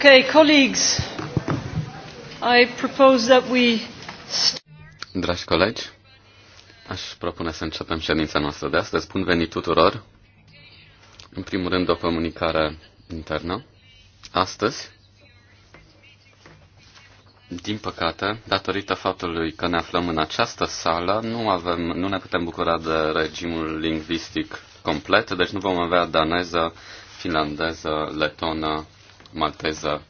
Dragi colegi, aș propune să începem ședința noastră de astăzi. Spun venit tuturor. În primul rând, o comunicare internă. Astăzi, din păcate, datorită faptului că ne aflăm în această sală, nu, avem, nu ne putem bucura de regimul lingvistic complet, deci nu vom avea daneză, finlandeză, letonă, malteză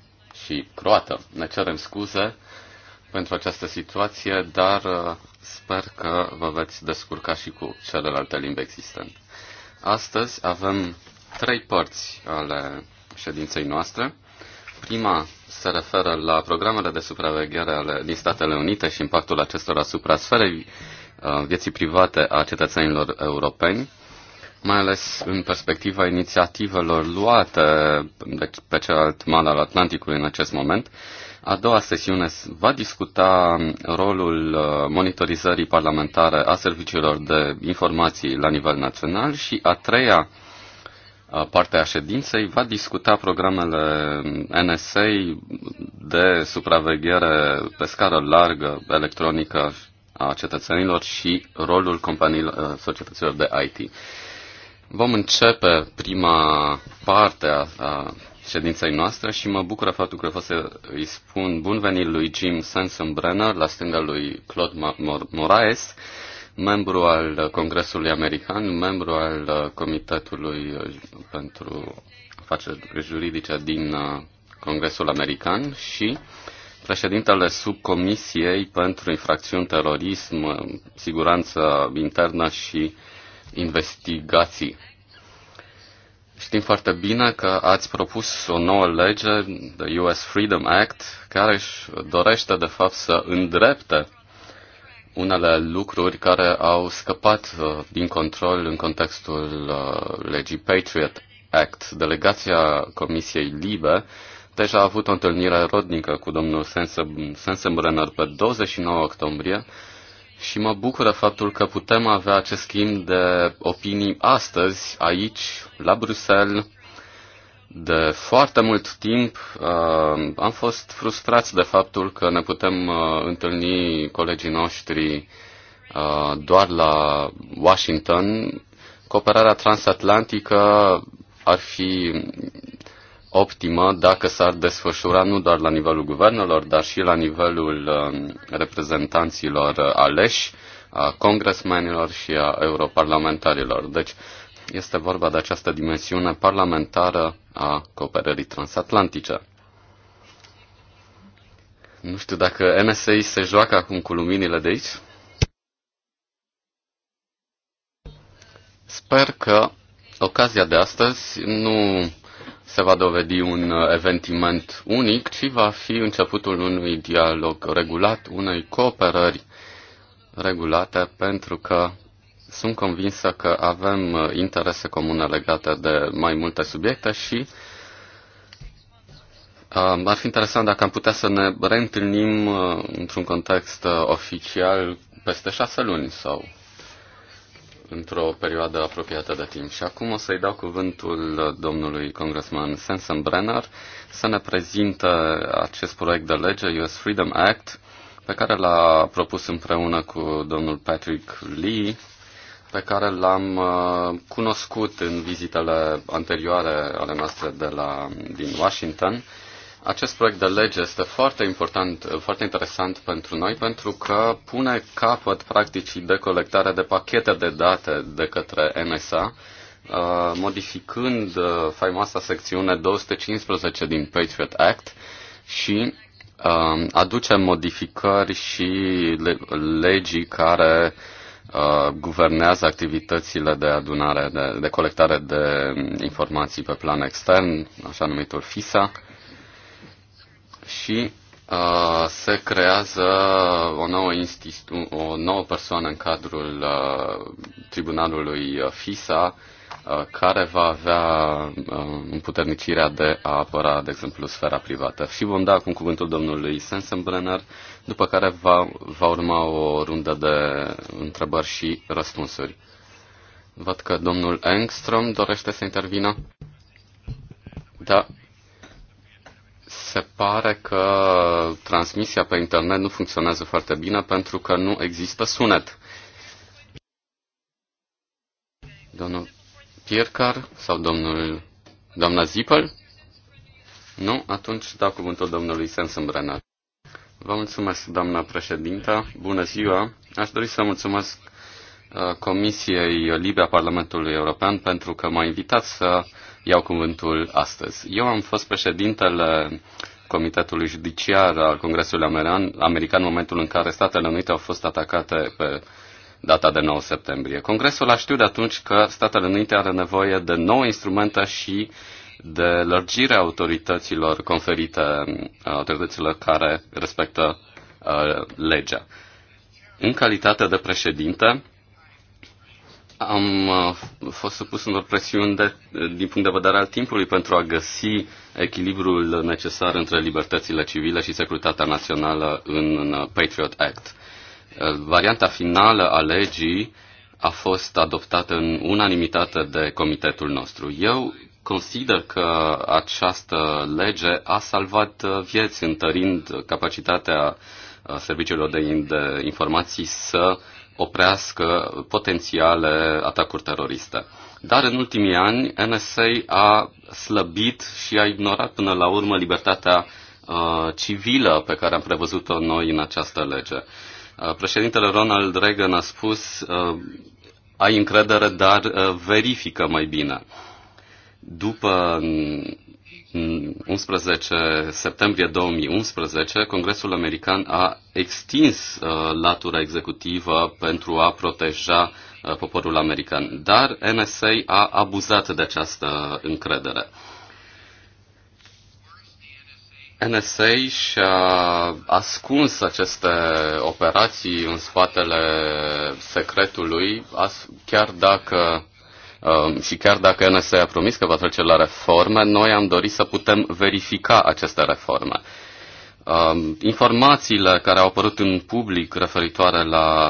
și croată. Ne cerem scuze pentru această situație, dar uh, sper că vă veți descurca și cu celelalte limbi existente. Astăzi avem trei părți ale ședinței noastre. Prima se referă la programele de supraveghere ale, din Statele Unite și impactul acestora asupra sferei uh, vieții private a cetățenilor europeni mai ales în perspectiva inițiativelor luate pe celălalt mal al Atlanticului în acest moment. A doua sesiune va discuta rolul uh, monitorizării parlamentare a serviciilor de informații la nivel național și a treia uh, parte a ședinței va discuta programele NSA de supraveghere pe scară largă electronică a cetățenilor și rolul companiilor uh, societăților de IT. Vom începe prima parte a, a ședinței noastre și mă bucură faptul că fost să îi spun bun venit lui Jim Sensenbrenner la stânga lui Claude Moraes, membru al Congresului American, membru al Comitetului pentru afaceri juridice din uh, Congresul American și președintele subcomisiei pentru infracțiuni terorism, siguranță internă și uh, investigații. Știm foarte bine că ați propus o nouă lege, the US Freedom Act, care își dorește de fapt să îndrepte unele lucruri care au scăpat uh, din control în contextul uh, legii Patriot Act. Delegația Comisiei Libe deja a avut o întâlnire rodnică cu domnul Sensenbrenner pe 29 octombrie și mă bucură faptul că putem avea acest schimb de opinii astăzi, aici, la Bruxelles. De foarte mult timp uh, am fost frustrați de faptul că ne putem uh, întâlni colegii noștri uh, doar la Washington. Cooperarea transatlantică ar fi optimă dacă s-ar desfășura nu doar la nivelul guvernelor, dar și la nivelul um, reprezentanților aleși, a congresmenilor și a europarlamentarilor. Deci este vorba de această dimensiune parlamentară a cooperării transatlantice. Nu știu dacă NSA se joacă acum cu luminile de aici. Sper că ocazia de astăzi nu se va dovedi un uh, eveniment unic, ci va fi începutul unui dialog regulat, unei cooperări regulate, pentru că sunt convinsă că avem uh, interese comune legate de mai multe subiecte și uh, ar fi interesant dacă am putea să ne reîntâlnim într-un context oficial peste șase luni sau într-o perioadă apropiată de timp. Și acum o să-i dau cuvântul domnului congresman Sensenbrenner să ne prezinte acest proiect de lege, US Freedom Act, pe care l-a propus împreună cu domnul Patrick Lee, pe care l-am uh, cunoscut în vizitele anterioare ale noastre de la, din Washington acest proiect de lege este foarte important, foarte interesant pentru noi pentru că pune capăt practicii de colectare de pachete de date de către NSA, uh, modificând uh, faimoasa secțiune 215 din Patriot Act și uh, aduce modificări și legii care guvernează activitățile de adunare, de, de colectare de informații pe plan extern, așa numitul FISA, și uh, se creează o nouă, institu- o nouă persoană în cadrul uh, tribunalului FISA uh, care va avea uh, împuternicirea de a apăra, de exemplu, sfera privată. Și vom da acum cuvântul domnului Sensenbrenner, după care va, va urma o rundă de întrebări și răspunsuri. Văd că domnul Engström dorește să intervină. Da, se pare că transmisia pe internet nu funcționează foarte bine pentru că nu există sunet. Domnul Piercar sau domnul, doamna Zipel? Nu? Atunci dau cuvântul domnului Sensenbrenner. Vă mulțumesc, doamna președintă. Bună ziua. Aș dori să mulțumesc uh, Comisiei Libe a Parlamentului European pentru că m-a invitat să iau cuvântul astăzi. Eu am fost președintele Comitetului Judiciar al Congresului American, American în momentul în care Statele Unite au fost atacate pe data de 9 septembrie. Congresul a știut atunci că Statele Unite are nevoie de nouă instrumente și de lărgirea autorităților conferite autorităților care respectă uh, legea. În calitate de președinte, am uh, fost supus unor presiuni de, din punct de vedere al timpului pentru a găsi echilibrul necesar între libertățile civile și securitatea națională în Patriot Act. Uh, varianta finală a legii a fost adoptată în unanimitate de comitetul nostru. Eu consider că această lege a salvat uh, vieți, întărind capacitatea serviciilor de informații să oprească potențiale atacuri teroriste. Dar în ultimii ani NSA a slăbit și a ignorat până la urmă libertatea uh, civilă pe care am prevăzut-o noi în această lege. Uh, președintele Ronald Reagan a spus, uh, ai încredere, dar uh, verifică mai bine. După 11 septembrie 2011, Congresul American a extins uh, latura executivă pentru a proteja uh, poporul american, dar NSA a abuzat de această încredere. NSA și-a ascuns aceste operații în spatele secretului, chiar dacă Um, și chiar dacă NSA a promis că va trece la reforme, noi am dorit să putem verifica aceste reforme. Um, informațiile care au apărut în public referitoare la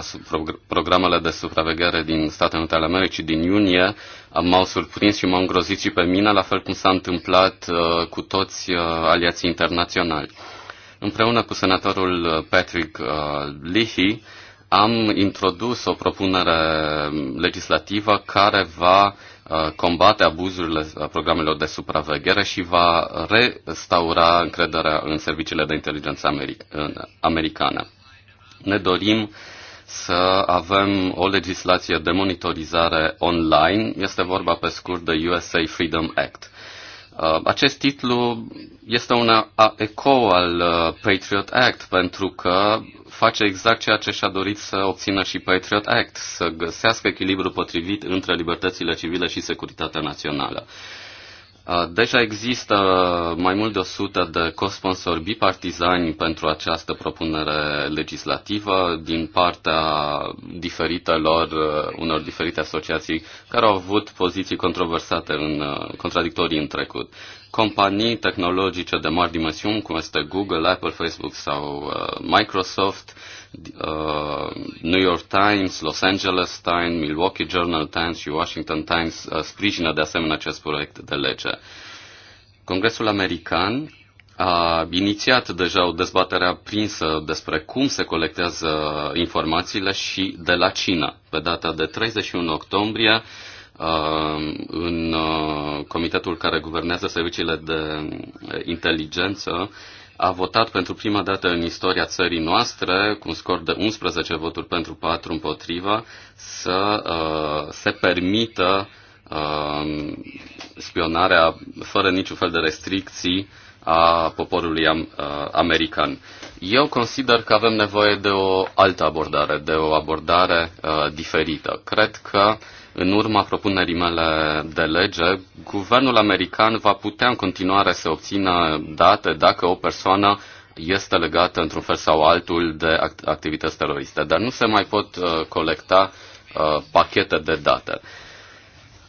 programele de supraveghere din Statele Unite ale Americii din iunie m-au surprins și m-au îngrozit și pe mine, la fel cum s-a întâmplat uh, cu toți uh, aliații internaționali. Împreună cu senatorul uh, Patrick Leahy, am introdus o propunere legislativă care va uh, combate abuzurile uh, programelor de supraveghere și va restaura încrederea în serviciile de inteligență americană. Ne dorim să avem o legislație de monitorizare online. Este vorba pe scurt de USA Freedom Act. Uh, acest titlu este un eco al uh, Patriot Act pentru că face exact ceea ce și-a dorit să obțină și Patriot Act, să găsească echilibru potrivit între libertățile civile și securitatea națională. Deja există mai mult de 100 de cosponsori bipartizani pentru această propunere legislativă din partea diferitelor, unor diferite asociații care au avut poziții controversate în contradictorii în trecut companii tehnologice de mari dimensiuni, cum este Google, Apple, Facebook sau uh, Microsoft, uh, New York Times, Los Angeles Times, Milwaukee Journal Times și Washington Times uh, sprijină de asemenea acest proiect de lege. Congresul American a inițiat deja o dezbatere aprinsă despre cum se colectează informațiile și de la China. Pe data de 31 octombrie, Ehm, în uh, comitetul care guvernează serviciile de inteligență, a votat pentru prima dată în istoria țării noastre, cu un scor de 11 voturi pentru 4 împotriva, să uh, se permită uh, spionarea fără niciun fel de restricții a poporului am, uh, american. Eu consider că avem nevoie de o altă abordare, de o abordare uh, diferită. Cred că uh, în urma propunerii mele de lege, guvernul american va putea în continuare să obțină date dacă o persoană este legată într-un fel sau altul de activități teroriste, dar nu se mai pot uh, colecta uh, pachete de date. Uh,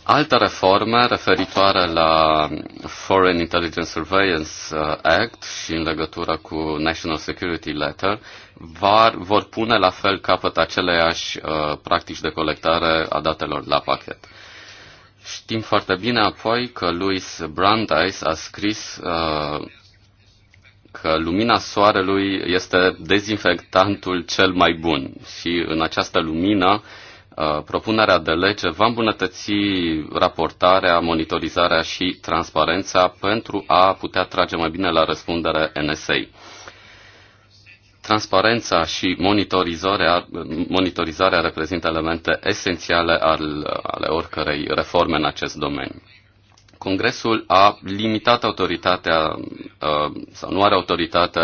Alte reforme referitoare la Foreign Intelligence Surveillance uh, Act și în legătură cu National Security Letter var, vor pune la fel capăt aceleiași uh, practici de colectare a datelor la pachet. Știm foarte bine apoi că Louis Brandeis a scris uh, că lumina soarelui este dezinfectantul cel mai bun și în această lumină uh, Uh, propunerea de lege va îmbunătăți raportarea, monitorizarea și transparența pentru a putea trage mai bine la răspundere NSA. Transparența și monitorizarea, monitorizarea reprezintă elemente esențiale al, ale oricărei reforme în acest domeniu. Congresul a limitat autoritatea uh, sau nu are autoritate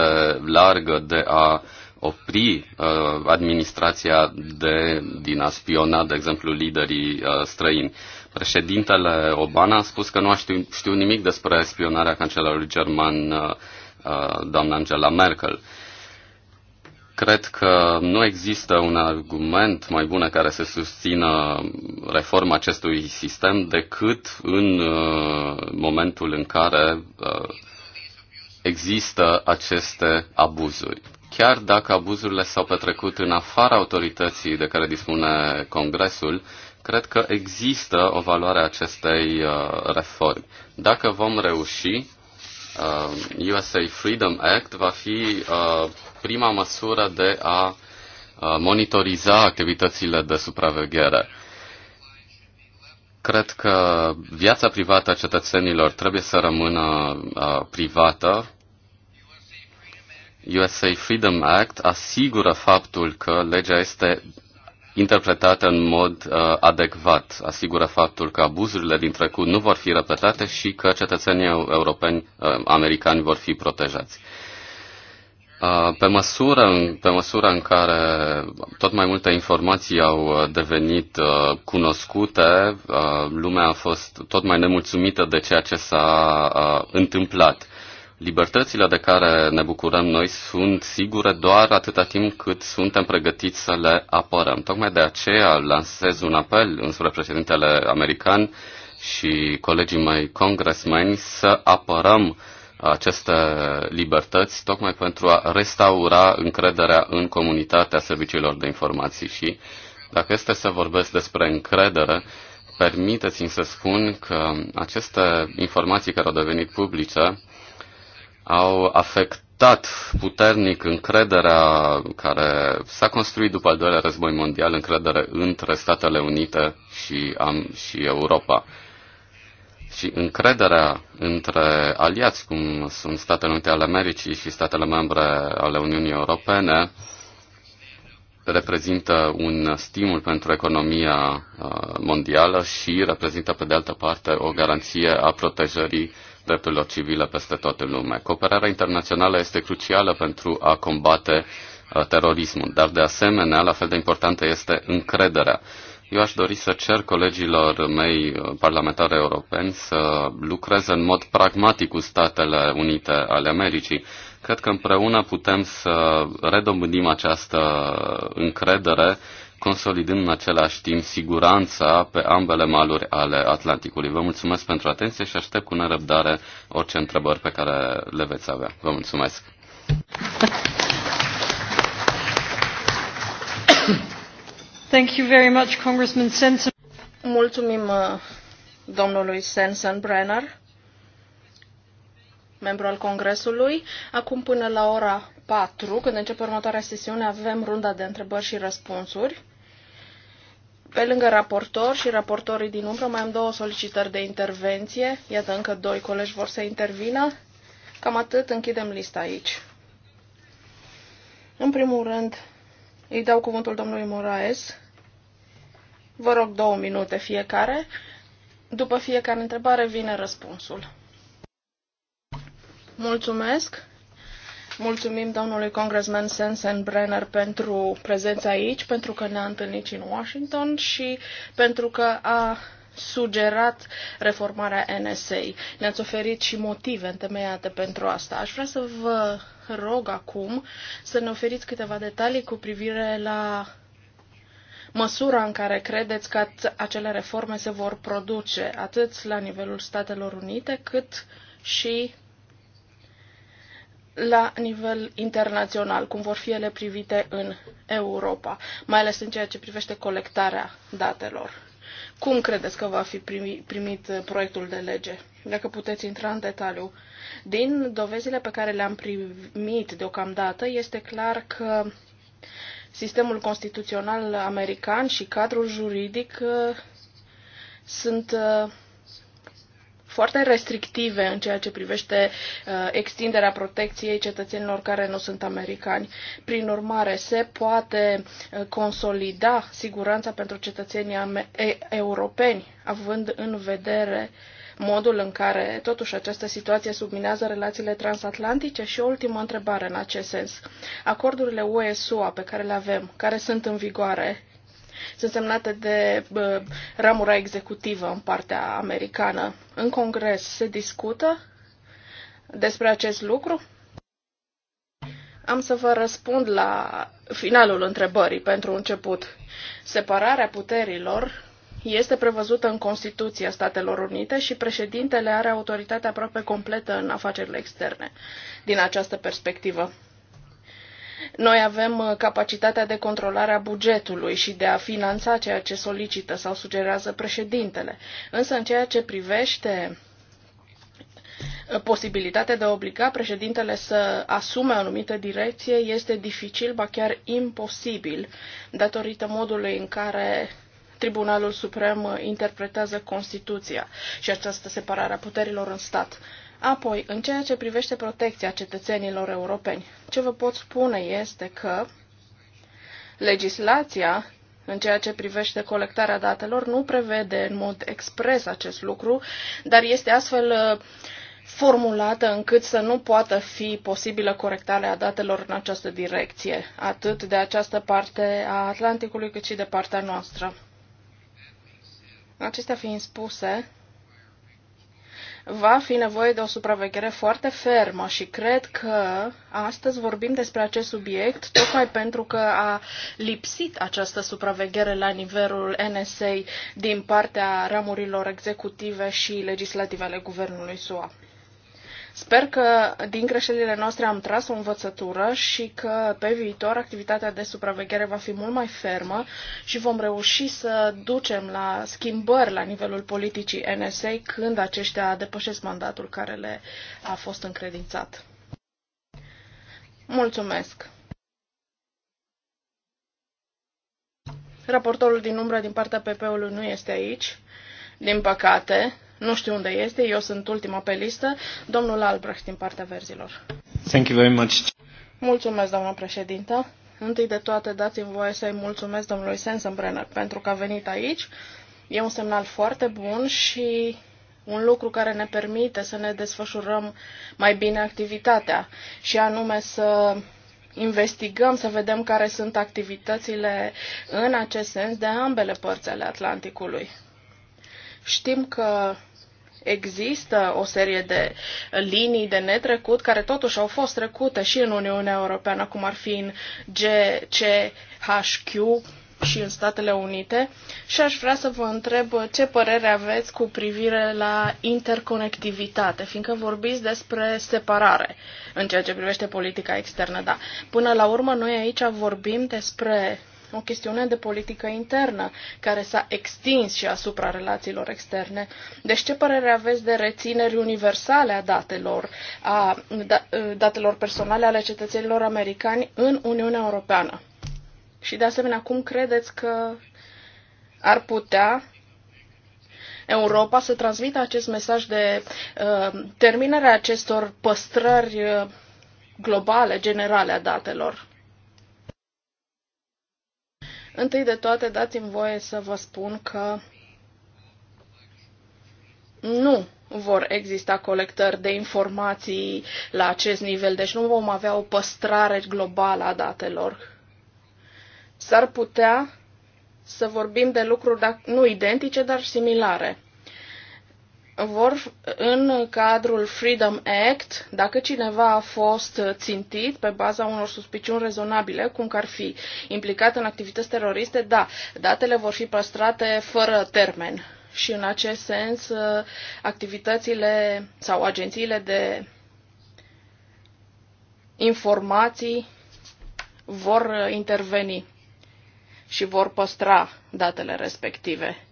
largă de a opri uh, administrația de, din a spiona, de exemplu, liderii uh, străini. Președintele Obama a spus că nu a știu, știu nimic despre spionarea cancelarului german, uh, uh, doamna Angela Merkel. Cred că nu există un argument mai bun care să susțină reforma acestui sistem decât în uh, momentul în care uh, există aceste abuzuri chiar dacă abuzurile s-au petrecut în afara autorității de care dispune Congresul, cred că există o valoare a acestei uh, reforme. Dacă vom reuși, USA uh, Freedom Act va fi uh, prima măsură de a monitoriza activitățile de supraveghere. Cred că viața privată a cetățenilor trebuie să rămână privată USA Freedom Act asigură faptul că legea este interpretată în mod uh, adecvat, asigură faptul că abuzurile din trecut nu vor fi repetate și că cetățenii europeni, uh, americani vor fi protejați. Uh, pe măsură, pe măsură în care tot mai multe informații au uh, devenit uh, cunoscute, lumea a fost tot mai nemulțumită de ceea ce s-a întâmplat libertățile de care ne bucurăm noi sunt sigure doar atâta timp cât suntem pregătiți să le apărăm. Tocmai de aceea lansez un apel înspre președintele american și colegii mei congresmeni să apărăm aceste libertăți tocmai pentru a restaura încrederea în comunitatea serviciilor de informații și dacă este să vorbesc despre încredere, permiteți-mi să spun că aceste informații care au devenit publice au afectat puternic încrederea care s-a construit după al doilea război mondial, încredere între Statele Unite și, am, și Europa. Și încrederea între aliați, cum sunt Statele Unite ale Americii și statele membre ale Uniunii Europene, reprezintă un stimul pentru economia uh, mondială și reprezintă, pe de altă parte, o garanție a protejării drepturilor civile peste toată lumea. Cooperarea internațională este crucială pentru a combate uh, terorismul, dar de asemenea, la fel de importantă este încrederea. Eu aș dori să cer colegilor mei uh, parlamentari europeni să lucreze în mod pragmatic cu Statele Unite ale Americii. Cred că împreună putem să redobândim această încredere consolidând în același timp siguranța pe ambele maluri ale Atlanticului. Vă mulțumesc pentru atenție și aștept cu nerăbdare orice întrebări pe care le veți avea. Vă mulțumesc! Thank you very much, Congressman Sensen. Mulțumim uh, domnului Brenner, membru al Congresului. Acum până la ora 4, când începe următoarea sesiune, avem runda de întrebări și răspunsuri. Pe lângă raportor și raportorii din umbră, mai am două solicitări de intervenție. Iată, încă doi colegi vor să intervină. Cam atât, închidem lista aici. În primul rând, îi dau cuvântul domnului Moraes. Vă rog două minute fiecare. După fiecare întrebare vine răspunsul. Mulțumesc. Mulțumim domnului congresman Sensenbrenner pentru prezența aici, pentru că ne-a întâlnit și în Washington și pentru că a sugerat reformarea NSA. Ne-ați oferit și motive întemeiate pentru asta. Aș vrea să vă rog acum să ne oferiți câteva detalii cu privire la măsura în care credeți că acele reforme se vor produce, atât la nivelul Statelor Unite, cât și la nivel internațional, cum vor fi ele privite în Europa, mai ales în ceea ce privește colectarea datelor. Cum credeți că va fi primit, primit proiectul de lege? Dacă puteți intra în detaliu. Din dovezile pe care le-am primit deocamdată, este clar că sistemul constituțional american și cadrul juridic uh, sunt uh, foarte restrictive în ceea ce privește uh, extinderea protecției cetățenilor care nu sunt americani. Prin urmare, se poate uh, consolida siguranța pentru cetățenii europeni, având în vedere modul în care totuși această situație subminează relațiile transatlantice și o ultimă întrebare în acest sens. Acordurile UE-SUA pe care le avem, care sunt în vigoare, sunt semnate de uh, ramura executivă în partea americană. În Congres se discută despre acest lucru? Am să vă răspund la finalul întrebării pentru început. Separarea puterilor este prevăzută în Constituția Statelor Unite și președintele are autoritatea aproape completă în afacerile externe din această perspectivă. Noi avem uh, capacitatea de controlare a bugetului și de a finanța ceea ce solicită sau sugerează președintele. Însă în ceea ce privește uh, posibilitatea de a obliga președintele să asume o anumită direcție este dificil, ba chiar imposibil, datorită modului în care Tribunalul Suprem uh, interpretează Constituția și această separare a puterilor în stat. Apoi, în ceea ce privește protecția cetățenilor europeni, ce vă pot spune este că legislația în ceea ce privește colectarea datelor nu prevede în mod expres acest lucru, dar este astfel uh, formulată încât să nu poată fi posibilă corectarea datelor în această direcție, atât de această parte a Atlanticului cât și de partea noastră. Acestea fiind spuse, va fi nevoie de o supraveghere foarte fermă și cred că astăzi vorbim despre acest subiect tocmai pentru că a lipsit această supraveghere la nivelul NSA din partea ramurilor executive și legislative ale guvernului SUA. Sper că din greșelile noastre am tras o învățătură și că pe viitor activitatea de supraveghere va fi mult mai fermă și vom reuși să ducem la schimbări la nivelul politicii NSA când aceștia depășesc mandatul care le a fost încredințat. Mulțumesc! Raportorul din umbră din partea PP-ului nu este aici, din păcate. Nu știu unde este, eu sunt ultima pe listă. Domnul Albrecht din partea verzilor. Thank you very much. Mulțumesc, doamna președintă. Întâi de toate, dați-mi voie să-i mulțumesc domnului Sensenbrenner pentru că a venit aici. E un semnal foarte bun și un lucru care ne permite să ne desfășurăm mai bine activitatea și anume să investigăm, să vedem care sunt activitățile în acest sens de ambele părți ale Atlanticului. Știm că există o serie de linii de netrecut care totuși au fost trecute și în Uniunea Europeană, cum ar fi în GCHQ și în Statele Unite și aș vrea să vă întreb ce părere aveți cu privire la interconectivitate, fiindcă vorbiți despre separare în ceea ce privește politica externă, da. Până la urmă, noi aici vorbim despre o chestiune de politică internă care s-a extins și asupra relațiilor externe. Deci ce părere aveți de rețineri universale a datelor, a da, datelor personale ale cetățenilor americani în Uniunea Europeană? Și de asemenea, cum credeți că ar putea Europa să transmită acest mesaj de uh, terminarea acestor păstrări uh, globale, generale a datelor? Întâi de toate, dați-mi voie să vă spun că nu vor exista colectări de informații la acest nivel, deci nu vom avea o păstrare globală a datelor. S-ar putea să vorbim de lucruri nu identice, dar similare vor în cadrul Freedom Act, dacă cineva a fost țintit pe baza unor suspiciuni rezonabile, cum că ar fi implicat în activități teroriste, da, datele vor fi păstrate fără termen. Și în acest sens, uh, activitățile sau agențiile de informații vor uh, interveni și vor păstra datele respective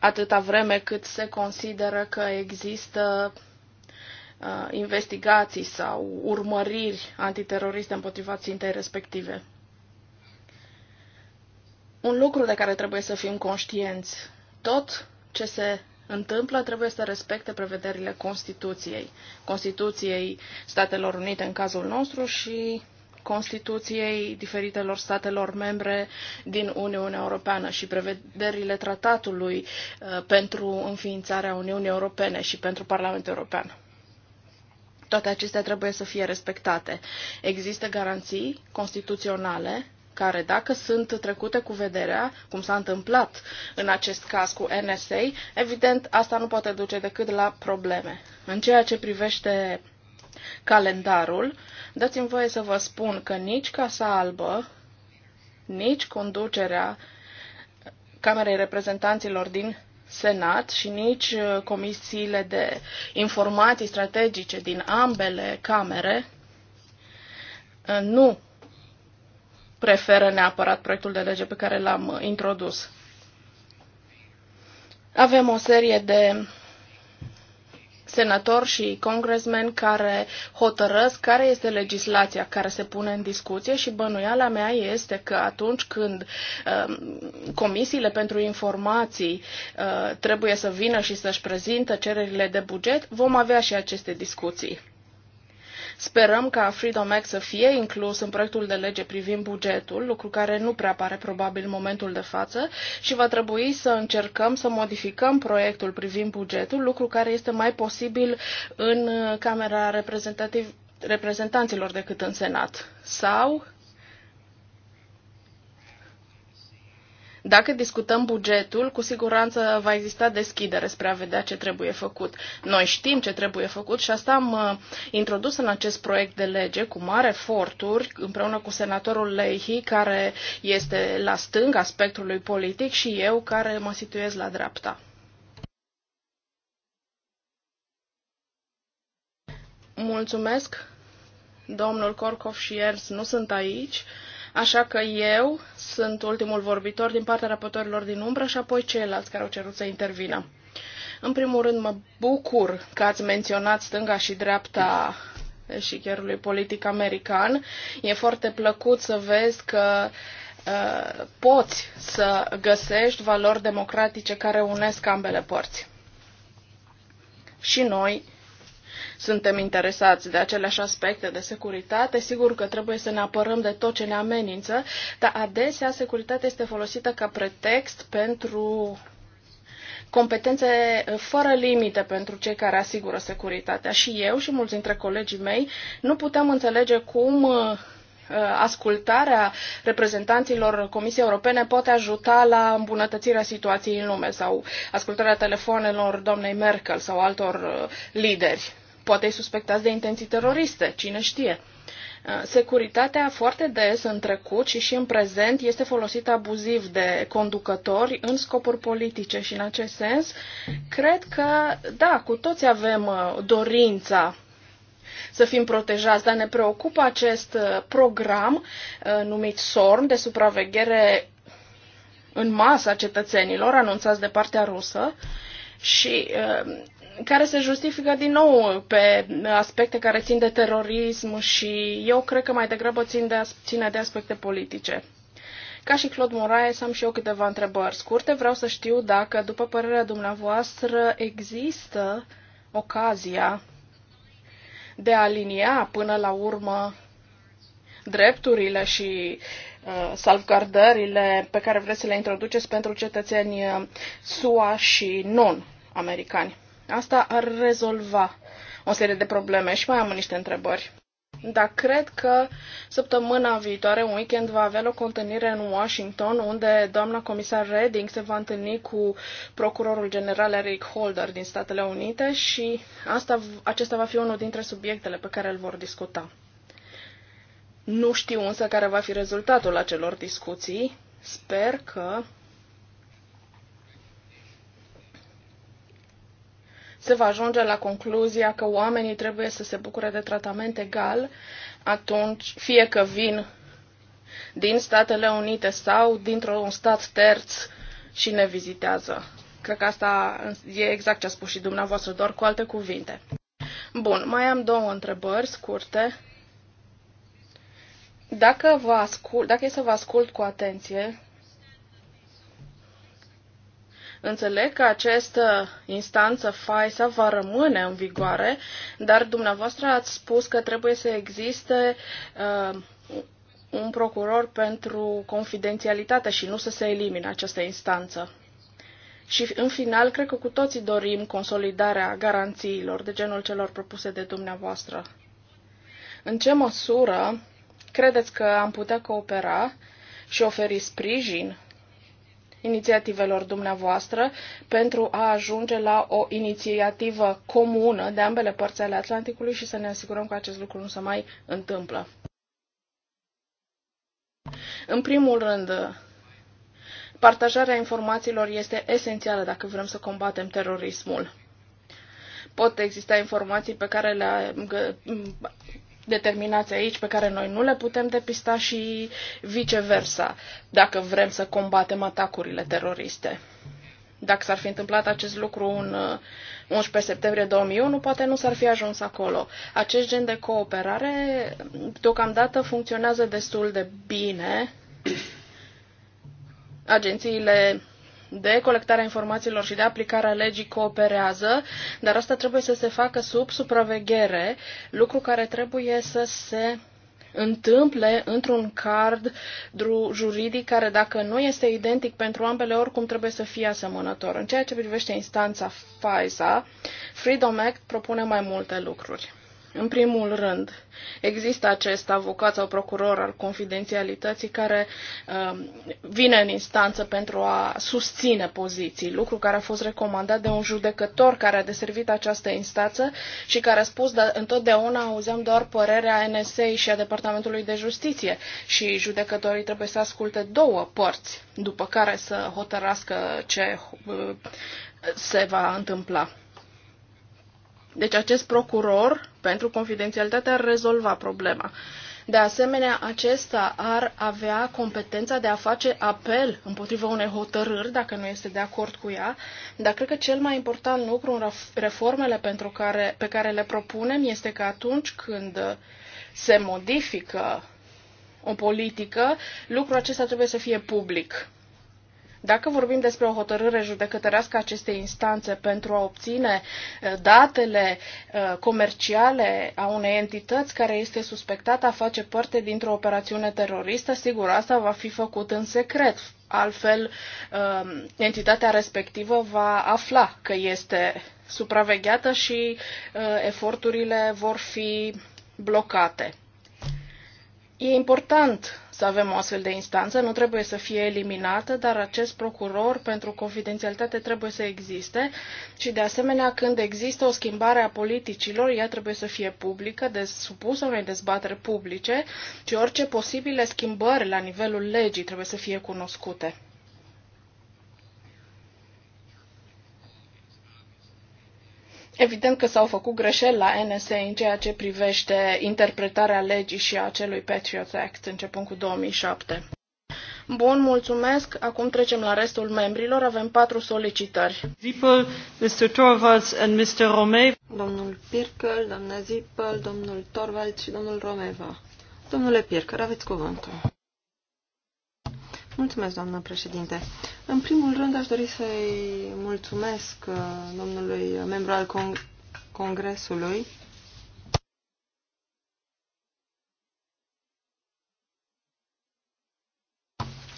atâta vreme cât se consideră că există uh, investigații sau urmăriri antiteroriste împotriva țintei respective. Un lucru de care trebuie să fim conștienți. Tot ce se întâmplă trebuie să respecte prevederile Constituției. Constituției Statelor Unite în cazul nostru și Constituției diferitelor statelor membre din Uniunea Europeană și prevederile tratatului uh, pentru înființarea Uniunii Europene și pentru Parlamentul European. Toate acestea trebuie să fie respectate. Există garanții constituționale care, dacă sunt trecute cu vederea, cum s-a întâmplat în acest caz cu NSA, evident, asta nu poate duce decât la probleme. În ceea ce privește calendarul, dați-mi voie să vă spun că nici Casa Albă, nici conducerea Camerei Reprezentanților din Senat și nici uh, comisiile de informații strategice din ambele camere uh, nu preferă neapărat proiectul de lege pe care l-am uh, introdus. Avem o serie de senatori și congresmeni care hotărăsc care este legislația care se pune în discuție și bănuiala mea este că atunci când uh, comisiile pentru informații uh, trebuie să vină și să-și prezintă cererile de buget, vom avea și aceste discuții. Sperăm ca Freedom Act să fie inclus în proiectul de lege privind bugetul, lucru care nu prea pare probabil în momentul de față, și va trebui să încercăm să modificăm proiectul privind bugetul, lucru care este mai posibil în Camera Reprezentativ reprezentanților decât în Senat. Sau Dacă discutăm bugetul, cu siguranță va exista deschidere spre a vedea ce trebuie făcut. Noi știm ce trebuie făcut și asta am uh, introdus în acest proiect de lege cu mare eforturi, împreună cu senatorul Leahy, care este la stânga spectrului politic și eu, care mă situez la dreapta. Mulțumesc! Domnul Corcov și Ernst nu sunt aici. Așa că eu sunt ultimul vorbitor din partea raportorilor din umbră și apoi ceilalți care au cerut să intervină. În primul rând, mă bucur că ați menționat stânga și dreapta și șicherului politic american. E foarte plăcut să vezi că uh, poți să găsești valori democratice care unesc ambele părți. Și noi suntem interesați de aceleași aspecte de securitate. Sigur că trebuie să ne apărăm de tot ce ne amenință, dar adesea securitatea este folosită ca pretext pentru competențe fără limite pentru cei care asigură securitatea. Și eu și mulți dintre colegii mei nu putem înțelege cum uh, ascultarea reprezentanților Comisiei Europene poate ajuta la îmbunătățirea situației în lume sau ascultarea telefonelor doamnei Merkel sau altor uh, lideri. Poate îi suspectați de intenții teroriste, cine știe. Uh, securitatea foarte des în trecut și și în prezent este folosită abuziv de conducători în scopuri politice și în acest sens cred că, da, cu toți avem uh, dorința să fim protejați, dar ne preocupă acest uh, program numit SORM de supraveghere în masă a cetățenilor anunțați de partea rusă și care se justifică din nou pe aspecte care țin de terorism și eu cred că mai degrabă țin de, ține de aspecte politice. Ca și Claude Moraes, am și eu câteva întrebări scurte. Vreau să știu dacă, după părerea dumneavoastră, există ocazia de a alinia până la urmă drepturile și uh, salvgardările pe care vreți să le introduceți pentru cetățeni uh, SUA și non-americani. Asta ar rezolva o serie de probleme și mai am niște întrebări. Dar cred că săptămâna viitoare, un weekend, va avea loc o întâlnire în Washington, unde doamna comisar Redding se va întâlni cu procurorul general Eric Holder din Statele Unite și asta, acesta va fi unul dintre subiectele pe care îl vor discuta. Nu știu însă care va fi rezultatul acelor discuții. Sper că se va ajunge la concluzia că oamenii trebuie să se bucure de tratament egal atunci, fie că vin din Statele Unite sau dintr-un stat terț și ne vizitează. Cred că asta e exact ce a spus și dumneavoastră, doar cu alte cuvinte. Bun, mai am două întrebări scurte. Dacă, vă ascult, dacă e să vă ascult cu atenție, Înțeleg că această instanță FISA va rămâne în vigoare, dar dumneavoastră ați spus că trebuie să existe uh, un procuror pentru confidențialitate și nu să se elimine această instanță. Și în final, cred că cu toții dorim consolidarea garanțiilor de genul celor propuse de dumneavoastră. În ce măsură credeți că am putea coopera și oferi sprijin inițiativelor dumneavoastră pentru a ajunge la o inițiativă comună de ambele părți ale Atlanticului și să ne asigurăm că acest lucru nu se mai întâmplă. În primul rând, partajarea informațiilor este esențială dacă vrem să combatem terorismul pot exista informații pe care le determinați aici pe care noi nu le putem depista și viceversa, dacă vrem să combatem atacurile teroriste. Dacă s-ar fi întâmplat acest lucru în 11 uh, septembrie 2001, poate nu s-ar fi ajuns acolo. Acest gen de cooperare deocamdată funcționează destul de bine. Agențiile de colectarea informațiilor și de aplicarea legii cooperează, dar asta trebuie să se facă sub supraveghere, lucru care trebuie să se întâmple într-un card juridic care, dacă nu este identic pentru ambele, oricum trebuie să fie asemănător. În ceea ce privește instanța FISA, Freedom Act propune mai multe lucruri. În primul rând, există acest avocat sau procuror al confidențialității care uh, vine în instanță pentru a susține poziții, lucru care a fost recomandat de un judecător care a deservit această instanță și care a spus, că întotdeauna auzeam doar părerea NSA și a Departamentului de Justiție și judecătorii trebuie să asculte două părți, după care să hotărască ce uh, se va întâmpla. Deci acest procuror pentru confidențialitate ar rezolva problema. De asemenea, acesta ar avea competența de a face apel împotriva unei hotărâri, dacă nu este de acord cu ea, dar cred că cel mai important lucru în reformele pentru care, pe care le propunem este că atunci când se modifică o politică, lucrul acesta trebuie să fie public. Dacă vorbim despre o hotărâre judecătărească a acestei instanțe pentru a obține eh, datele eh, comerciale a unei entități care este suspectată a face parte dintr-o operațiune teroristă, sigur, asta va fi făcut în secret. Altfel, eh, entitatea respectivă va afla că este supravegheată și eforturile vor fi blocate. E important să avem o astfel de instanță, nu trebuie să fie eliminată, dar acest procuror pentru confidențialitate trebuie să existe și de asemenea când există o schimbare a politicilor, ea trebuie să fie publică, de supusă unei dezbatere publice și orice posibile schimbări la nivelul legii trebuie să fie cunoscute. Evident că s-au făcut greșeli la NSA în ceea ce privește interpretarea legii și a acelui Patriot Act începând cu 2007. Bun, mulțumesc. Acum trecem la restul membrilor. Avem patru solicitări. Zippel, Mr. Torvalds and Mr. Romeva. Domnul Pirkel, doamna Zippel, domnul Torvalds și domnul Romeva. Domnule Pirker, aveți cuvântul. Mulțumesc, doamnă președinte. În primul rând, aș dori să-i mulțumesc uh, domnului membru al Cong Congresului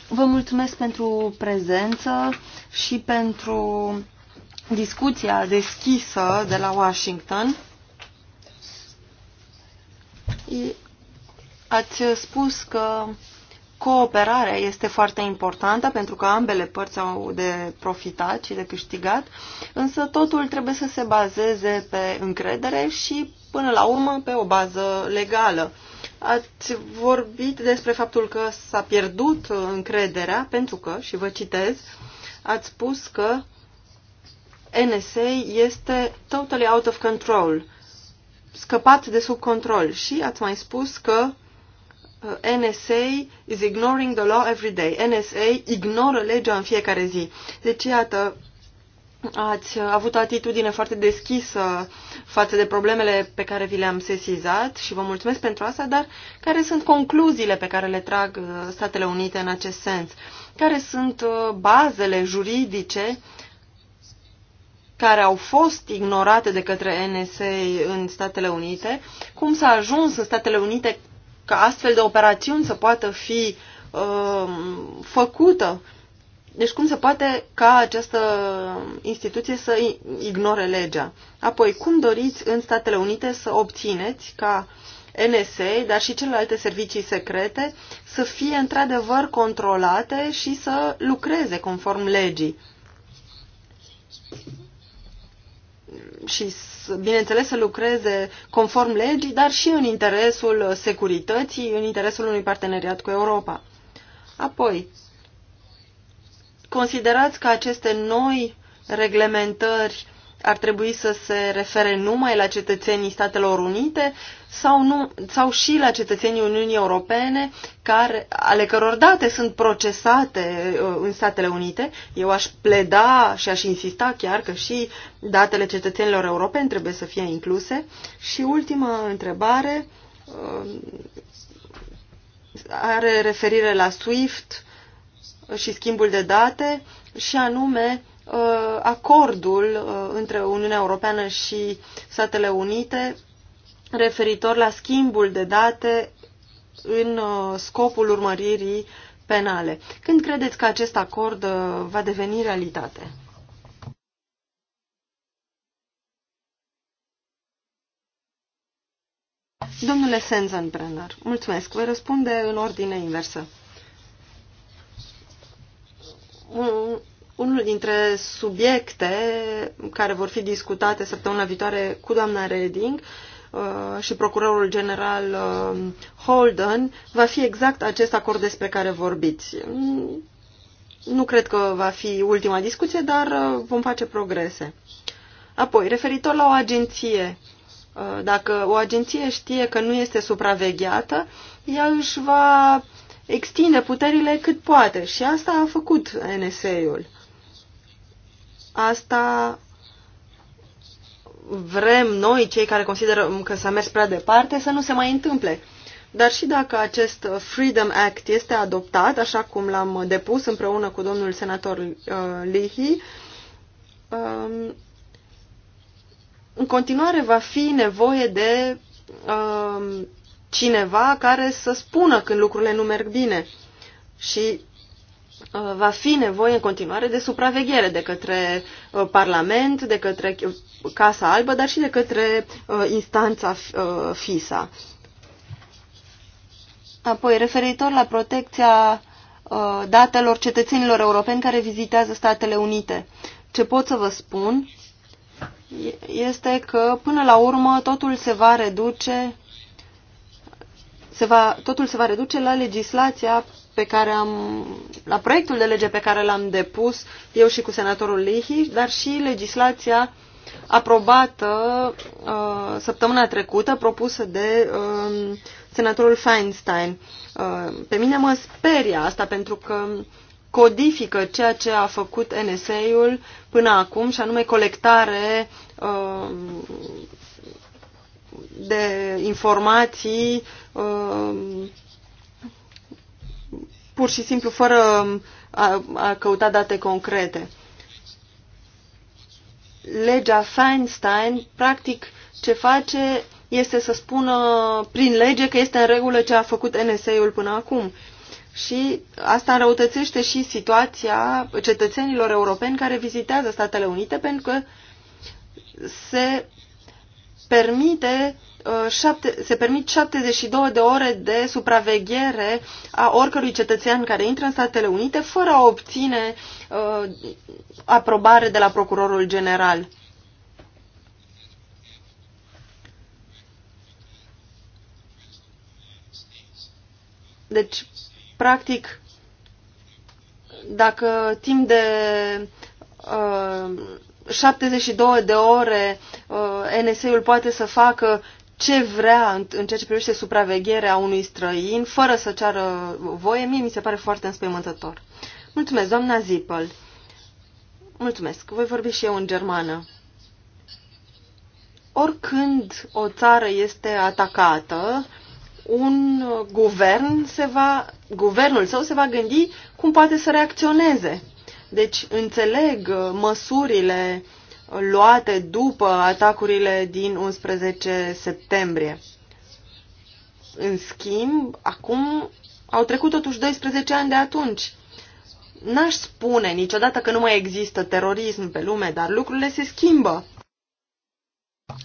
Vă mulțumesc pentru prezență și pentru discuția deschisă de la Washington. Ați spus că Cooperarea este foarte importantă pentru că ambele părți au de profitat și de câștigat, însă totul trebuie să se bazeze pe încredere și, până la urmă, pe o bază legală. Ați vorbit despre faptul că s-a pierdut încrederea pentru că, și vă citez, ați spus că NSA este totally out of control, scăpat de sub control și ați mai spus că Uh, NSA is ignoring the law every day. NSA ignoră legea în fiecare zi. Deci, iată, ați uh, avut o atitudine foarte deschisă față de problemele pe care vi le-am sesizat și vă mulțumesc pentru asta, dar care sunt concluziile pe care le trag uh, Statele Unite în acest sens? Care sunt bazele juridice care au fost ignorate de către NSA în Statele Unite? Cum s-a ajuns în Statele Unite ca astfel de operațiuni să poată fi uh, făcută. Deci cum se poate ca această instituție să ignore legea? Apoi, cum doriți în Statele Unite să obțineți ca NSA, dar și celelalte servicii secrete, să fie într-adevăr controlate și să lucreze conform legii? și, bineînțeles, să lucreze conform legii, dar și în interesul securității, în interesul unui parteneriat cu Europa. Apoi, considerați că aceste noi reglementări ar trebui să se refere numai la cetățenii Statelor Unite sau, nu, sau și la cetățenii Uniunii Europene, care, ale căror date sunt procesate uh, în Statele Unite. Eu aș pleda și aș insista chiar că și datele cetățenilor europeni trebuie să fie incluse. Și ultima întrebare uh, are referire la SWIFT și schimbul de date și anume uh, acordul între Uniunea Europeană și Statele Unite referitor la schimbul de date în uh, scopul urmăririi penale. Când credeți că acest acord uh, va deveni realitate? Domnule Senzenbrenner, mulțumesc. Voi răspunde în ordine inversă. Unul dintre subiecte care vor fi discutate săptămâna viitoare cu doamna Reding Uh, și procurorul general uh, Holden, va fi exact acest acord despre care vorbiți. Mm, nu cred că va fi ultima discuție, dar uh, vom face progrese. Apoi, referitor la o agenție, dacă o agenție știe că nu este supravegheată, ea își va extinde puterile cât poate și asta a făcut NSA-ul. Asta vrem noi, cei care considerăm că s-a mers prea departe, să nu se mai întâmple. Dar și dacă acest Freedom Act este adoptat, așa cum l-am depus împreună cu domnul senator uh, Lihi, uh, um, în continuare va fi nevoie de uh, cineva care să spună când lucrurile nu merg bine. Și va fi nevoie în continuare de supraveghere de către uh, Parlament, de către uh, Casa Albă, dar și de către uh, instanța FISA. Apoi, referitor la protecția datelor cetățenilor europeni care vizitează Statele Unite. Ce pot să vă spun este că până la urmă totul se va reduce se va, totul se va reduce la legislația pe care am, la proiectul de lege pe care l-am depus eu și cu senatorul Lihi, dar și legislația aprobată uh, săptămâna trecută, propusă de uh, senatorul Feinstein. Uh, pe mine mă sperie asta pentru că codifică ceea ce a făcut NSA-ul până acum, și anume colectare uh, de informații uh, pur și simplu fără um, a, a căuta date concrete. Legea Feinstein, practic, ce face este să spună prin lege că este în regulă ce a făcut NSA-ul până acum. Și asta înrăutățește și situația cetățenilor europeni care vizitează Statele Unite pentru că se permite uh, se permit 72 de ore de supraveghere a oricărui cetățean care intră în Statele Unite fără a obține uh, aprobare de la procurorul general. Deci, practic, dacă timp de uh, 72 de ore uh, NSA-ul poate să facă ce vrea în, în ceea ce privește supravegherea unui străin, fără să ceară voie, mie mi se pare foarte înspăimântător. Mulțumesc, doamna Zippel. Mulțumesc. Voi vorbi și eu în germană. Oricând o țară este atacată, un guvern se va, guvernul său se va gândi cum poate să reacționeze. Deci înțeleg uh, măsurile uh, luate după atacurile din 11 septembrie. În schimb, acum au trecut totuși 12 ani de atunci. N-aș spune niciodată că nu mai există terorism pe lume, dar lucrurile se schimbă.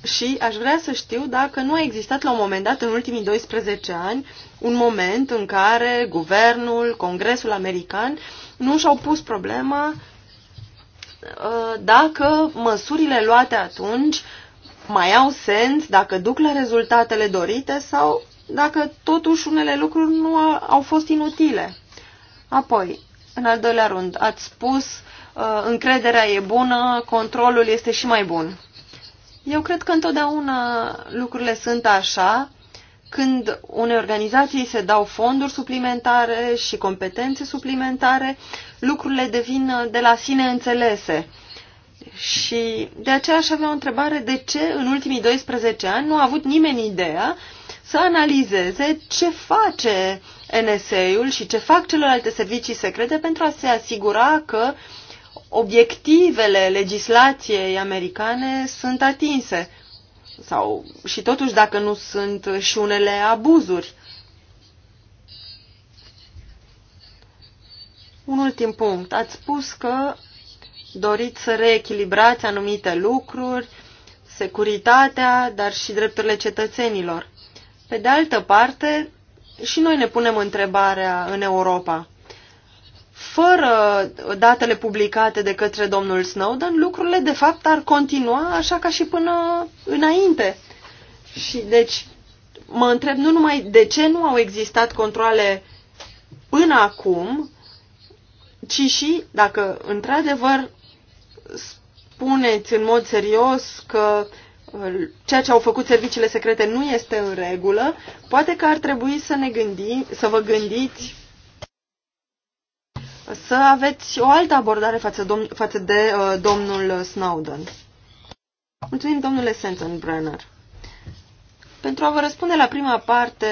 Și aș vrea să știu dacă nu a existat la un moment dat în ultimii 12 ani un moment în care guvernul, Congresul american nu și-au pus problema uh, dacă măsurile luate atunci mai au sens, dacă duc la rezultatele dorite sau dacă totuși unele lucruri nu au fost inutile. Apoi, în al doilea rând, ați spus uh, încrederea e bună, controlul este și mai bun. Eu cred că întotdeauna lucrurile sunt așa când unei organizații se dau fonduri suplimentare și competențe suplimentare, lucrurile devin de la sine înțelese. Și de aceea aș avea o întrebare de ce în ultimii 12 ani nu a avut nimeni ideea să analizeze ce face NSA-ul și ce fac celelalte servicii secrete pentru a se asigura că uh, obiectivele legislației americane sunt atinse. Sau, și totuși dacă nu sunt și unele abuzuri. Un ultim punct. Ați spus că doriți să reechilibrați anumite lucruri, securitatea, dar și drepturile cetățenilor. Pe de altă parte, și noi ne punem întrebarea în Europa fără datele publicate de către domnul Snowden, lucrurile de fapt ar continua așa ca și până înainte. Și deci mă întreb nu numai de ce nu au existat controle până acum, ci și dacă într-adevăr spuneți în mod serios că uh, ceea ce au făcut serviciile secrete nu este în regulă, poate că ar trebui să ne gândim, să vă gândiți să aveți o altă abordare față, domn, față de uh, domnul Snowden. Mulțumim, domnule Sensenbrenner. Pentru a vă răspunde la prima parte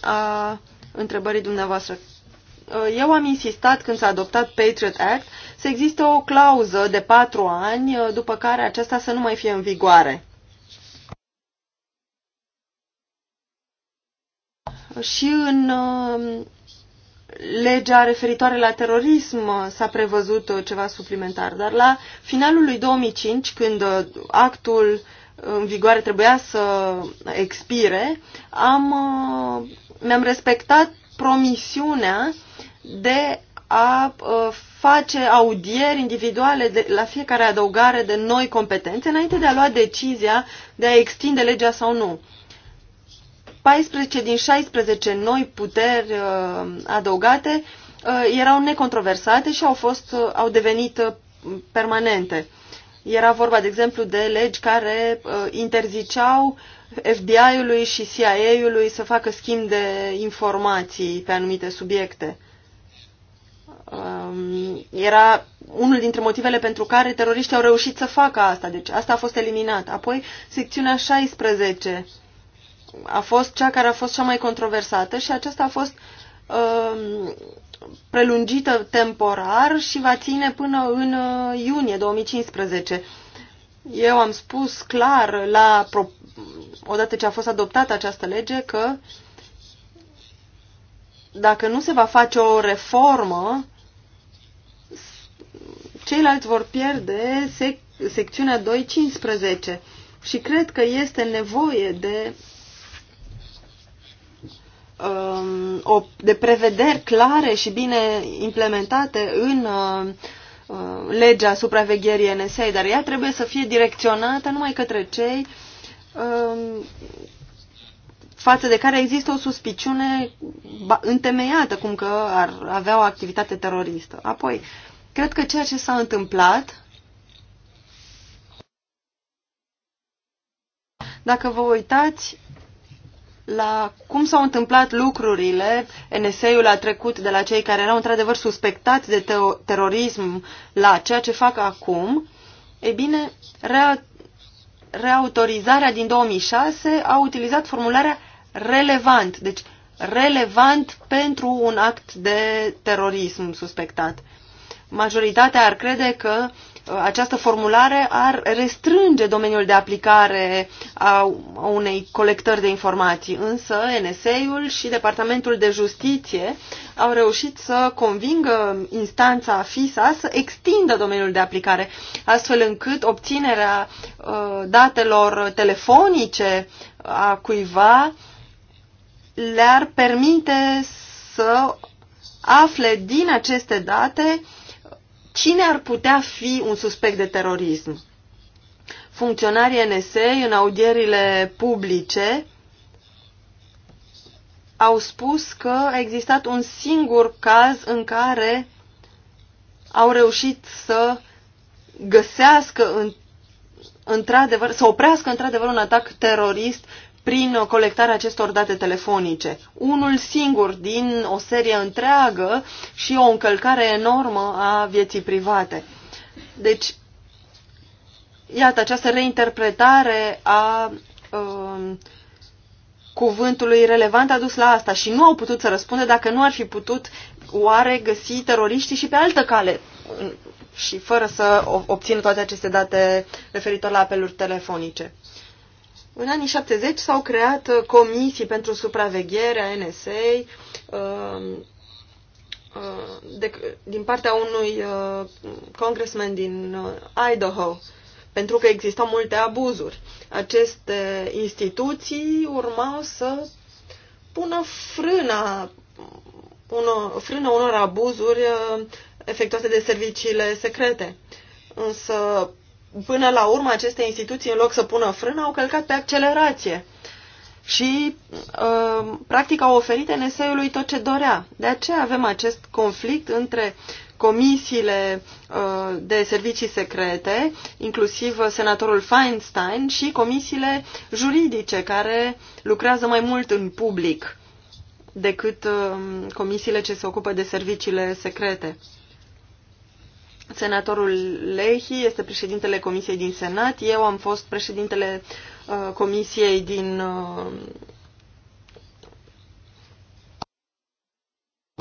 a întrebării dumneavoastră, uh, eu am insistat când s-a adoptat Patriot Act să existe o clauză de patru ani uh, după care aceasta să nu mai fie în vigoare. Și în uh, legea referitoare la terorism uh, s-a prevăzut uh, ceva suplimentar, dar la finalul lui 2005, când uh, actul în vigoare trebuia să expire, am, mi-am respectat promisiunea de a face audieri individuale de, la fiecare adăugare de noi competențe înainte de a lua decizia de a extinde legea sau nu. 14 din 16 noi puteri uh, adăugate uh, erau necontroversate și au, fost, uh, au devenit permanente. Era vorba, de exemplu, de legi care interziceau FBI-ului și CIA-ului să facă schimb de informații pe anumite subiecte. Um, era unul dintre motivele pentru care teroriștii au reușit să facă asta, deci asta a fost eliminat. Apoi, secțiunea 16 a fost cea care a fost cea mai controversată și aceasta a fost uh, prelungită temporar și va ține până în uh, iunie 2015. Eu am spus clar, la pro... odată ce a fost adoptată această lege, că dacă nu se va face o reformă, ceilalți vor pierde sec secțiunea 2.15 și cred că este nevoie de Um, de prevederi clare și bine implementate în uh, uh, legea supravegherii NSA, dar ea trebuie să fie direcționată numai către cei um, față de care există o suspiciune întemeiată, cum că ar avea o activitate teroristă. Apoi, cred că ceea ce s-a întâmplat, dacă vă uitați la cum s-au întâmplat lucrurile. NSA-ul a trecut de la cei care erau într-adevăr suspectați de terorism la ceea ce fac acum. E bine, rea reautorizarea din 2006 a utilizat formularea relevant, deci relevant pentru un act de terorism suspectat. Majoritatea ar crede că această formulare ar restrânge domeniul de aplicare a unei colectări de informații, însă NSA-ul și Departamentul de Justiție au reușit să convingă instanța FISA să extindă domeniul de aplicare, astfel încât obținerea uh, datelor telefonice a cuiva le-ar permite să afle din aceste date Cine ar putea fi un suspect de terorism? Funcționarii NSA în audierile publice au spus că a existat un singur caz în care au reușit să găsească în, într-adevăr, să oprească într-adevăr un atac terorist prin colectarea acestor date telefonice. Unul singur din o serie întreagă și o încălcare enormă a vieții private. Deci, iată, această reinterpretare a um, cuvântului relevant a dus la asta și nu au putut să răspundă dacă nu ar fi putut oare găsi teroriștii și pe altă cale și fără să obțină toate aceste date referitor la apeluri telefonice. În anii 70 s-au creat uh, comisii pentru supraveghere a NSA um, uh, de, din partea unui uh, congressman din Idaho, pentru că existau multe abuzuri. Aceste instituții urmau să pună frâna unor, frână unor abuzuri efectuate de serviciile secrete. Însă până la urmă aceste instituții, în loc să pună frână, au călcat pe accelerație și uh, practic au oferit NSA-ului tot ce dorea. De aceea avem acest conflict între comisiile uh, de servicii secrete, inclusiv senatorul Feinstein, și comisiile juridice, care lucrează mai mult în public decât uh, comisiile ce se ocupă de serviciile secrete. Senatorul Lehi este președintele Comisiei din Senat, eu am fost președintele uh, Comisiei din, uh,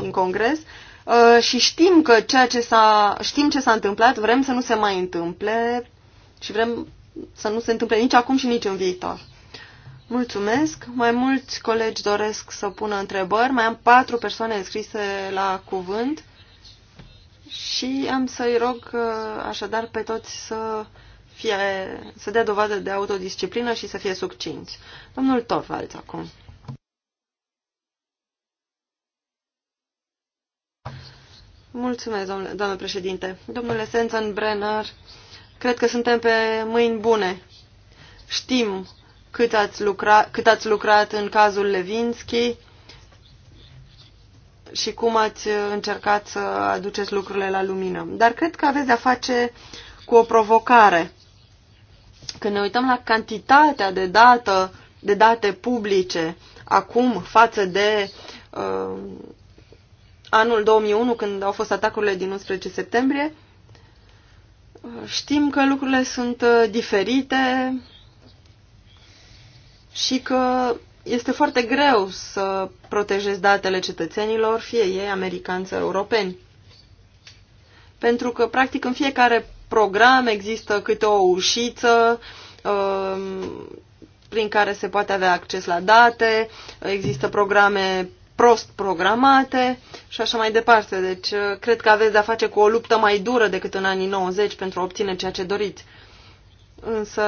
din Congres uh, și știm că ceea ce s-a, știm ce s-a întâmplat, vrem să nu se mai întâmple și vrem să nu se întâmple nici acum și nici în viitor. Mulțumesc. Mai mulți colegi doresc să pună întrebări. Mai am patru persoane înscrise la cuvânt. Și am să-i rog uh, așadar pe toți să, fie, să dea dovadă de autodisciplină și să fie succinți. Domnul Torvalds acum. Mulțumesc, domnule, doamnă președinte. Domnule Sensenbrenner, cred că suntem pe mâini bune. Știm cât ați, lucra, cât ați lucrat în cazul Levinsky și cum ați încercat să aduceți lucrurile la lumină. Dar cred că aveți de-a face cu o provocare. Când ne uităm la cantitatea de, dată, de date publice acum față de uh, anul 2001, când au fost atacurile din 11 septembrie, uh, știm că lucrurile sunt uh, diferite și că este foarte greu să protejezi datele cetățenilor, fie ei americani sau europeni. Pentru că, practic, în fiecare program există câte o ușiță um, prin care se poate avea acces la date, există programe prost programate și așa mai departe. Deci, cred că aveți de-a face cu o luptă mai dură decât în anii 90 pentru a obține ceea ce doriți. Însă,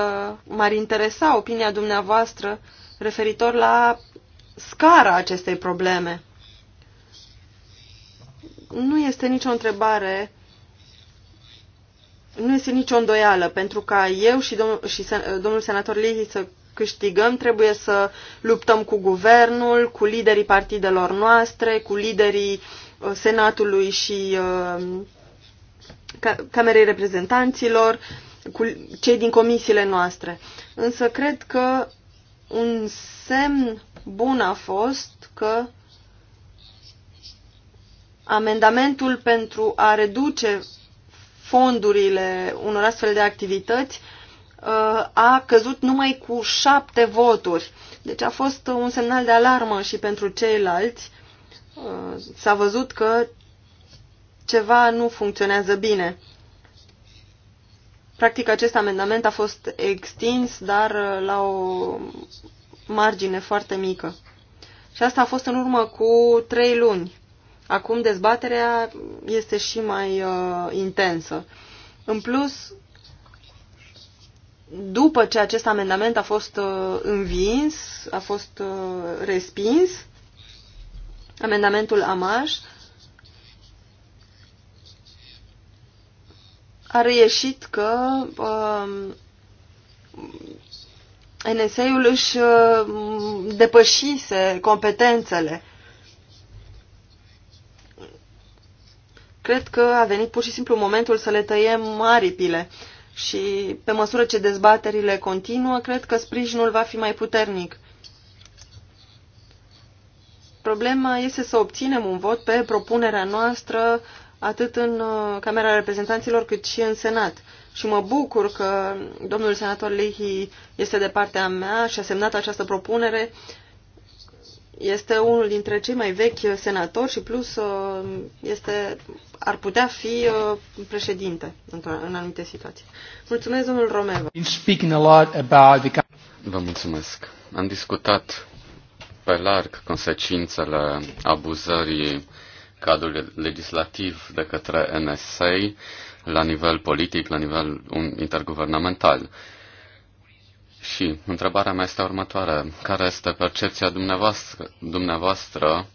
m-ar interesa opinia dumneavoastră referitor la scara acestei probleme. Nu este nicio întrebare, nu este nicio îndoială, pentru ca eu și, domnul, și sen, domnul senator Lihi să câștigăm, trebuie să luptăm cu guvernul, cu liderii partidelor noastre, cu liderii uh, senatului și uh, Camerei Reprezentanților, cu cei din comisiile noastre. Însă cred că un semn bun a fost că amendamentul pentru a reduce fondurile unor astfel de activități uh, a căzut numai cu șapte voturi. Deci a fost un semnal de alarmă și pentru ceilalți. Uh, s-a văzut că ceva nu funcționează bine. Practic, acest amendament a fost extins, dar uh, la o margine foarte mică. Și asta a fost în urmă cu trei luni. Acum dezbaterea este și mai uh, intensă. În plus, după ce acest amendament a fost uh, învins, a fost uh, respins, amendamentul AMAJ, a reieșit că uh, um, NSA-ul își um, depășise competențele. Cred că a venit pur și simplu momentul să le tăiem aripile și pe măsură ce dezbaterile continuă, cred că sprijinul va fi mai puternic. Problema este să obținem un vot pe propunerea noastră atât în uh, Camera Reprezentanților cât și în Senat. Și mă bucur că domnul senator Leahy este de partea mea și a semnat această propunere. Este unul dintre cei mai vechi senatori și plus uh, este, ar putea fi uh, președinte în anumite situații. Mulțumesc, domnul Romeva. Vă mulțumesc. Am discutat pe larg consecințele abuzării cadrul legislativ de către NSA la nivel politic, la nivel interguvernamental. Și întrebarea mea este următoare. Care este percepția dumneavoastră, dumneavoastră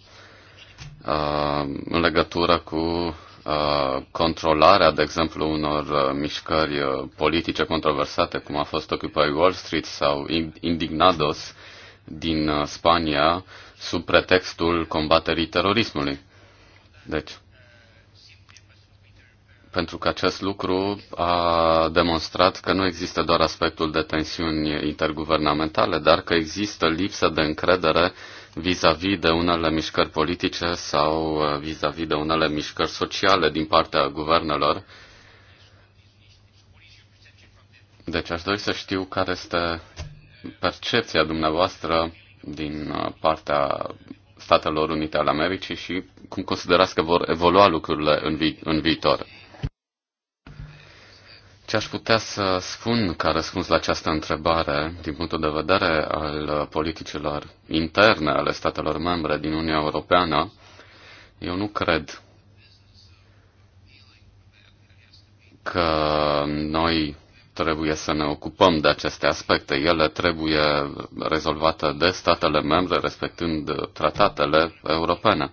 uh, în legătură cu uh, controlarea, de exemplu, unor uh, mișcări politice controversate, cum a fost Occupy Wall Street sau Indignados din Spania, sub pretextul combaterii terorismului. Deci, pentru că acest lucru a demonstrat că nu există doar aspectul de tensiuni interguvernamentale, dar că există lipsă de încredere vis-a-vis -vis de unele mișcări politice sau uh, vis-a-vis -vis de unele mișcări sociale din partea guvernelor. Deci aș dori să știu care este percepția dumneavoastră din uh, partea Statelor Unite ale Americii și cum considerați că vor evolua lucrurile în, vi- în viitor? Ce aș putea să spun ca răspuns la această întrebare din punctul de vedere al politicilor interne ale statelor membre din Uniunea Europeană, eu nu cred că noi trebuie să ne ocupăm de aceste aspecte. Ele trebuie rezolvate de statele membre respectând tratatele europene.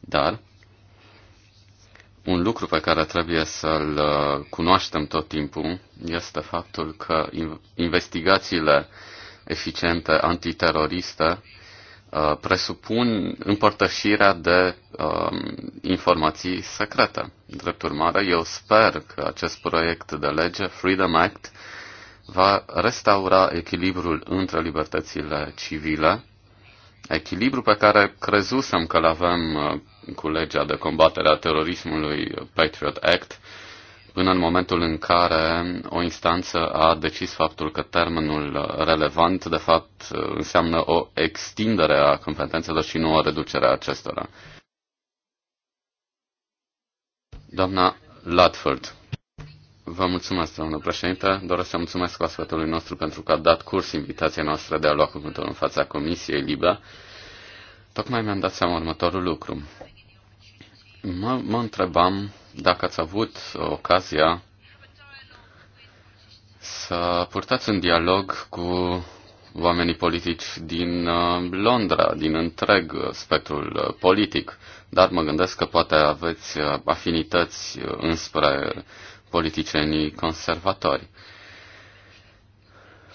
Dar un lucru pe care trebuie să-l uh, cunoaștem tot timpul este faptul că investigațiile eficiente antiteroriste Uh, presupun împărtășirea de uh, informații secrete. Drept urmare, eu sper că acest proiect de lege, Freedom Act, va restaura echilibrul între libertățile civile, echilibru pe care crezusem că l avem uh, cu legea de combatere a terorismului Patriot Act, până în momentul în care o instanță a decis faptul că termenul relevant, de fapt, înseamnă o extindere a competențelor și nu o reducere a acestora. Doamna Latford, vă mulțumesc, doamnă președinte. Doresc să mulțumesc oaspetului nostru pentru că a dat curs invitației noastre de a lua cuvântul în fața Comisiei Libă. Tocmai mi-am dat seama următorul lucru. Mă, mă întrebam dacă ați avut ocazia să purtați un dialog cu oamenii politici din uh, Londra, din întreg uh, spectrul uh, politic, dar mă gândesc că poate aveți afinități înspre politicienii conservatori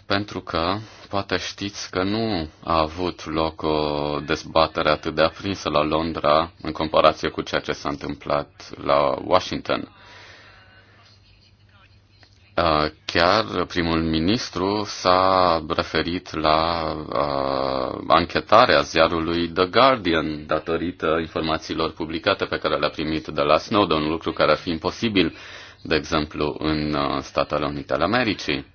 pentru că poate știți că nu a avut loc o dezbatere atât de aprinsă la Londra în comparație cu ceea ce s-a întâmplat la Washington. Chiar primul ministru s-a referit la uh, anchetarea ziarului The Guardian datorită informațiilor publicate pe care le-a primit de la Snowden, un lucru care ar fi imposibil, de exemplu, în uh, Statele Unite ale Americii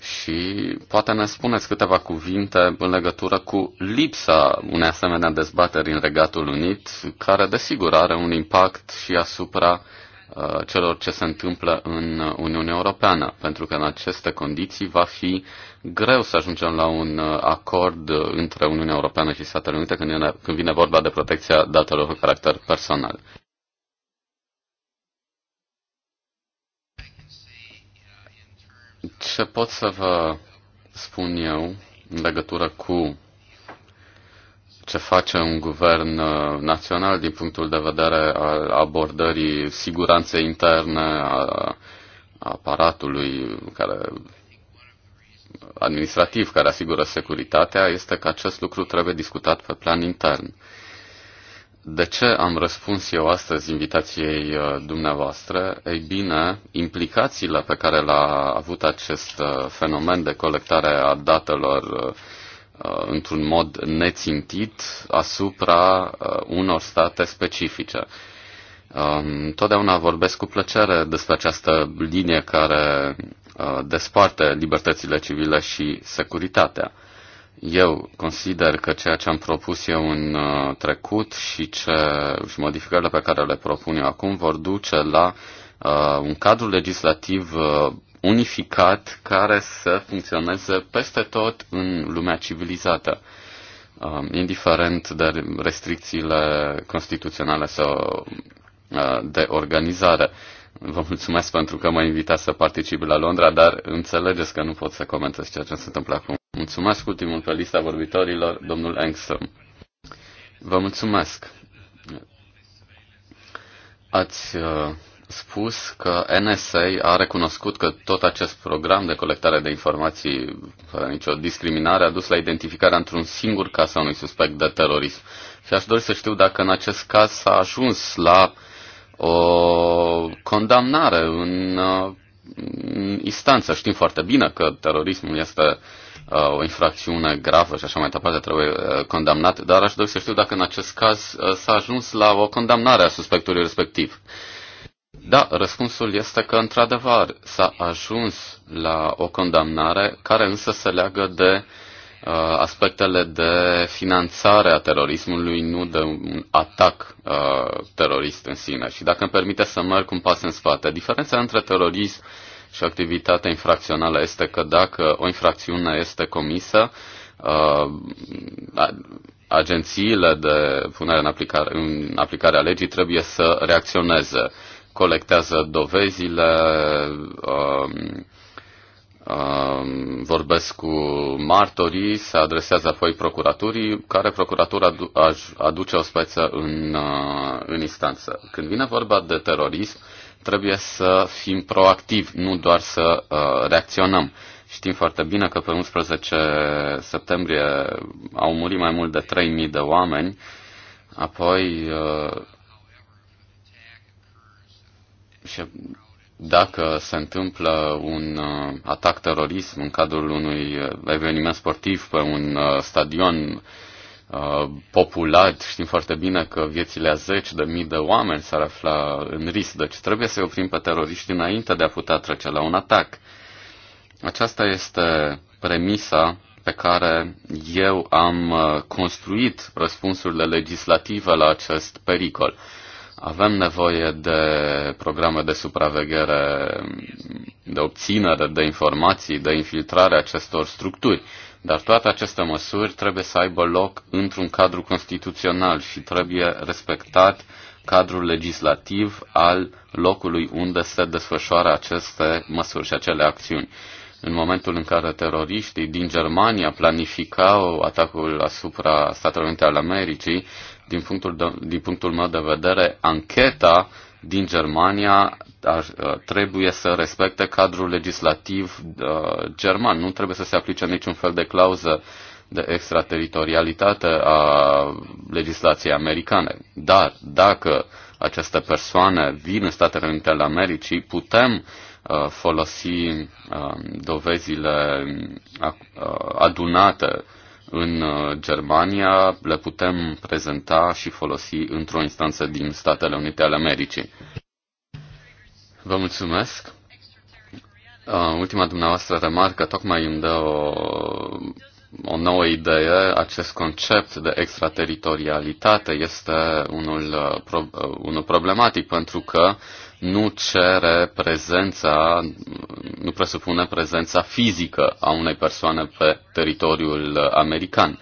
și poate ne spuneți câteva cuvinte în legătură cu lipsa unei asemenea dezbateri în Regatul Unit, care desigur are un impact și asupra uh, celor ce se întâmplă în Uniunea Europeană, pentru că în aceste condiții va fi greu să ajungem la un uh, acord între Uniunea Europeană și Statele Unite când vine vorba de protecția datelor cu caracter personal. Ce pot să vă spun eu în legătură cu ce face un guvern uh, național din punctul de vedere al abordării siguranței interne a aparatului care administrativ care asigură securitatea este că acest lucru trebuie discutat pe plan intern. De ce am răspuns eu astăzi invitației uh, dumneavoastră? Ei bine, implicațiile pe care l-a avut acest uh, fenomen de colectare a datelor uh, într-un mod nețintit asupra unor state specifice. Um, totdeauna vorbesc cu plăcere despre această linie care desparte libertățile civile și securitatea. Eu consider că ceea ce am propus eu în uh, trecut și, ce, și modificările pe care le propun eu acum vor duce la uh, un cadru legislativ uh, unificat care să funcționeze peste tot în lumea civilizată, uh, indiferent de restricțiile constituționale sau uh, de organizare. Uh, Vă mulțumesc pentru că m-a invitat să particip la Londra, dar înțelegeți că nu pot să comentez ceea ce se întâmplă acum. Mulțumesc ultimul pe lista vorbitorilor, domnul Engstrom. Vă mulțumesc. Ați uh, spus că NSA a recunoscut că tot acest program de colectare de informații fără nicio discriminare a dus la identificarea într-un singur caz a unui suspect de terorism. Și aș dori să știu dacă în acest caz s-a ajuns la uh, o condamnare în, în instanță. Știm foarte bine că terorismul este uh, o infracțiune gravă și așa mai departe trebuie uh, condamnat, dar aș dori să știu dacă în acest caz uh, s-a ajuns la o condamnare a suspectului respectiv. Da, răspunsul este că, într-adevăr, s-a ajuns la o condamnare care însă se leagă de uh, Uh, aspectele de finanțare a terorismului, nu de un atac uh, terorist în sine. Și dacă îmi permite să merg un pas în spate, diferența între terorism și activitatea infracțională este că dacă o infracțiune este comisă, uh, agențiile de punere în aplicare, în aplicare a legii trebuie să reacționeze, colectează dovezile, uh, Um, vorbesc cu martorii, se adresează apoi procuraturii, care procuratura aduce o speță în, uh, în instanță. Când vine vorba de terorism, trebuie să fim proactivi, nu doar să uh, reacționăm. Știm foarte bine că pe 11 septembrie au murit mai mult de 3.000 de oameni, apoi uh, și dacă se întâmplă un uh, atac terorism în cadrul unui uh, eveniment sportiv pe un uh, stadion populat, știm foarte bine că viețile a zeci de mii de oameni s-ar afla în risc, deci trebuie să-i oprim pe teroriști înainte de a putea trece la un atac. Aceasta este premisa pe care eu am construit răspunsurile legislative la acest pericol. Avem nevoie de programe de supraveghere, de obținere de informații, de infiltrare acestor structuri, dar toate aceste măsuri trebuie să aibă loc într-un cadru constituțional și trebuie respectat cadrul legislativ al locului unde se desfășoară aceste măsuri și acele acțiuni. În momentul în care teroriștii din Germania planificau atacul asupra Statelor Unite ale Americii, din punctul, de, din punctul meu de vedere, ancheta din Germania ar, uh, trebuie să respecte cadrul legislativ uh, german. Nu trebuie să se aplice niciun fel de clauză de extrateritorialitate a legislației americane. Dar dacă aceste persoane vin în Statele Unite ale Americii, putem uh, folosi uh, dovezile uh, adunate în uh, Germania le putem prezenta și folosi într-o instanță din Statele Unite ale Americii. Vă mulțumesc. Uh, ultima dumneavoastră remarcă tocmai îmi dă o, o nouă idee. Acest concept de extrateritorialitate este unul, uh, unul problematic pentru că uh, nu cere prezența, nu presupune prezența fizică a unei persoane pe teritoriul american.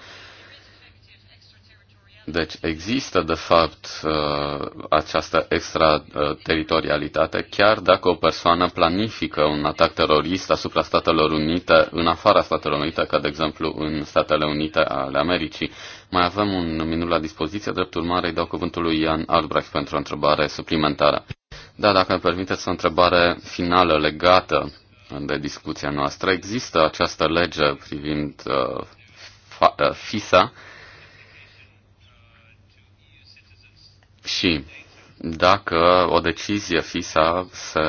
Deci există, de fapt, uh, această extrateritorialitate, chiar dacă o persoană planifică un atac terorist asupra Statelor Unite, în afara Statelor Unite, ca de exemplu în Statele Unite ale Americii. Mai avem un minut la dispoziție, drept urmare îi dau cuvântul lui Ian Albrecht pentru o întrebare suplimentară. Da, dacă îmi permiteți o întrebare finală legată de discuția noastră. Există această lege privind uh, uh FISA, Și dacă o decizie FISA se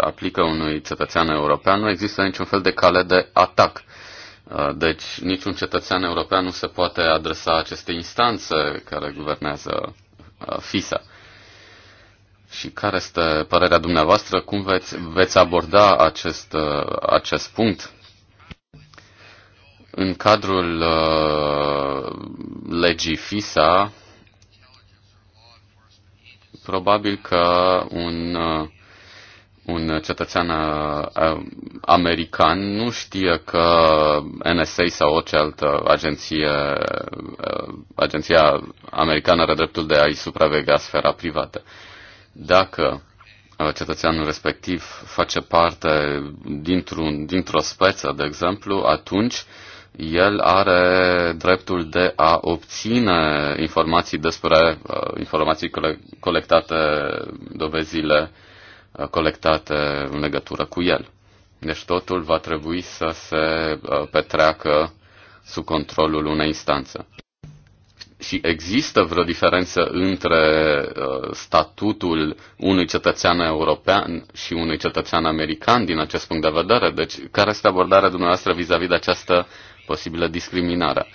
aplică unui cetățean european, nu există niciun fel de cale de atac. Uh, deci niciun cetățean european nu se poate adresa aceste instanțe care guvernează uh, FISA. Și care este părerea dumneavoastră? Cum veți, veți aborda acest, uh, acest punct? În cadrul uh, legii FISA, Probabil că un, uh, un cetățean uh, uh, american nu știe că NSA sau orice altă agenție, agenția americană are dreptul de a-i supraveghea sfera privată. Dacă cetățeanul respectiv face parte dintr-un, dintr-o speță, de exemplu, atunci el are dreptul de a obține informații despre uh, informații colectate, dovezile uh, colectate în legătură cu el. Deci totul va trebui să se uh, petreacă sub controlul unei instanțe. Și există vreo diferență între statutul unui cetățean european și unui cetățean american din acest punct de vedere? Deci, care este abordarea dumneavoastră vis-a-vis -vis de această posibilă discriminare.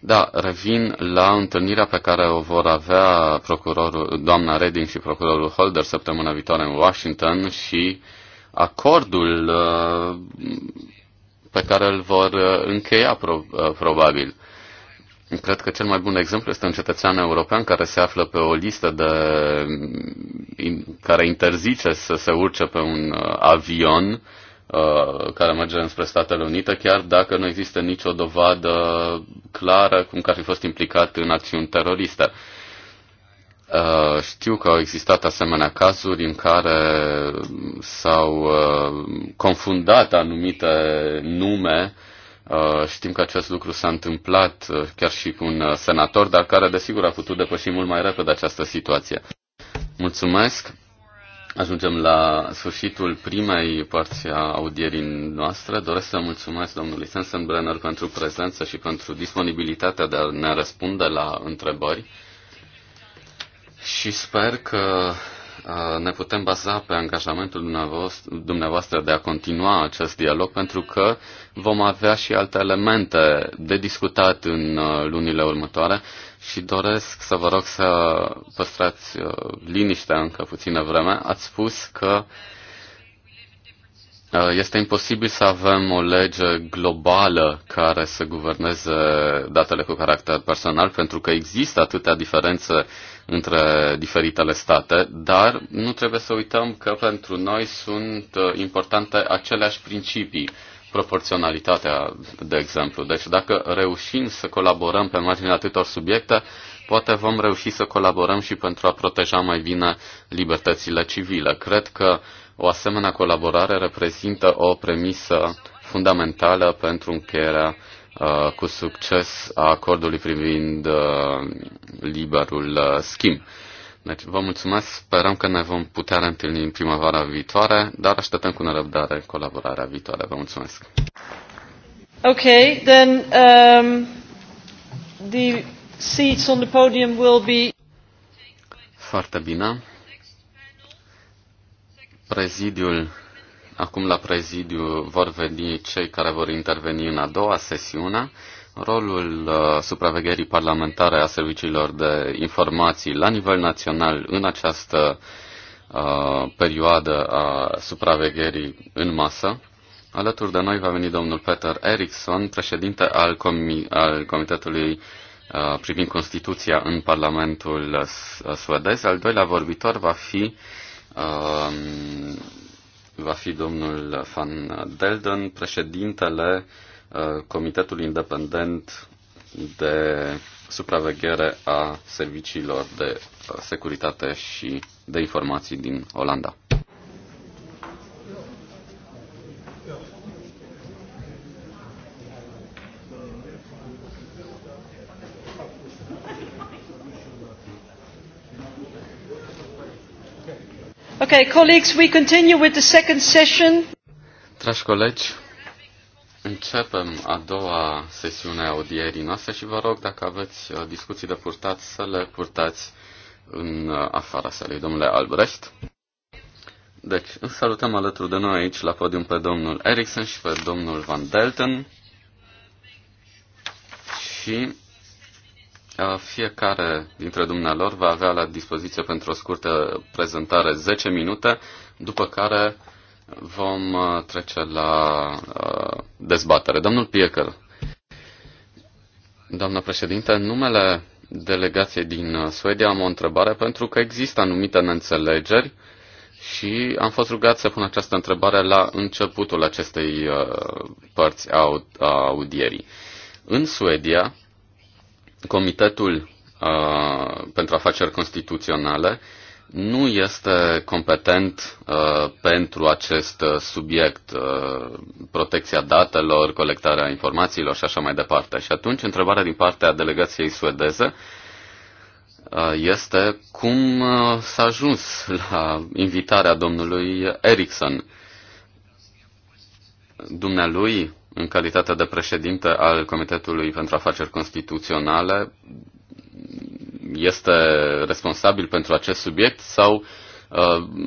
Da, revin la întâlnirea pe care o vor avea procurorul, doamna Redding și procurorul Holder săptămâna viitoare în Washington și acordul uh, pe care îl vor uh, încheia uh, probabil. Cred că cel mai bun exemplu este un cetățean european care se află pe o listă de, care interzice să se urce pe un avion Uh, care merge înspre Statele Unite, chiar dacă nu există nicio dovadă clară cum că ar fi fost implicat în acțiuni teroriste. Uh, știu că au existat asemenea cazuri în care s-au uh, confundat anumite nume. Știm că acest lucru s-a întâmplat chiar și cu un senator, dar care desigur a putut depăși mult mai repede această situație. Mulțumesc! Ajungem la sfârșitul primei părți a audierii noastre. Doresc să mulțumesc domnului Sensenbrenner pentru prezență și pentru disponibilitatea de a ne răspunde la întrebări și sper că ne putem baza pe angajamentul dumneavoastră, de a continua acest dialog, pentru că vom avea și alte elemente de discutat în lunile următoare și doresc să vă rog să păstrați uh, liniștea încă puțină vreme. Ați spus că uh, este imposibil să avem o lege globală care să guverneze datele cu caracter personal, pentru că există atâtea diferențe între diferitele state, dar nu trebuie să uităm că pentru noi sunt uh, importante aceleași principii proporționalitatea, de exemplu. Deci dacă reușim să colaborăm pe marginea atâtor subiecte, poate vom reuși să colaborăm și pentru a proteja mai bine libertățile civile. Cred că o asemenea colaborare reprezintă o premisă fundamentală pentru încheierea uh, cu succes a acordului privind uh, liberul uh, schimb. Deci vă mulțumesc, sperăm că ne vom putea întâlni în primăvara viitoare, dar așteptăm cu nerăbdare colaborarea viitoare. Vă mulțumesc. Ok, then um, the seats on the podium will be... Foarte bine. Prezidiul, acum la prezidiu vor veni cei care vor interveni în a doua sesiune. Rolul uh, supravegherii parlamentare a serviciilor de informații la nivel național în această uh, perioadă a supravegherii în masă. Alături de noi va veni domnul Peter Eriksson, președinte al, comi- al Comitetului uh, privind Constituția în Parlamentul suedez. Al doilea vorbitor va fi um, va fi domnul Van Delden, președintele Uh, Comitetul Independent de Supraveghere a Serviciilor de uh, Securitate și de Informații din Olanda. Okay, colleagues, we continue with the second session. Dragi colegi, Începem a doua sesiune a audierii noastre și vă rog, dacă aveți uh, discuții de purtat, să le purtați în uh, afara sălii. Domnule Albrecht. Deci, îl salutăm alături de noi aici la podium pe domnul Erickson și pe domnul Van Delten. Și uh, fiecare dintre dumnealor va avea la dispoziție pentru o scurtă prezentare 10 minute, după care Vom uh, trece la uh, dezbatere. Domnul Piecker, doamnă președinte, în numele delegației din uh, Suedia am o întrebare pentru că există anumite neînțelegeri și am fost rugat să pun această întrebare la începutul acestei părți a audierii. În Suedia, Comitetul pentru Afaceri Constituționale uh, nu este competent uh, pentru acest uh, subiect, uh, protecția datelor, colectarea informațiilor și așa mai departe. Și atunci, întrebarea din partea delegației suedeze uh, este cum uh, s-a ajuns la invitarea domnului Ericsson. Dumnealui, în calitate de președinte al Comitetului pentru Afaceri Constituționale, este responsabil pentru acest subiect sau uh,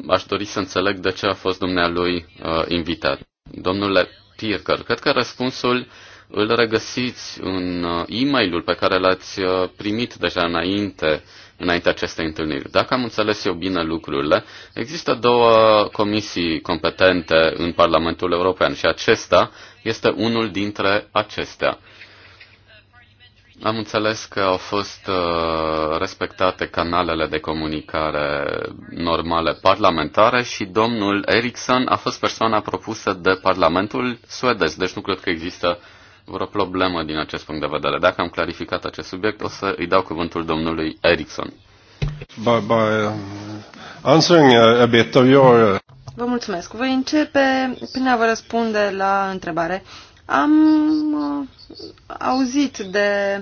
aș dori să înțeleg de ce a fost dumnealui uh, invitat. Domnule Pircăr, cred că răspunsul îl regăsiți în uh, e mail pe care l-ați primit deja înainte, înainte acestei întâlniri. Dacă am înțeles eu bine lucrurile, există două comisii competente în Parlamentul European și acesta este unul dintre acestea. Am înțeles că au fost uh, respectate canalele de comunicare normale parlamentare și domnul Eriksson a fost persoana propusă de Parlamentul suedez, deci nu cred că există vreo problemă din acest punct de vedere. Dacă am clarificat acest subiect, o să îi dau cuvântul domnului Eriksson. By, by answering uh, a bit of your... Uh, vă mulțumesc. Voi începe prin a vă răspunde la întrebare. Am uh, auzit de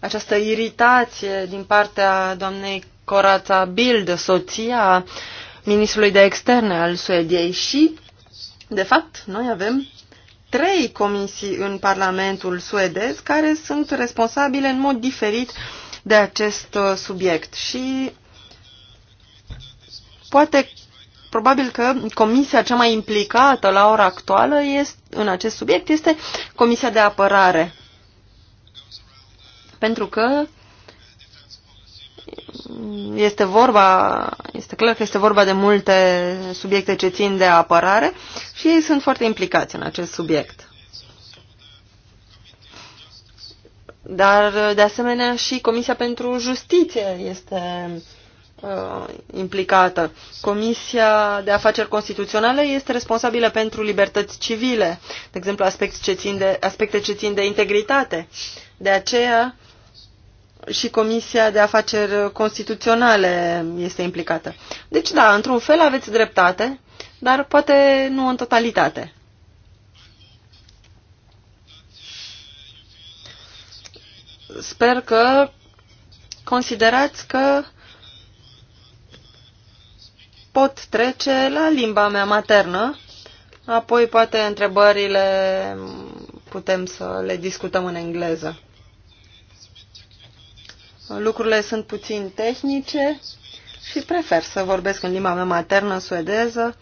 această iritație din partea doamnei Corața Bild, soția ministrului de externe al Suediei și, de fapt, noi avem trei comisii în Parlamentul suedez care sunt responsabile în mod diferit de acest uh, subiect și poate probabil că comisia cea mai implicată la ora actuală este, în acest subiect este Comisia de Apărare. Pentru că este vorba, este clar că este vorba de multe subiecte ce țin de apărare și ei sunt foarte implicați în acest subiect. Dar, de asemenea, și Comisia pentru Justiție este uh, implicată. Comisia de Afaceri Constituționale este responsabilă pentru libertăți civile, de exemplu aspecte ce țin de, aspecte ce țin de integritate. De aceea și Comisia de Afaceri Constituționale este implicată. Deci da, într-un fel aveți dreptate, dar poate nu în totalitate. Sper că considerați că uh, pot trece la limba mea maternă, apoi poate întrebările putem să le discutăm în engleză. Lucrurile sunt puțin tehnice și prefer să vorbesc în limba mea maternă suedeză,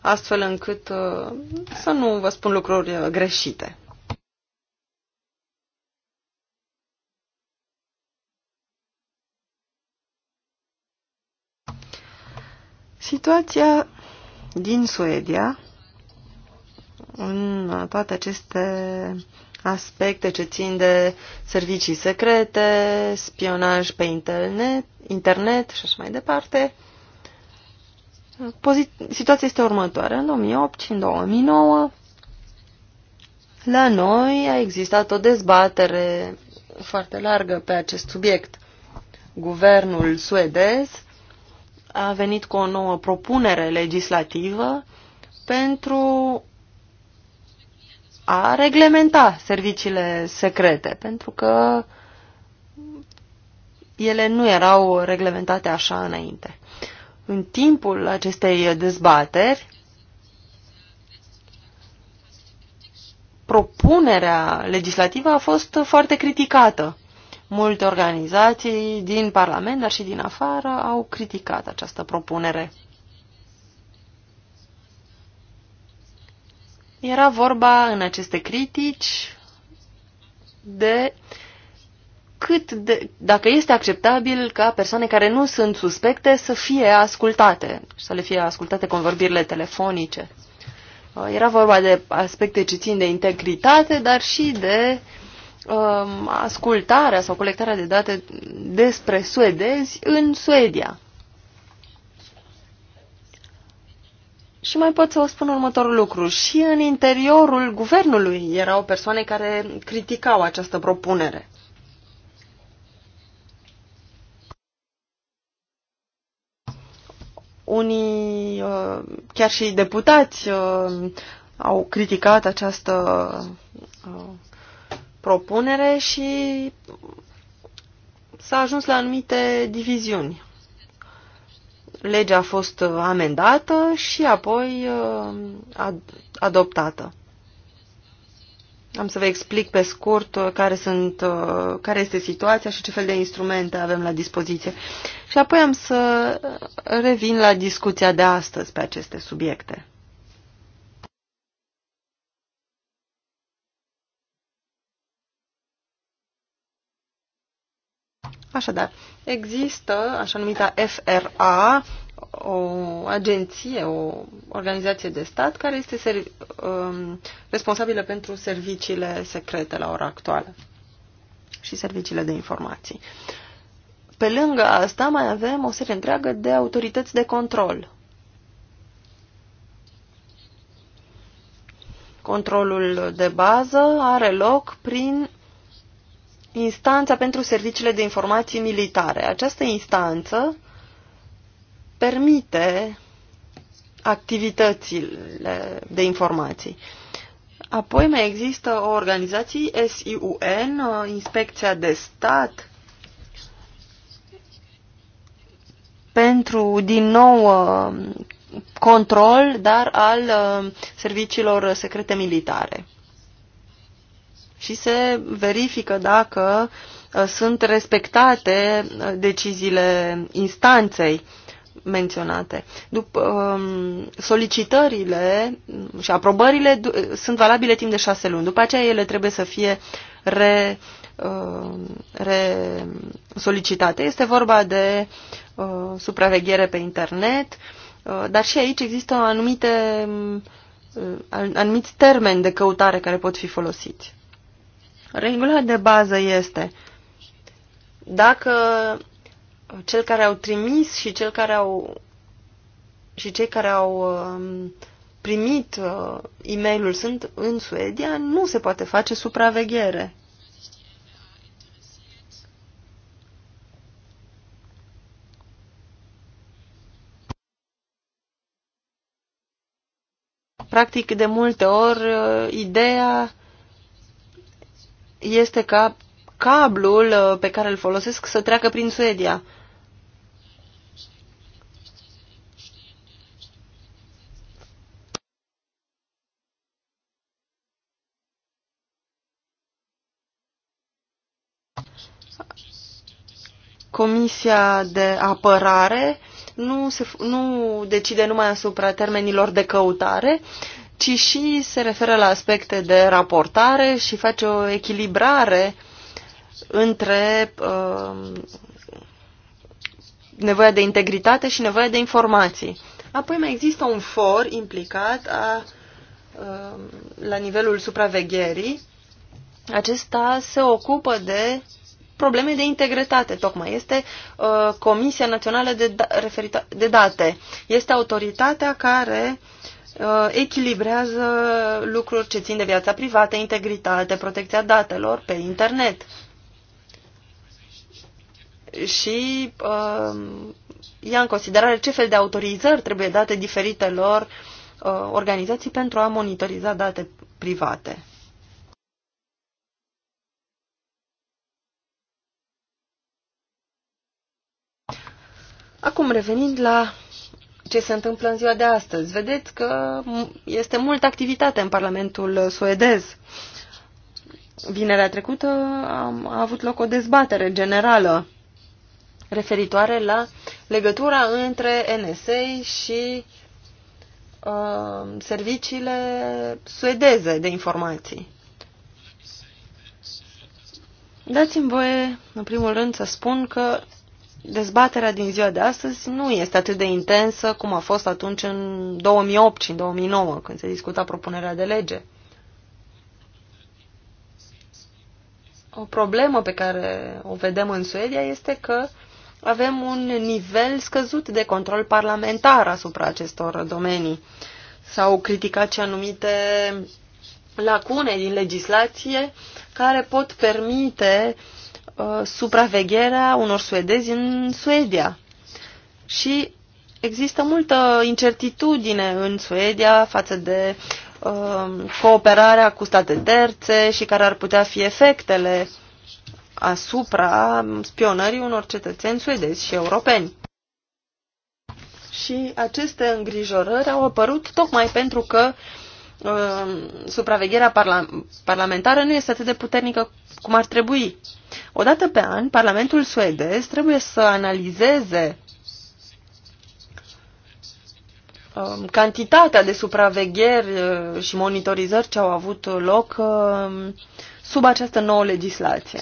astfel încât uh, să nu vă spun lucruri uh, greșite. Situația din Suedia, în toate aceste aspecte ce țin de servicii secrete, spionaj pe internet, internet și așa mai departe, situația este următoare. În 2008 și în 2009, la noi a existat o dezbatere foarte largă pe acest subiect. Guvernul suedez a venit cu o nouă propunere legislativă pentru a reglementa serviciile secrete, pentru că ele nu erau reglementate așa înainte. În timpul acestei dezbateri, propunerea legislativă a fost foarte criticată. Multe organizații din Parlament, dar și din afară, au criticat această propunere. Era vorba în aceste critici de cât de, dacă este acceptabil ca persoane care nu sunt suspecte să fie ascultate, să le fie ascultate convorbirile telefonice. Era vorba de aspecte ce țin de integritate, dar și de um, ascultarea sau colectarea de date despre suedezi în Suedia. Și mai pot să vă spun următorul lucru. Și în interiorul guvernului erau persoane care criticau această propunere. Unii, uh, chiar și deputați, uh, au criticat această uh, propunere și s-a ajuns la anumite diviziuni. Legea a fost amendată și apoi uh, ad- adoptată. Am să vă explic pe scurt uh, care, sunt, uh, care este situația și ce fel de instrumente avem la dispoziție. Și apoi am să revin la discuția de astăzi pe aceste subiecte. Așadar, există așa numita FRA, o agenție, o organizație de stat care este ser, um, responsabilă pentru serviciile secrete la ora actuală și serviciile de informații. Pe lângă asta mai avem o serie întreagă de autorități de control. Controlul de bază are loc prin instanța pentru serviciile de informații militare. Această instanță permite activitățile de informații. Apoi mai există o organizație, SIUN, uh, Inspecția de Stat, pentru, din nou, uh, control, dar al uh, serviciilor secrete militare și se verifică dacă uh, sunt respectate uh, deciziile instanței menționate. După, um, solicitările și aprobările sunt valabile timp de șase luni. După aceea ele trebuie să fie re, uh, re solicitate. Este vorba de supraveghere pe internet, dar și aici există anumite um, anumiți termeni de căutare care pot fi folosiți. Regula de bază este dacă cel care au trimis și cel care au și cei care au um, primit uh, e mail sunt în Suedia, nu se poate face supraveghere. Practic, de multe ori, uh, ideea este ca cablul uh, pe care îl folosesc să treacă prin Suedia. Comisia de apărare nu, se, nu decide numai asupra termenilor de căutare, ci și se referă la aspecte de raportare și face o echilibrare între uh, nevoia de integritate și nevoia de informații. Apoi mai există un for implicat a, uh, la nivelul supravegherii. Acesta se ocupă de probleme de integritate, tocmai. Este uh, Comisia Națională de, da, referita, de Date. Este autoritatea care uh, Uh, echilibrează lucruri ce țin de viața privată, integritate, protecția datelor pe internet. Și uh, ia în considerare ce fel de autorizări trebuie date diferitelor uh, organizații pentru a monitoriza date private. Acum, revenind la ce se întâmplă în ziua de astăzi. Vedeți că este multă activitate în Parlamentul suedez. Vinerea trecută a avut loc o dezbatere generală referitoare la legătura între NSA și uh, serviciile suedeze de informații. Dați-mi voie, în primul rând, să spun că dezbaterea din ziua de astăzi nu este atât de intensă cum a fost atunci în 2008 și în 2009, când se discuta propunerea de lege. O problemă pe care o vedem în Suedia este că avem un nivel scăzut de control parlamentar asupra acestor domenii. S-au criticat și anumite lacune din legislație care pot permite uh, Uh, supravegherea unor suedezi în Suedia. Și există multă incertitudine în Suedia față de uh, cooperarea cu state terțe și care ar putea fi efectele asupra spionării unor cetățeni suedezi și europeni. Și aceste îngrijorări au apărut tocmai pentru că uh, Um, supravegherea parla parlamentară nu este atât de puternică cum ar trebui. Odată pe an, Parlamentul suedez trebuie să analizeze um, cantitatea de supravegheri uh, și monitorizări ce au avut loc um, sub această nouă legislație.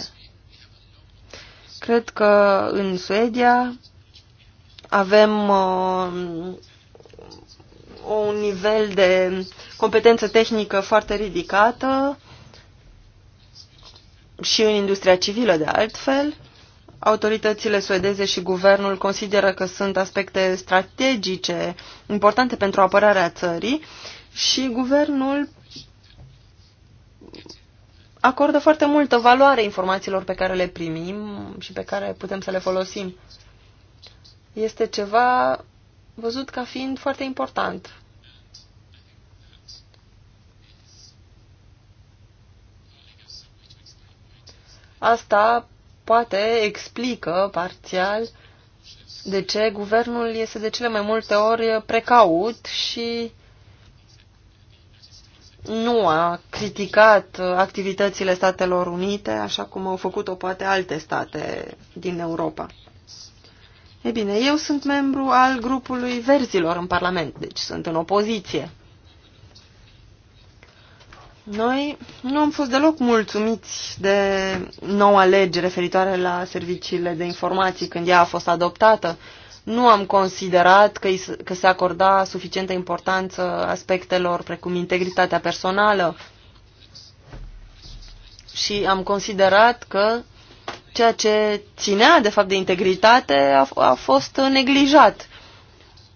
Cred că în Suedia avem un nivel de competență tehnică foarte ridicată și în industria civilă, de altfel. Autoritățile suedeze și guvernul consideră că sunt aspecte strategice importante pentru apărarea țării și guvernul acordă foarte multă valoare informațiilor pe care le primim și pe care putem să le folosim. Este ceva văzut ca fiind foarte important. Asta poate explică parțial de ce guvernul este de cele mai multe ori precaut și nu a criticat activitățile Statelor Unite, așa cum au făcut-o poate alte state din Europa. Ei bine, eu sunt membru al grupului verzilor în Parlament, deci sunt în opoziție. Noi nu am fost deloc mulțumiți de noua lege referitoare la serviciile de informații când ea a fost adoptată. Nu am considerat că, că se acorda suficientă importanță aspectelor precum integritatea personală și am considerat că ceea ce ținea de fapt de integritate a, a fost neglijat.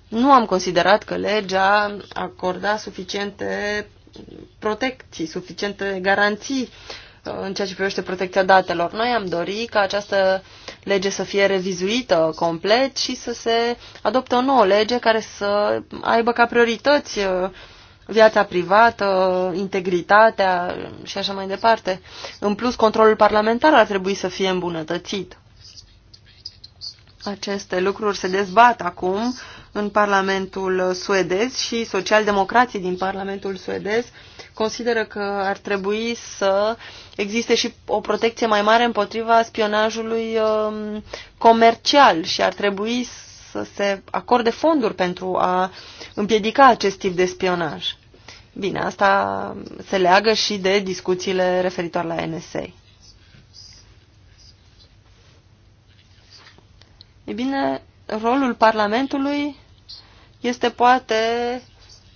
Nu am considerat că legea acorda suficiente protecții, suficiente garanții uh, în ceea ce privește protecția datelor. Noi am dorit ca această lege să fie revizuită complet și să se adopte o nouă lege care să aibă ca priorități uh, viața privată, integritatea și așa mai departe. În plus, controlul parlamentar ar trebui să fie îmbunătățit. Aceste lucruri se dezbat acum în Parlamentul suedez și socialdemocrații din Parlamentul suedez consideră că ar trebui să existe și o protecție mai mare împotriva spionajului um, comercial și ar trebui să se acorde fonduri pentru a împiedica acest tip de spionaj. Bine, asta se leagă și de discuțiile referitoare la NSA. E bine, rolul Parlamentului este poate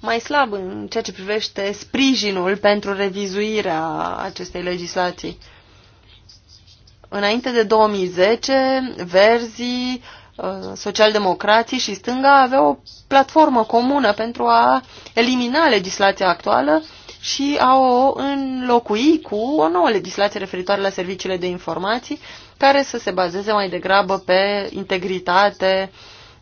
mai slab în ceea ce privește sprijinul pentru revizuirea acestei legislații. Înainte de 2010, verzii, uh, socialdemocrații și stânga aveau o platformă comună pentru a elimina legislația actuală și a o înlocui cu o nouă legislație referitoare la serviciile de informații, care să se bazeze mai degrabă pe integritate,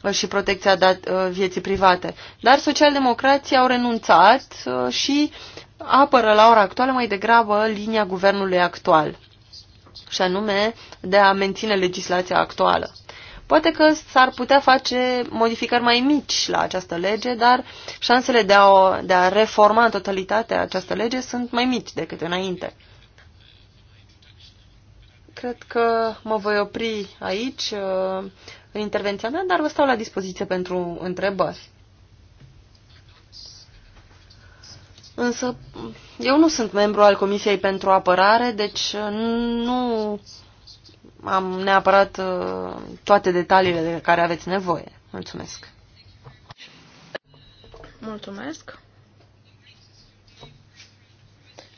Uh, și protecția dat, uh, vieții private. Dar socialdemocrații au renunțat uh, și apără la ora actuală mai degrabă linia guvernului actual, și anume de a menține legislația actuală. Poate că s-ar putea face modificări mai mici la această lege, dar șansele de a, o, de a reforma în totalitate această lege sunt mai mici decât înainte. Cred că mă voi opri aici uh, în intervenția mea, dar vă stau la dispoziție pentru întrebări. Însă eu nu sunt membru al Comisiei pentru Apărare, deci uh, nu am neapărat uh, toate detaliile de care aveți nevoie. Mulțumesc. Mulțumesc.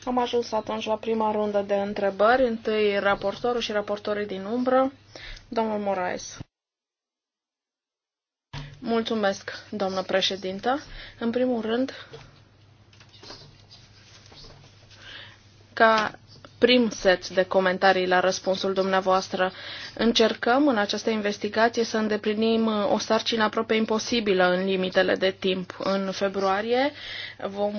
Am ajuns atunci la prima rundă de întrebări. Întâi raportorul și raportorii din umbră, domnul Moraes. Mulțumesc, doamnă președintă. În primul rând, ca prim set de comentarii la răspunsul dumneavoastră. Încercăm în această investigație să îndeplinim o sarcină aproape imposibilă în limitele de timp. În februarie vom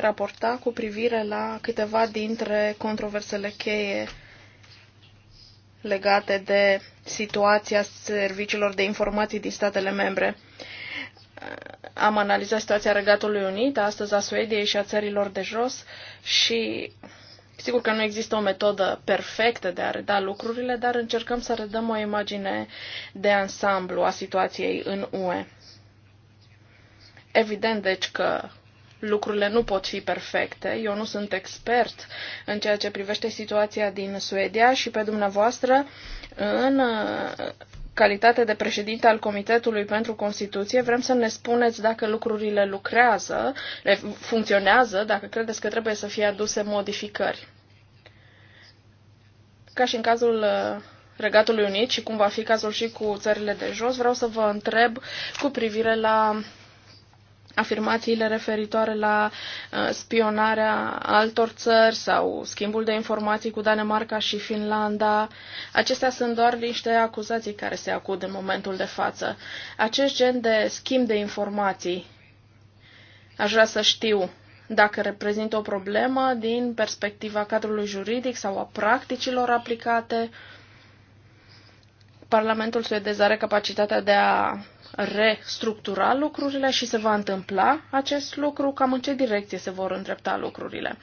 raporta cu privire la câteva dintre controversele cheie legate de situația serviciilor de informații din statele membre. Am analizat situația Regatului Unit, astăzi a Suediei și a țărilor de jos și sigur că nu există o metodă perfectă de a reda lucrurile, dar încercăm să redăm o imagine de ansamblu a situației în UE. Evident, deci, că lucrurile nu pot fi perfecte. Eu nu sunt expert în ceea ce privește situația din Suedia și pe dumneavoastră în uh, calitate de președinte al Comitetului pentru Constituție, vrem să ne spuneți dacă lucrurile lucrează, funcționează, dacă credeți că trebuie să fie aduse modificări. Ca și în cazul uh, Regatului Unit și cum va fi cazul și cu țările de jos, vreau să vă întreb cu privire la afirmațiile referitoare la uh, spionarea altor țări sau schimbul de informații cu Danemarca și Finlanda. Acestea sunt doar niște acuzații care se acud în momentul de față. Acest gen de schimb de informații aș vrea să știu dacă reprezintă o problemă din perspectiva cadrului juridic sau a practicilor aplicate. Parlamentul suedez are capacitatea de a restructura lucrurile și se va întâmpla acest lucru, cam în ce direcție se vor îndrepta lucrurile.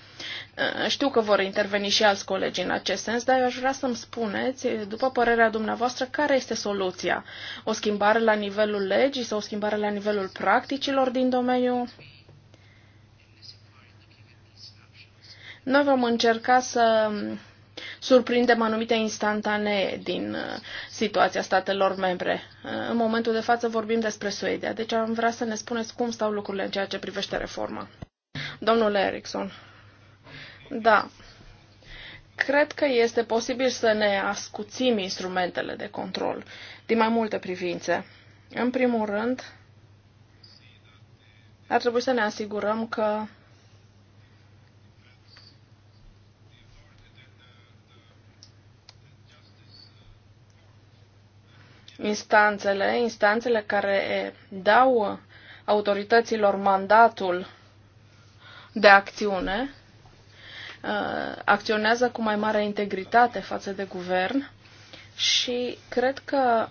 Eh, știu că vor interveni și alți colegi în acest sens, dar eu aș vrea să-mi spuneți, după părerea dumneavoastră, care este soluția? O schimbare la nivelul legii sau o schimbare la nivelul practicilor din domeniu? Noi vom încerca să surprindem anumite instantanee din uh, situația statelor membre. Uh, în momentul de față vorbim despre Suedia, deci am vrea să ne spuneți cum stau lucrurile în ceea ce privește reforma. Domnule Erickson, da, cred că este posibil să ne ascuțim instrumentele de control din mai multe privințe. În primul rând, ar trebui să ne asigurăm că instanțele, instanțele care dau autorităților mandatul de acțiune, uh, acționează cu mai mare integritate față de guvern și cred că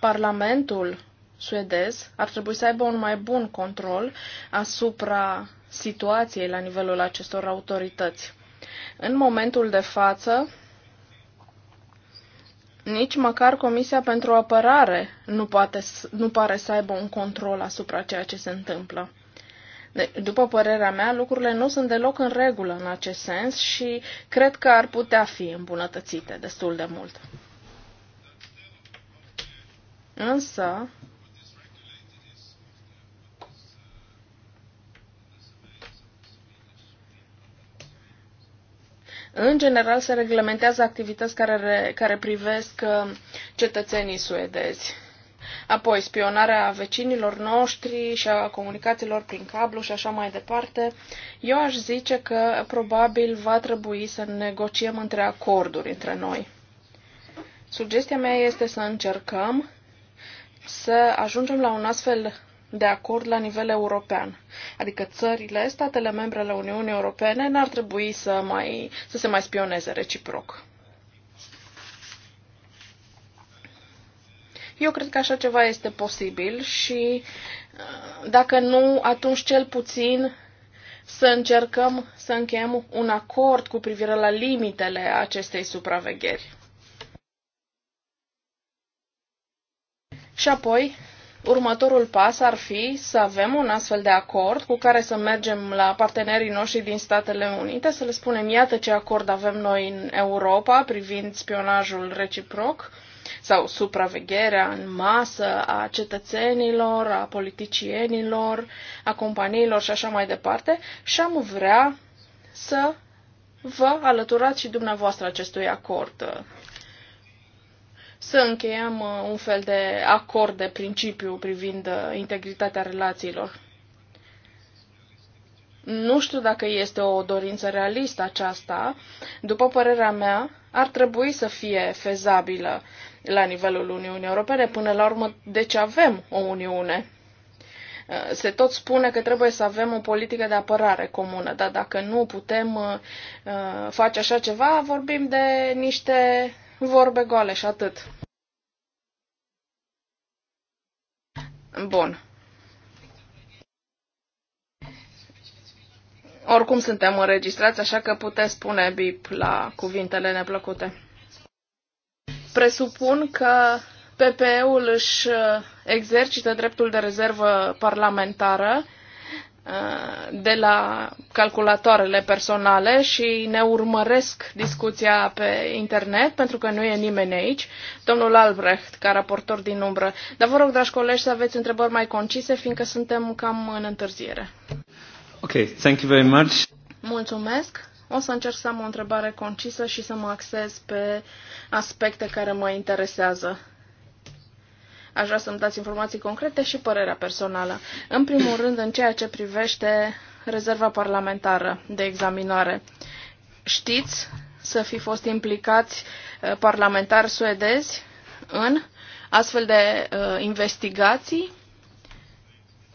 Parlamentul suedez ar trebui să aibă un mai bun control asupra situației la nivelul acestor autorități. În momentul de față, nici măcar Comisia pentru Apărare nu, poate, nu pare să aibă un control asupra ceea ce se întâmplă. De, după părerea mea, lucrurile nu sunt deloc în regulă în acest sens și cred că ar putea fi îmbunătățite destul de mult. Însă, În general se reglementează activități care, care privesc uh, cetățenii suedezi. Apoi, spionarea vecinilor noștri și a comunicațiilor prin cablu și așa mai departe. Eu aș zice că probabil va trebui să negociem între acorduri între noi. Sugestia mea este să încercăm să ajungem la un astfel de acord la nivel european. Adică țările, statele membre ale Uniunii Europene n-ar trebui să, mai, să se mai spioneze reciproc. Eu cred că așa ceva este posibil și uh, dacă nu, atunci cel puțin să încercăm să încheiem un acord cu privire la limitele acestei supravegheri. Și apoi, Următorul pas ar fi să avem un astfel de acord cu care să mergem la partenerii noștri din Statele Unite, să le spunem iată ce acord avem noi în Europa privind spionajul reciproc sau supravegherea în masă a cetățenilor, a politicienilor, a companiilor și așa mai departe și am vrea să vă alăturați și dumneavoastră acestui acord să încheiem uh, un fel de acord de principiu privind uh, integritatea relațiilor. Nu știu dacă este o dorință realistă aceasta. După părerea mea, ar trebui să fie fezabilă la nivelul Uniunii Europene. Până la urmă, deci avem o Uniune. Uh, se tot spune că trebuie să avem o politică de apărare comună, dar dacă nu putem face așa ceva, vorbim de niște vorbe goale și atât. Bun. Oricum suntem înregistrați, așa că puteți spune bip la cuvintele neplăcute. Presupun că PPE-ul își uh, exercită dreptul de rezervă parlamentară de la calculatoarele personale și ne urmăresc discuția pe internet, pentru că nu e nimeni aici, domnul Albrecht, ca raportor din umbră. Dar vă rog, dragi colegi, să aveți întrebări mai concise, fiindcă suntem cam în întârziere. Ok, thank you very much. Mulțumesc. O să încerc să am o întrebare concisă și să mă axez pe aspecte care mă interesează. Aș vrea să-mi dați informații concrete și părerea personală. În primul rând, în ceea ce privește rezerva parlamentară de examinare. Știți să fi fost implicați uh, parlamentari suedezi în astfel de uh, investigații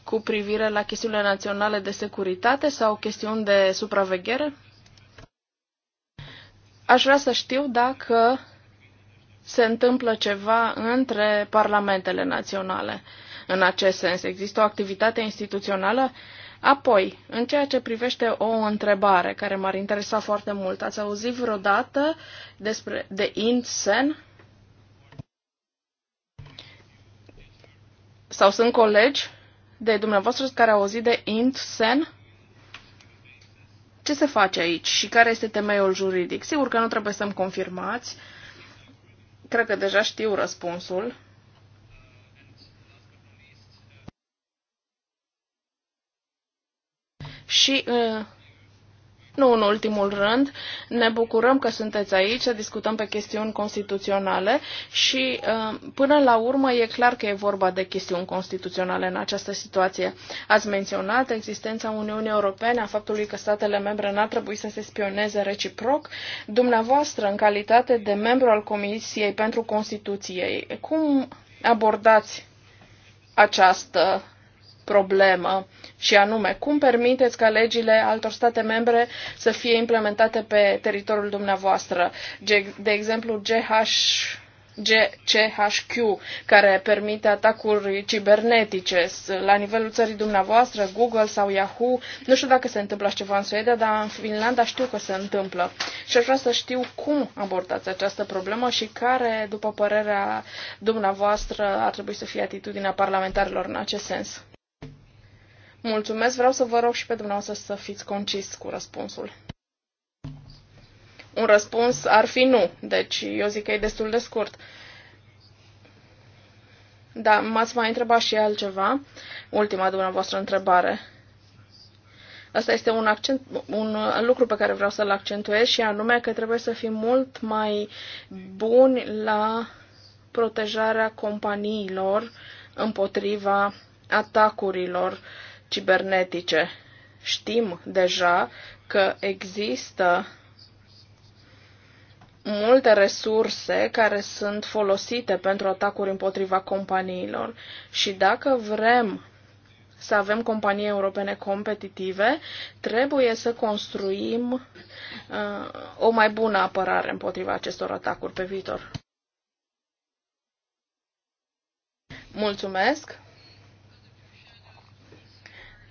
cu privire la chestiunile naționale de securitate sau chestiuni de supraveghere? Aș vrea să știu dacă se întâmplă ceva între parlamentele naționale. În acest sens, există o activitate instituțională? Apoi, în ceea ce privește o întrebare care m-ar interesa foarte mult, ați auzit vreodată despre de INSEN? Sau sunt colegi de dumneavoastră care au auzit de INSEN? Ce se face aici și care este temeiul juridic? Sigur că nu trebuie să-mi confirmați, uh, Cred că deja știu răspunsul. Și uh, nu în ultimul rând, ne bucurăm că sunteți aici, să discutăm pe chestiuni constituționale și uh, până la urmă e clar că e vorba de chestiuni constituționale în această situație. Ați menționat existența Uniunii Europene, a faptului că statele membre n-ar trebui să se spioneze reciproc. Dumneavoastră, în calitate de membru al Comisiei pentru Constituție, cum abordați această problemă și anume cum permiteți ca legile altor state membre să fie implementate pe teritoriul dumneavoastră. De exemplu, GH GCHQ, care permite atacuri cibernetice la nivelul țării dumneavoastră, Google sau Yahoo. Nu știu dacă se întâmplă ceva în Suedia, dar în Finlanda știu că se întâmplă. Și aș vrea să știu cum abordați această problemă și care, după părerea dumneavoastră, ar trebui să fie atitudinea parlamentarilor în acest sens. Mulțumesc, vreau să vă rog și pe dumneavoastră să fiți concis cu răspunsul. Un răspuns ar fi nu, deci eu zic că e destul de scurt. Da, m-ați mai întrebat și altceva. Ultima dumneavoastră întrebare. Asta este un, accent, un lucru pe care vreau să-l accentuez și anume că trebuie să fim mult mai buni la protejarea companiilor împotriva atacurilor uh, cibernetice. Știm deja că există multe resurse care sunt folosite pentru atacuri împotriva companiilor și dacă vrem să avem companii europene competitive, trebuie să construim uh, o mai bună apărare împotriva acestor atacuri pe viitor. Mulțumesc!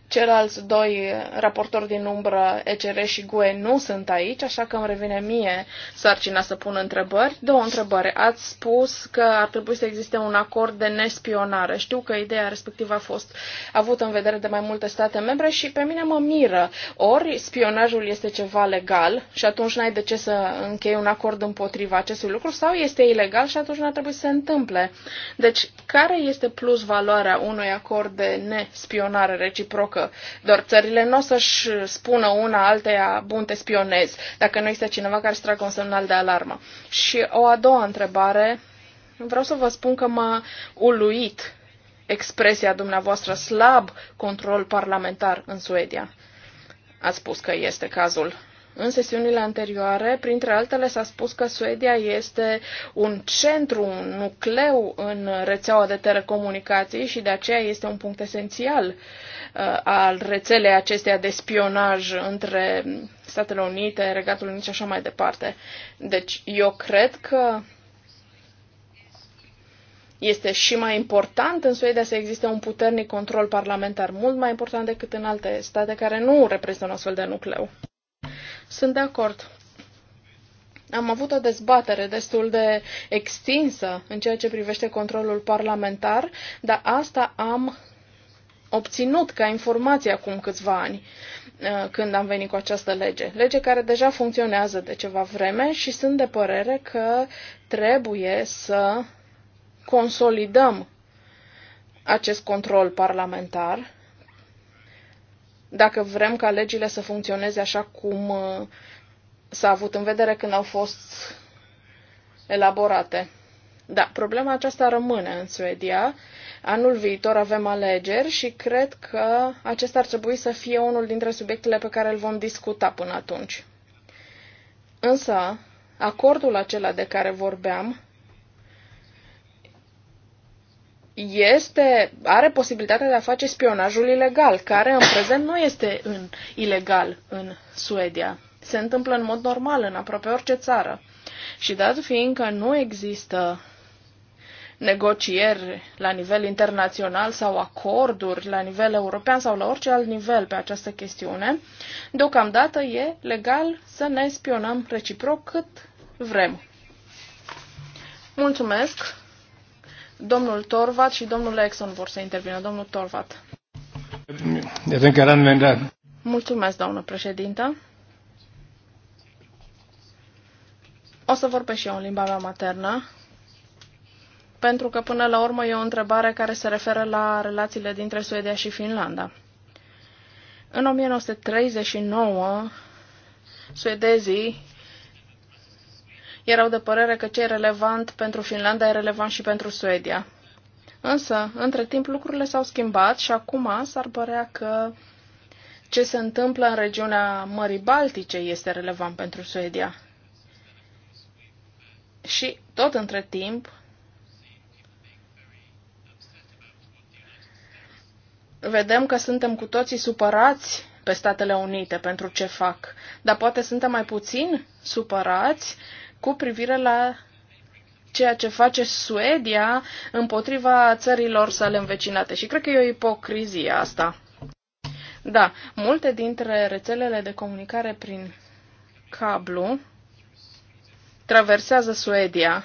ceilalți doi raportori din umbră, ECR și GUE, nu sunt aici, așa că îmi revine mie sarcina să pun întrebări. Două întrebări. Ați spus că ar trebui să existe un acord de nespionare. Știu că ideea respectivă a fost avută în vedere de mai multe state membre și pe mine mă miră. Ori spionajul este ceva legal și atunci n-ai de ce să închei un acord împotriva acestui lucru sau este ilegal și atunci n-ar trebui să se întâmple. Deci, care este plus valoarea unui acord de nespionare reciprocă? doar țările nu o să-și spună una alteia, bun, te spionez, dacă nu este cineva care să tragă un semnal de alarmă. Și o a doua întrebare, vreau să vă spun că m-a uluit expresia dumneavoastră slab control parlamentar în Suedia. Ați spus că este cazul în sesiunile anterioare, printre altele, s-a spus că Suedia este un centru, un nucleu în rețeaua de telecomunicații și de aceea este un punct esențial uh, al rețelei acesteia de spionaj între Statele Unite, Regatul Unit și așa mai departe. Deci eu cred că este și mai important în Suedia să existe un puternic control parlamentar, mult mai important decât în alte state care nu reprezintă un astfel de nucleu. Sunt de acord. Am avut o dezbatere destul de extinsă în ceea ce privește controlul parlamentar, dar asta am obținut ca informație acum câțiva ani uh, când am venit cu această lege. Lege care deja funcționează de ceva vreme și sunt de părere că trebuie să consolidăm acest control parlamentar dacă vrem ca legile să funcționeze așa cum uh, s-a avut în vedere când au fost elaborate. Da, problema aceasta rămâne în Suedia. Anul viitor avem alegeri și cred că acesta ar trebui să fie unul dintre subiectele pe care îl vom discuta până atunci. Însă, acordul acela de care vorbeam este, are posibilitatea de a face spionajul ilegal, care în prezent nu este în, ilegal în Suedia. Se întâmplă în mod normal în aproape orice țară. Și dat fiindcă nu există negocieri la nivel internațional sau acorduri la nivel european sau la orice alt nivel pe această chestiune, deocamdată e legal să ne spionăm reciproc cât vrem. Mulțumesc! Domnul Torvat și domnul Exxon vor să intervină. Domnul Torvat. Mulțumesc, doamnă președintă. O să vorbesc și eu în limba mea maternă, pentru că până la urmă e o întrebare care se referă la relațiile dintre Suedia și Finlanda. În 1939, suedezii erau de părere că ce e relevant pentru Finlanda e relevant și pentru Suedia. Însă, între timp, lucrurile s-au schimbat și acum s-ar părea că ce se întâmplă în regiunea Mării Baltice este relevant pentru Suedia. Și, tot între timp, vedem că suntem cu toții supărați pe Statele Unite pentru ce fac, dar poate suntem mai puțin supărați cu privire la ceea ce face Suedia împotriva țărilor sale învecinate. Și cred că e o ipocrizie asta. Da, multe dintre rețelele de comunicare prin cablu traversează Suedia.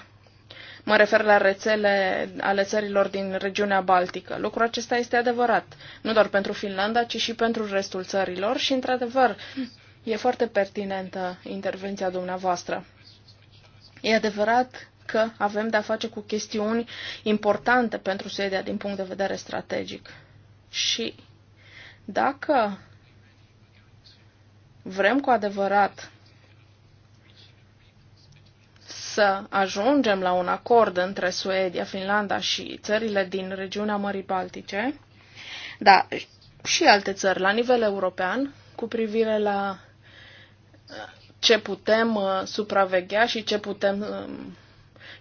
Mă refer la rețele ale țărilor din regiunea Baltică. Lucrul acesta este adevărat, nu doar pentru Finlanda, ci și pentru restul țărilor și, într-adevăr, e foarte pertinentă intervenția dumneavoastră. E adevărat că avem de-a face cu chestiuni importante pentru Suedia din punct de vedere strategic. Și dacă vrem cu adevărat să ajungem la un acord între Suedia, Finlanda și țările din regiunea Mării Baltice, dar și alte țări la nivel european, cu privire la ce putem uh, supraveghea și ce putem uh,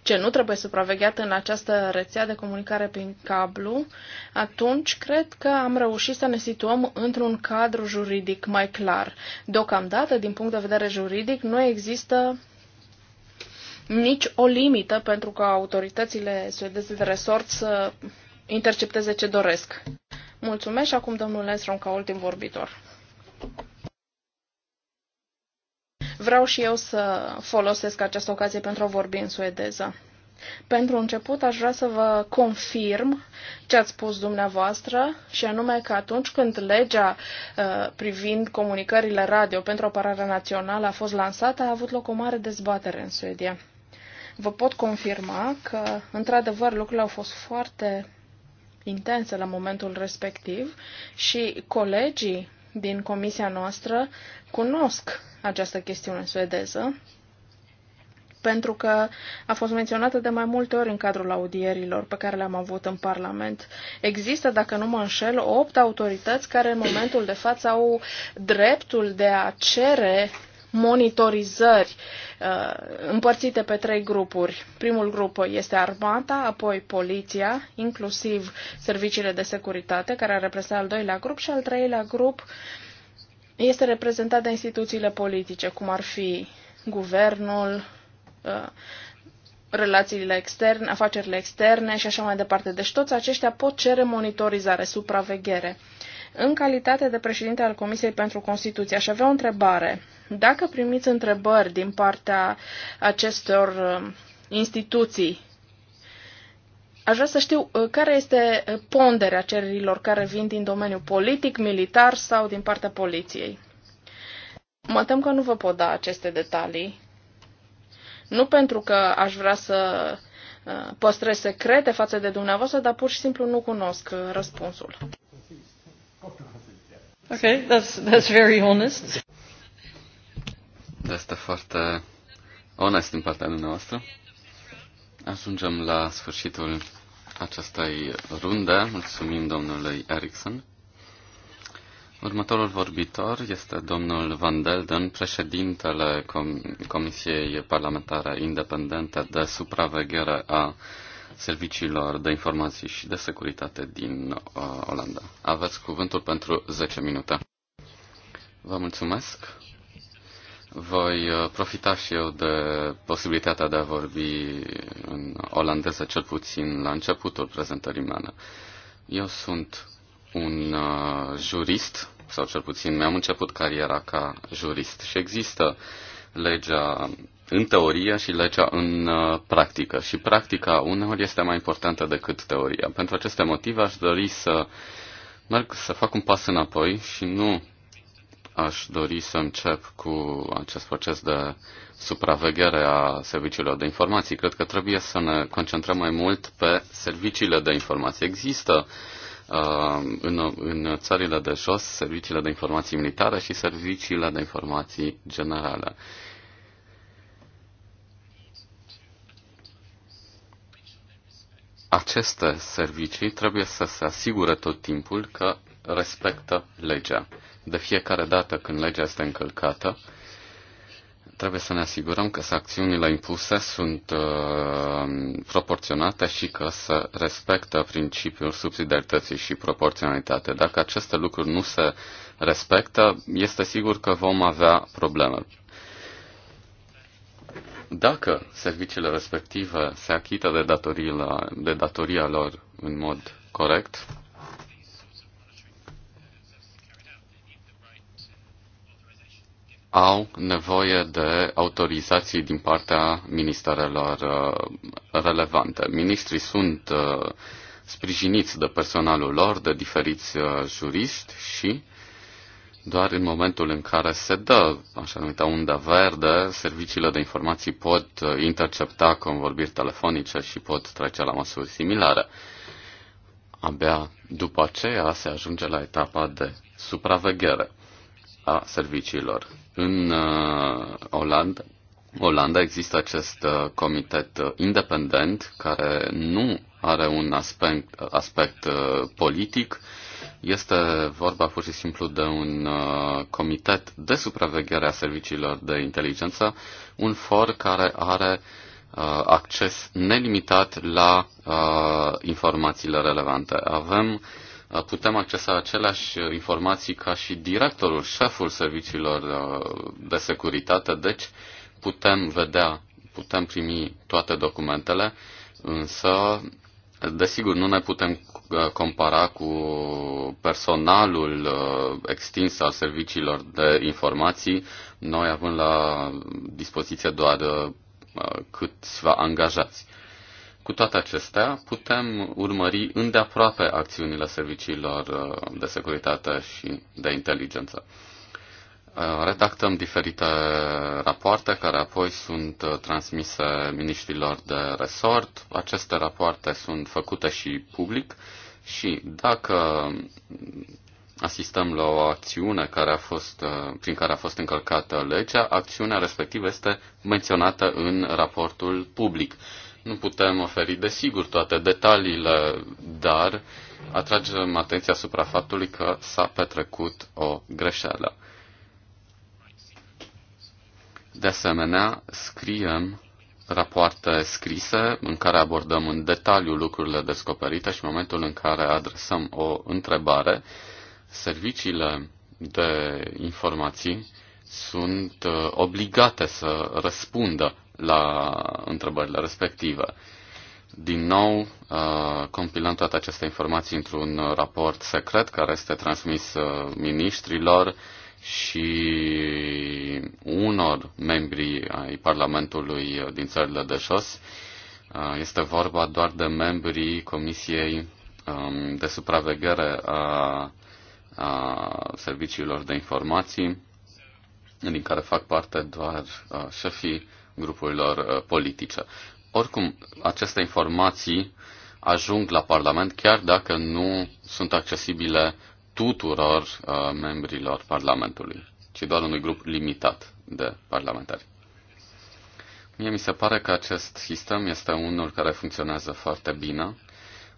ce nu trebuie supravegheat în această rețea de comunicare prin cablu, atunci cred că am reușit să ne situăm într-un cadru juridic mai clar. Deocamdată, din punct de vedere juridic, nu există nici o limită pentru ca autoritățile suedeze de resort să intercepteze ce doresc. Mulțumesc și acum domnul Lenstrom ca ultim vorbitor. Vreau și eu să folosesc această ocazie pentru a vorbi în suedeză. Pentru început, aș vrea să vă confirm ce ați spus dumneavoastră, și anume că atunci când legea uh, privind comunicările radio pentru apărarea națională a fost lansată, a avut loc o mare dezbatere în Suedia. Vă pot confirma că, într-adevăr, lucrurile au fost foarte intense la momentul respectiv și colegii din comisia noastră cunosc această chestiune suedeză, pentru că a fost menționată de mai multe ori în cadrul audierilor pe care le-am avut în Parlament. Există, dacă nu mă înșel, opt autorități care în momentul de față au dreptul de a cere monitorizări uh, împărțite pe trei grupuri. Primul grup este armata, apoi poliția, inclusiv serviciile de securitate, care ar reprezenta al doilea grup, și al treilea grup este reprezentat de instituțiile politice, cum ar fi guvernul, uh, relațiile externe, afacerile externe și așa mai departe. Deci toți aceștia pot cere monitorizare, supraveghere. În calitate de președinte al Comisiei pentru Constituție, aș avea o întrebare. Dacă primiți întrebări din partea acestor uh, instituții, aș vrea să știu uh, care este uh, ponderea cererilor care vin din domeniul politic, militar sau din partea poliției. Mă tem că nu vă pot da aceste detalii. Nu pentru că aș vrea să păstrez secrete față de dumneavoastră, dar pur și simplu nu cunosc răspunsul. Okay, that's, that's very honest. Este foarte onest din partea dumneavoastră. Ajungem la sfârșitul acestei runde. Mulțumim domnului Erickson. Următorul vorbitor este domnul Van Delden, președintele Com- Comisiei Parlamentare Independente de Supraveghere a Serviciilor de Informații și de Securitate din uh, Olanda. Aveți cuvântul pentru 10 minute. Vă mulțumesc. Voi uh, profita și eu de posibilitatea de a vorbi în olandeză, cel puțin la începutul prezentării mele. Eu sunt un uh, jurist, sau cel puțin mi-am început cariera ca jurist și există legea în teorie și legea în uh, practică. Și practica uneori este mai importantă decât teoria. Pentru aceste motive aș dori să merg să fac un pas înapoi și nu aș dori să încep cu acest proces de supraveghere a serviciilor de informații. Cred că trebuie să ne concentrăm mai mult pe serviciile de informații. Există uh, în, în țările de jos serviciile de informații militare și serviciile de informații generale. Aceste servicii trebuie să se asigure tot timpul că respectă legea de fiecare dată când legea este încălcată, trebuie să ne asigurăm că sancțiunile impuse sunt uh, proporționate și că se respectă principiul subsidiarității și proporționalitate. Dacă aceste lucruri nu se respectă, este sigur că vom avea probleme. Dacă serviciile respective se achită de, de datoria lor în mod corect, au nevoie de autorizații din partea ministerelor uh, relevante. Ministrii sunt uh, sprijiniți de personalul lor, de diferiți uh, juriști și doar în momentul în care se dă așa numită undă verde, serviciile de informații pot intercepta convorbiri telefonice și pot trece la măsuri similare. Abia după aceea se ajunge la etapa de supraveghere a serviciilor. În uh, Olanda, Olanda există acest uh, comitet uh, independent care nu are un aspect, aspect politic. Este vorba pur și simplu de un comitet de supraveghere a serviciilor de inteligență, un for care are acces nelimitat la informațiile relevante. Avem putem accesa aceleași informații ca și directorul, șeful serviciilor uh, de securitate, deci putem vedea, putem primi toate documentele, însă, desigur, nu ne putem uh, compara cu personalul uh, extins al serviciilor de informații, noi având la dispoziție doar câțiva angajați. Cu toate acestea, putem urmări îndeaproape acțiunile serviciilor uh, de securitate și de inteligență. Uh, redactăm diferite rapoarte care apoi sunt uh, transmise ministrilor de resort. Aceste rapoarte sunt făcute și public și dacă asistăm la o acțiune care a fost, prin care a fost încălcată legea, acțiunea respectivă este menționată în raportul public. Nu putem oferi, desigur, toate detaliile, dar atragem atenția asupra faptului că s-a petrecut o greșeală. De asemenea, scriem rapoarte scrise în care abordăm în detaliu lucrurile descoperite și în momentul în care adresăm o întrebare, serviciile de informații sunt uh, obligate să răspundă la întrebările respective. Din nou, uh, compilăm toate aceste informații într-un raport secret care este transmis uh, ministrilor și unor membri ai Parlamentului din țările de jos. Uh, este vorba doar de membrii Comisiei um, de Supraveghere a, a Serviciilor de Informații, din care fac parte doar șefii grupurilor uh, politice. Oricum, aceste informații ajung la Parlament chiar dacă nu sunt accesibile tuturor uh, membrilor Parlamentului, ci doar unui grup limitat de parlamentari. Mie mi se pare că acest sistem este unul care funcționează foarte bine.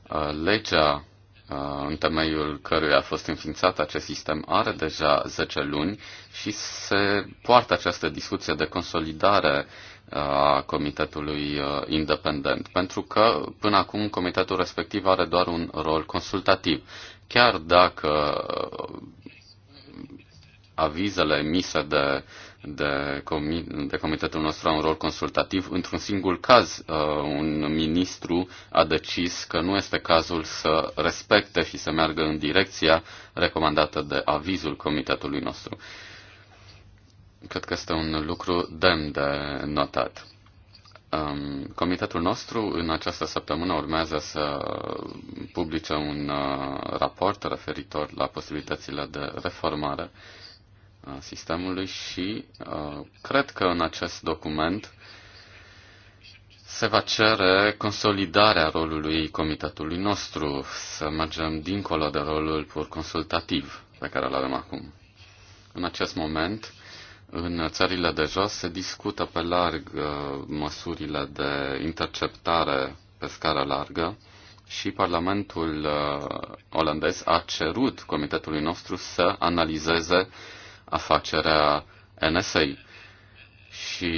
Uh, legea uh, în temeiul căruia a fost înființat acest sistem are deja 10 luni și se poartă această discuție de consolidare a comitetului uh, independent, pentru că până acum comitetul respectiv are doar un rol consultativ. Chiar dacă uh, avizele emise de, de, comi- de comitetul nostru au un rol consultativ, într-un singur caz uh, un ministru a decis că nu este cazul să respecte și să meargă în direcția recomandată de avizul comitetului nostru. Uh, cred că este un lucru demn de notat. Comitetul nostru în această săptămână urmează să publice un uh, raport referitor la posibilitățile de reformare a sistemului și uh, cred că în acest document se va cere consolidarea rolului comitetului nostru, să mergem dincolo de rolul pur consultativ pe care îl avem acum. În acest moment, în țările de jos se discută pe larg uh, măsurile de interceptare pe scară largă și Parlamentul uh, olandez a cerut comitetului nostru să analizeze afacerea NSA. Și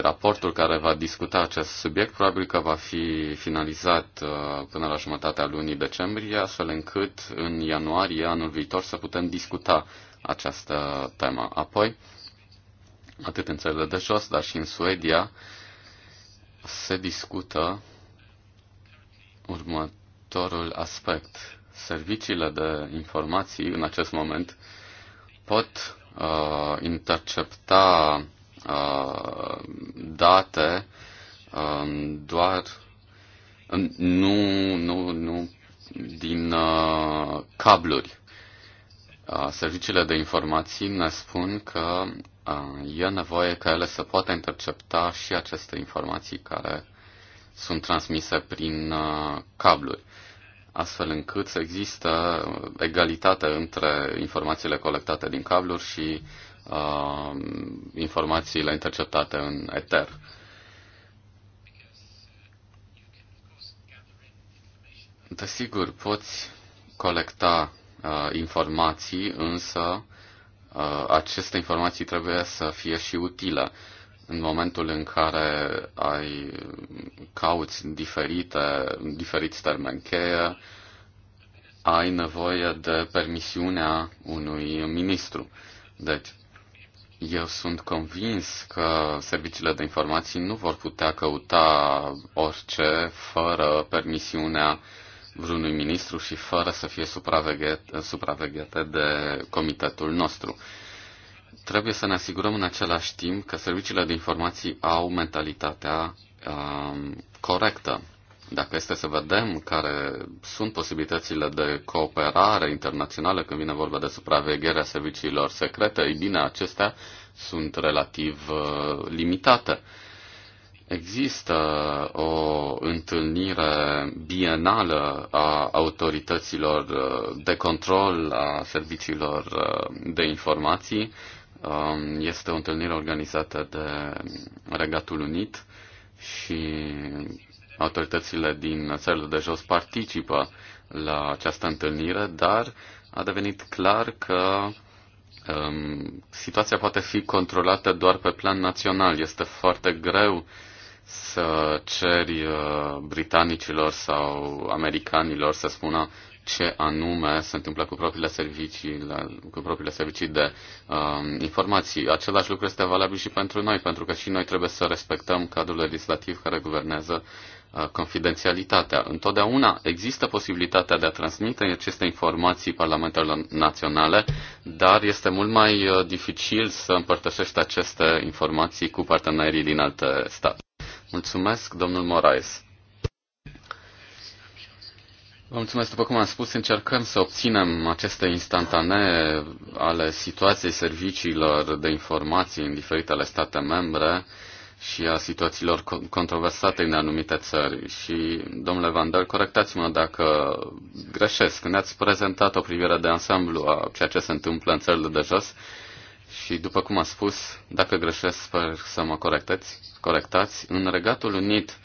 raportul care va discuta acest subiect probabil că va fi finalizat uh, până la jumătatea lunii decembrie, astfel încât în ianuarie anul viitor să putem discuta această temă. Apoi, atât în țările de jos, dar și în Suedia, se discută următorul aspect. Serviciile de informații în acest moment pot uh, intercepta uh, date uh, doar nu, nu, nu din uh, cabluri. Uh, serviciile de informații ne spun că Uh, e nevoie ca ele să poată intercepta și aceste informații care sunt transmise prin uh, cabluri, astfel încât să există uh, egalitate între informațiile colectate din cabluri și uh, informațiile interceptate în eter. Desigur, poți colecta uh, informații, însă Uh, aceste informații trebuie să fie și utile. În momentul în care ai cauți diferite, diferiți termeni cheie, ai nevoie de permisiunea unui ministru. Deci, eu sunt convins că serviciile de informații nu vor putea căuta orice fără permisiunea vreunui ministru și fără să fie supravegheate de comitetul nostru. Trebuie să ne asigurăm în același timp că serviciile de informații au mentalitatea um, corectă. Dacă este să vedem care sunt posibilitățile de cooperare internațională când vine vorba de supravegherea serviciilor secrete, ei bine, acestea sunt relativ uh, limitate. Uh, Există o întâlnire bienală a autorităților uh, de control a serviciilor uh, de informații. Um, este o întâlnire organizată de Regatul Unit și autoritățile din țările de jos participă la această întâlnire, dar a devenit clar că um, situația poate fi controlată doar pe plan național. Este foarte greu uh, să ceri uh, britanicilor sau americanilor să spună ce anume se întâmplă cu propriile servicii, cu propriile servicii de uh, informații. Același lucru este valabil și pentru noi, pentru că și noi trebuie să respectăm cadrul legislativ care guvernează uh, confidențialitatea. Întotdeauna există posibilitatea de a transmite aceste informații parlamentelor naționale, dar este mult mai uh, dificil să împărtășești aceste informații cu partenerii din alte state. Mulțumesc, domnul Moraes. Vă mulțumesc. După cum am spus, încercăm să obținem aceste instantanee ale situației serviciilor de informații în diferitele state membre și a situațiilor controversate în anumite țări. Și, domnule Vandel, corectați-mă dacă greșesc. ne ați prezentat o privire de ansamblu a ceea ce se întâmplă în țările de jos, și după cum am spus, dacă greșesc, sper să mă corectați. corectați. În Regatul Unit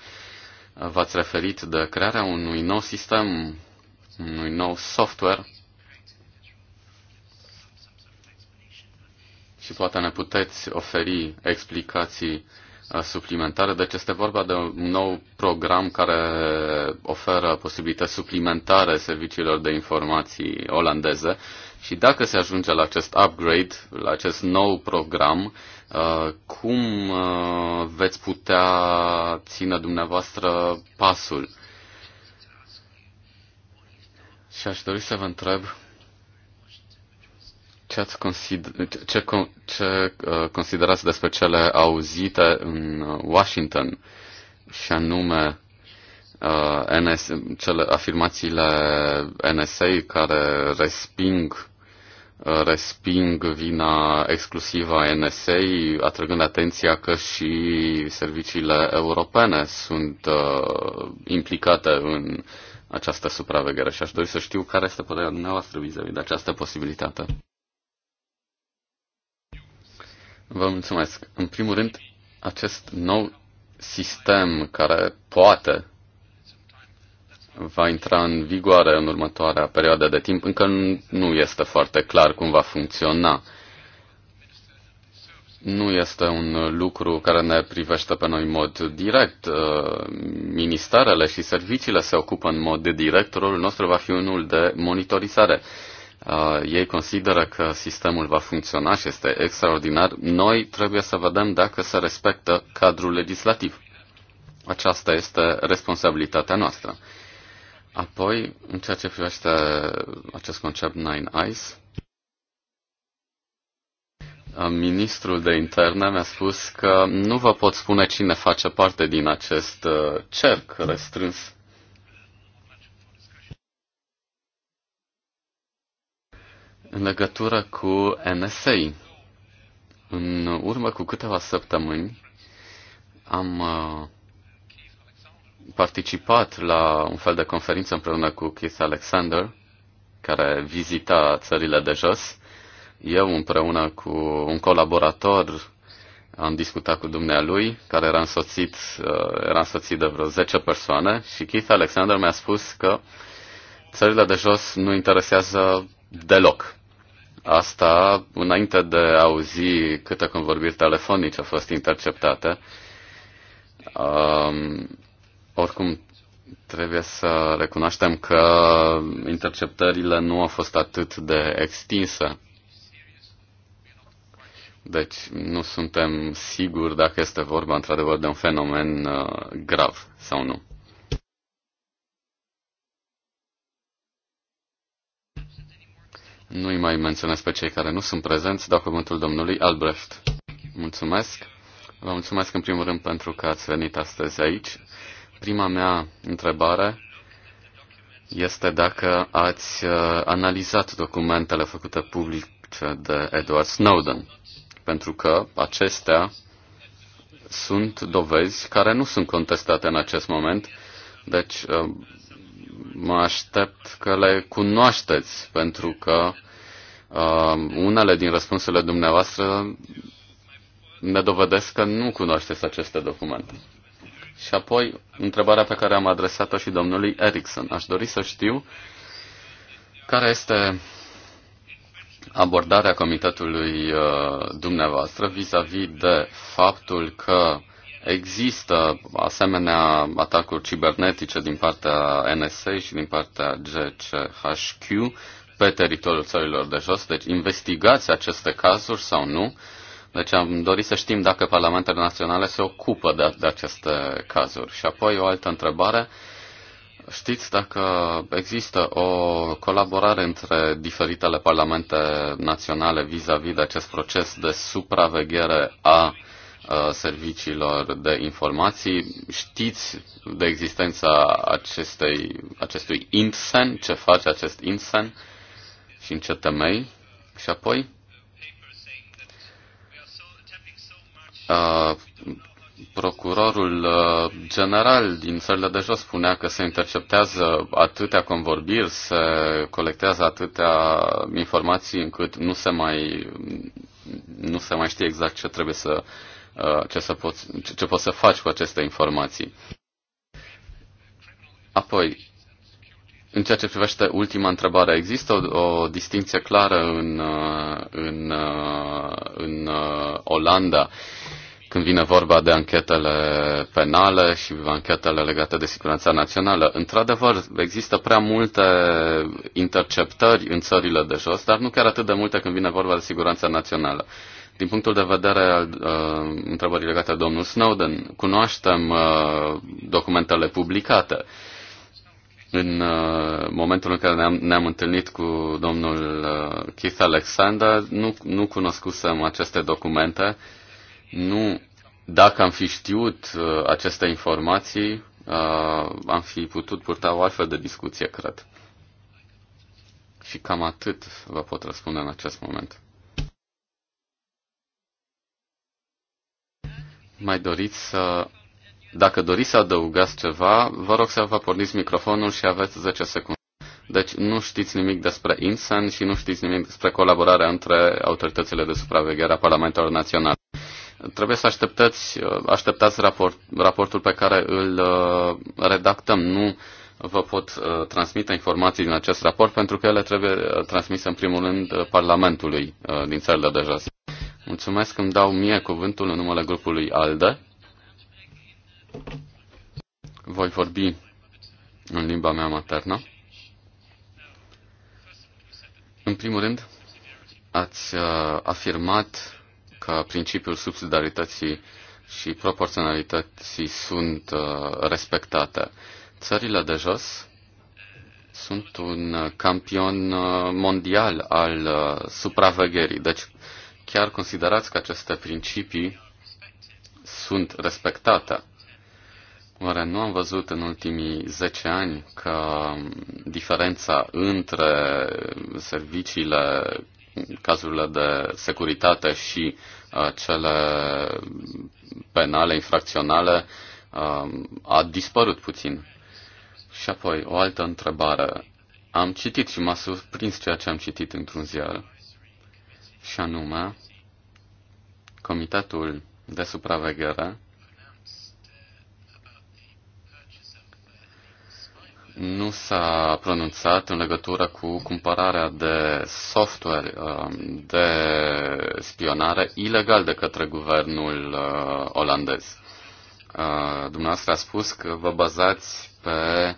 uh, v-ați referit de crearea unui nou sistem, unui nou software și poate ne puteți oferi explicații suplimentare. Deci este vorba de un nou program care oferă posibilități suplimentare serviciilor de informații olandeze și dacă se ajunge la acest upgrade, la acest nou program, uh, cum uh, veți putea ține dumneavoastră pasul? Și aș dori să vă întreb ce, ați consider, ce, ce uh, considerați despre cele auzite în uh, Washington și anume uh, NS, cele afirmațiile NSA care resping uh, resping vina exclusivă a NSA, atrăgând atenția că și serviciile europene sunt uh, implicate în această supraveghere și aș dori să știu care este părerea dumneavoastră vis-a-vis de această posibilitate. Vă mulțumesc. În primul rând, acest nou sistem care poate va intra în vigoare în următoarea perioadă de timp, încă nu este foarte clar cum va funcționa. Nu este un lucru care ne privește pe noi în mod direct. Uh, ministerele și serviciile se ocupă în mod direct. Rolul nostru va fi unul de monitorizare uh, ei consideră că sistemul va funcționa și este extraordinar, noi trebuie să vedem dacă se respectă cadrul legislativ. Aceasta este responsabilitatea noastră. Apoi, în ceea ce privește acest concept Nine Eyes, uh, ministrul de interne mi-a spus că nu vă pot spune cine face parte din acest uh, cerc restrâns în legătură cu NSA. În urmă cu câteva săptămâni am uh, participat la un fel de conferință împreună cu Keith Alexander, care vizita țările de jos. Eu împreună cu un colaborator am discutat cu dumnealui, care era însoțit, uh, era însoțit de vreo 10 persoane și Keith Alexander mi-a spus că țările de jos nu interesează deloc. Asta înainte de a auzi câte convorbiri telefonice au fost interceptate. Um, oricum, trebuie să recunoaștem că interceptările nu au fost atât de extinse. Deci nu suntem siguri dacă este vorba într-adevăr de un fenomen uh, grav sau nu. Nu-i mai menționez pe cei care nu sunt prezenți, dau cuvântul domnului Albrecht. Mulțumesc. Vă mulțumesc în primul rând pentru că ați venit astăzi aici. Prima mea întrebare este dacă ați uh, analizat documentele făcute publice de Edward Snowden, pentru că acestea sunt dovezi care nu sunt contestate în acest moment, deci uh, mă aștept că le cunoașteți, pentru că uh, unele din răspunsurile dumneavoastră ne dovedesc că nu cunoașteți aceste documente. Și apoi, întrebarea pe care am adresat-o și domnului Erickson. Aș dori să știu care este abordarea comitetului uh, dumneavoastră vis-a-vis -vis de faptul că Există asemenea atacuri cibernetice din partea NSA și din partea GCHQ pe teritoriul țărilor de jos, deci investigați aceste cazuri sau nu. Deci am dorit să știm dacă parlamentele naționale se ocupă de, de aceste cazuri. Și apoi o altă întrebare. Știți dacă există o colaborare între diferitele parlamente naționale vis-a-vis -vis de acest proces de supraveghere a uh, Uh, serviciilor de informații. Știți de existența acestei, acestui INSEN, ce face acest INSEN și în ce temei. Și apoi, uh, procurorul uh, general din țările de jos spunea că se interceptează atâtea convorbiri, se colectează atâtea informații încât nu se mai, nu se mai știe exact ce trebuie să uh, Uh, ce, să poți, ce, ce poți să faci cu aceste informații. Apoi, în ceea ce privește ultima întrebare, există o, o distinție clară în, uh, în, uh, în Olanda când vine vorba de anchetele penale și anchetele legate de siguranța națională. Într-adevăr, există prea multe interceptări în țările de jos, dar nu chiar atât de multe când vine vorba de siguranța națională. Din punctul de vedere al uh, întrebării legate de domnul Snowden, cunoaștem uh, documentele publicate. În uh, momentul în care ne-am, ne-am întâlnit cu domnul uh, Keith Alexander, nu, nu cunoscusem aceste documente. Nu, dacă am fi știut uh, aceste informații, uh, am fi putut purta o altfel de discuție, cred. Și cam atât vă pot răspunde în acest moment. mai doriți să... Dacă doriți să adăugați ceva, vă rog să vă porniți microfonul și aveți 10 secunde. Deci nu știți nimic despre INSEN și nu știți nimic despre colaborarea între autoritățile de supraveghere a Parlamentelor Naționale. Trebuie să așteptați, așteptați raport, raportul pe care îl uh, redactăm. Nu vă pot uh, transmite informații din acest raport pentru că ele trebuie uh, transmise în primul rând Parlamentului din țările de jos. Mulțumesc, îmi dau mie cuvântul în numele grupului ALDE. Voi vorbi în limba mea maternă. În primul rând, ați uh, afirmat că principiul subsidiarității și proporționalității sunt uh, respectate. Țările de jos sunt un campion uh, mondial al supravegherii, deci chiar considerați că aceste principii sunt respectate? Oare nu am văzut în ultimii 10 ani că diferența între serviciile, cazurile de securitate și uh, cele penale, infracționale, um, a dispărut puțin? Și apoi, o altă întrebare. Am citit și m-a surprins ceea ce am citit într-un ziar și anume comitatul de Supraveghere nu s-a pronunțat în legătură cu cumpărarea de software um, de spionare ilegal de către guvernul uh, olandez. Uh, dumneavoastră a spus că vă bazați pe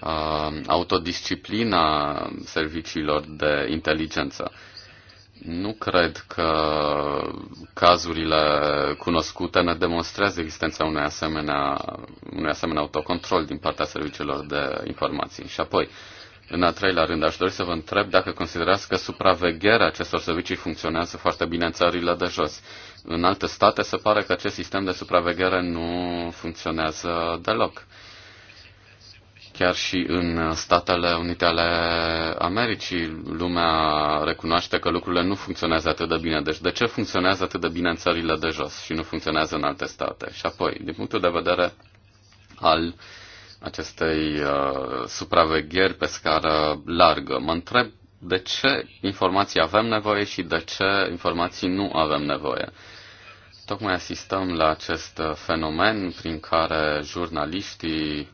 uh, autodisciplina serviciilor de inteligență. Nu cred că cazurile cunoscute ne demonstrează existența unei asemenea, unei asemenea autocontrol din partea serviciilor de informații. Și apoi, în a treilea rând, aș dori să vă întreb dacă considerați că supravegherea acestor servicii funcționează foarte bine în țările de jos. În alte state se pare că acest sistem de supraveghere nu funcționează deloc chiar și în Statele Unite ale Americii lumea recunoaște că lucrurile nu funcționează atât de bine. Deci de ce funcționează atât de bine în țările de jos și nu funcționează în alte state? Și apoi, din punctul de vedere al acestei uh, supravegheri pe scară largă, mă întreb de ce informații avem nevoie și de ce informații nu avem nevoie. Tocmai asistăm la acest fenomen prin care jurnaliștii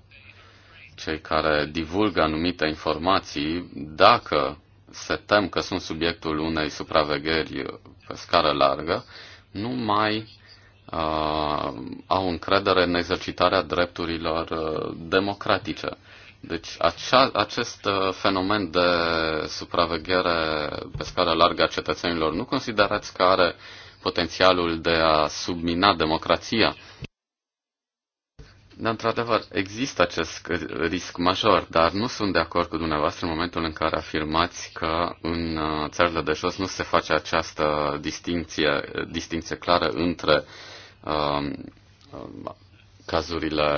cei care divulgă anumite informații, dacă se tem că sunt subiectul unei supravegheri pe scară largă, nu mai uh, au încredere în exercitarea drepturilor uh, democratice. Deci acea, acest uh, fenomen de supraveghere pe scară largă a cetățenilor nu considerați că are potențialul de a submina democrația? Da, într-adevăr, există acest risc major, dar nu sunt de acord cu dumneavoastră în momentul în care afirmați că în uh, țările de jos nu se face această distinție, distinție clară între uh, cazurile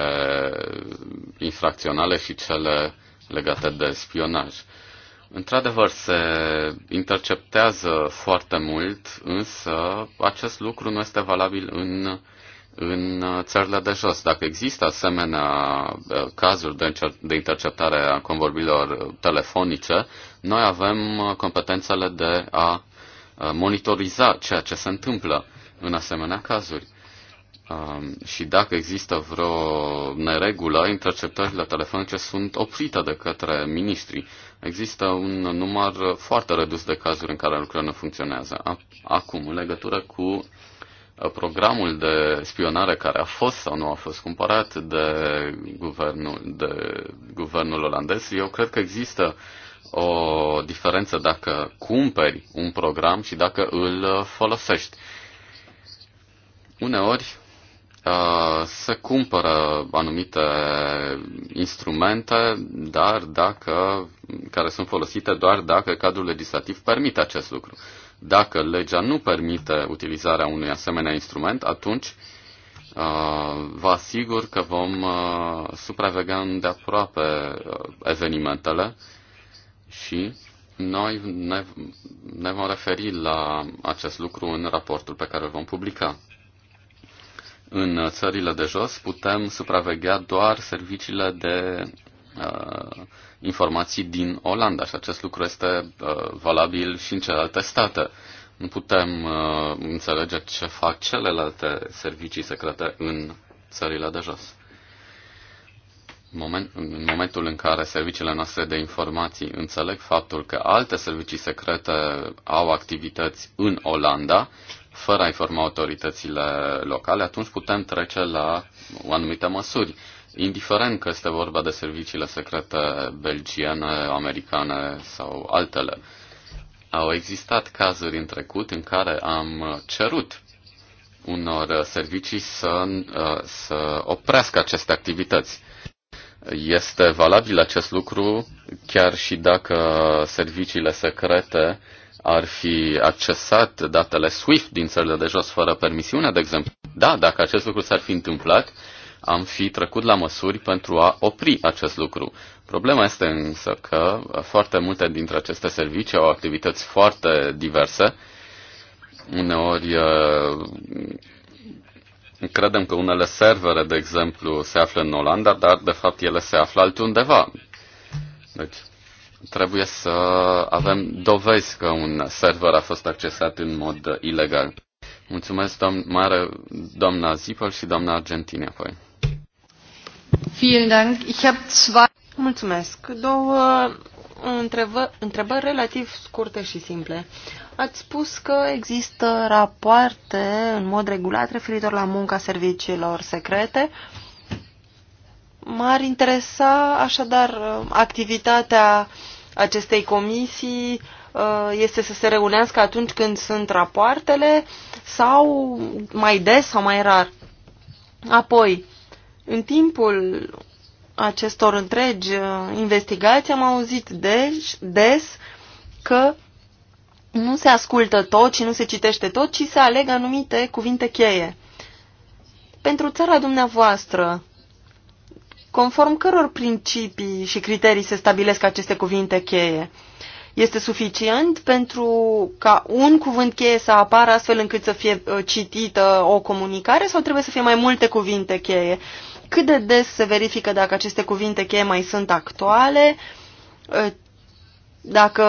infracționale și cele legate de spionaj. Într-adevăr, se interceptează foarte mult, însă acest lucru nu este valabil în în uh, țările de jos. Dacă există asemenea uh, cazuri de interceptare a convorbirilor uh, telefonice, noi avem competențele de a monitoriza ceea ce se întâmplă în asemenea cazuri. Um, și dacă există vreo neregulă, interceptările telefonice sunt oprite de către ministrii. Există un număr foarte redus de cazuri în care lucrurile nu funcționează. Acum, în legătură cu programul de spionare care a fost sau nu a fost cumpărat de guvernul, de guvernul olandez, eu cred că există o diferență dacă cumperi un program și dacă îl folosești. Uneori se cumpără anumite instrumente, dar dacă, care sunt folosite doar dacă cadrul legislativ permite acest lucru. Dacă legea nu permite utilizarea unui asemenea instrument, atunci uh, vă asigur că vom uh, supraveghea de aproape uh, evenimentele și noi ne, ne vom referi la acest lucru în raportul pe care îl vom publica. În țările de jos putem supraveghea doar serviciile de uh, informații din Olanda și acest lucru este uh, valabil și în celelalte state. Nu putem uh, înțelege ce fac celelalte servicii secrete în țările de jos. Moment, în momentul în care serviciile noastre de informații înțeleg faptul că alte servicii secrete au activități în Olanda, fără a informa autoritățile locale, atunci putem trece la anumite măsuri indiferent că este vorba de serviciile secrete belgiene, americane sau altele. Au existat cazuri în trecut în care am cerut unor servicii să, să oprească aceste activități. Este valabil acest lucru chiar și dacă serviciile secrete ar fi accesat datele SWIFT din țările de jos fără permisiune, de exemplu. Da, dacă acest lucru s-ar fi întâmplat, am fi trecut la măsuri pentru a opri acest lucru. Problema este însă că foarte multe dintre aceste servicii au activități foarte diverse. Uneori uh, credem că unele servere, de exemplu, se află în Olanda, dar de fapt ele se află altundeva. Deci, trebuie să avem dovezi că un server a fost accesat în mod ilegal. Mulțumesc, doamna, mare, doamna Zipol și doamna Argentina, apoi. Mulțumesc. Două uh, întrebări, întrebări relativ scurte și simple. Ați spus că există rapoarte în mod regulat referitor la munca serviciilor secrete. M-ar interesa așadar uh, activitatea acestei comisii uh, este să se reunească atunci când sunt rapoartele sau mai des sau mai rar. Apoi, în timpul acestor întregi investigații am auzit des, deci, des că nu se ascultă tot și nu se citește tot, ci se aleg anumite cuvinte cheie. Pentru țara dumneavoastră, conform căror principii și criterii se stabilesc aceste cuvinte cheie? Este suficient pentru ca un cuvânt cheie să apară astfel încât să fie uh, citită o comunicare sau trebuie să fie mai multe cuvinte cheie? cât de des se verifică dacă aceste cuvinte cheie mai sunt actuale, ă, dacă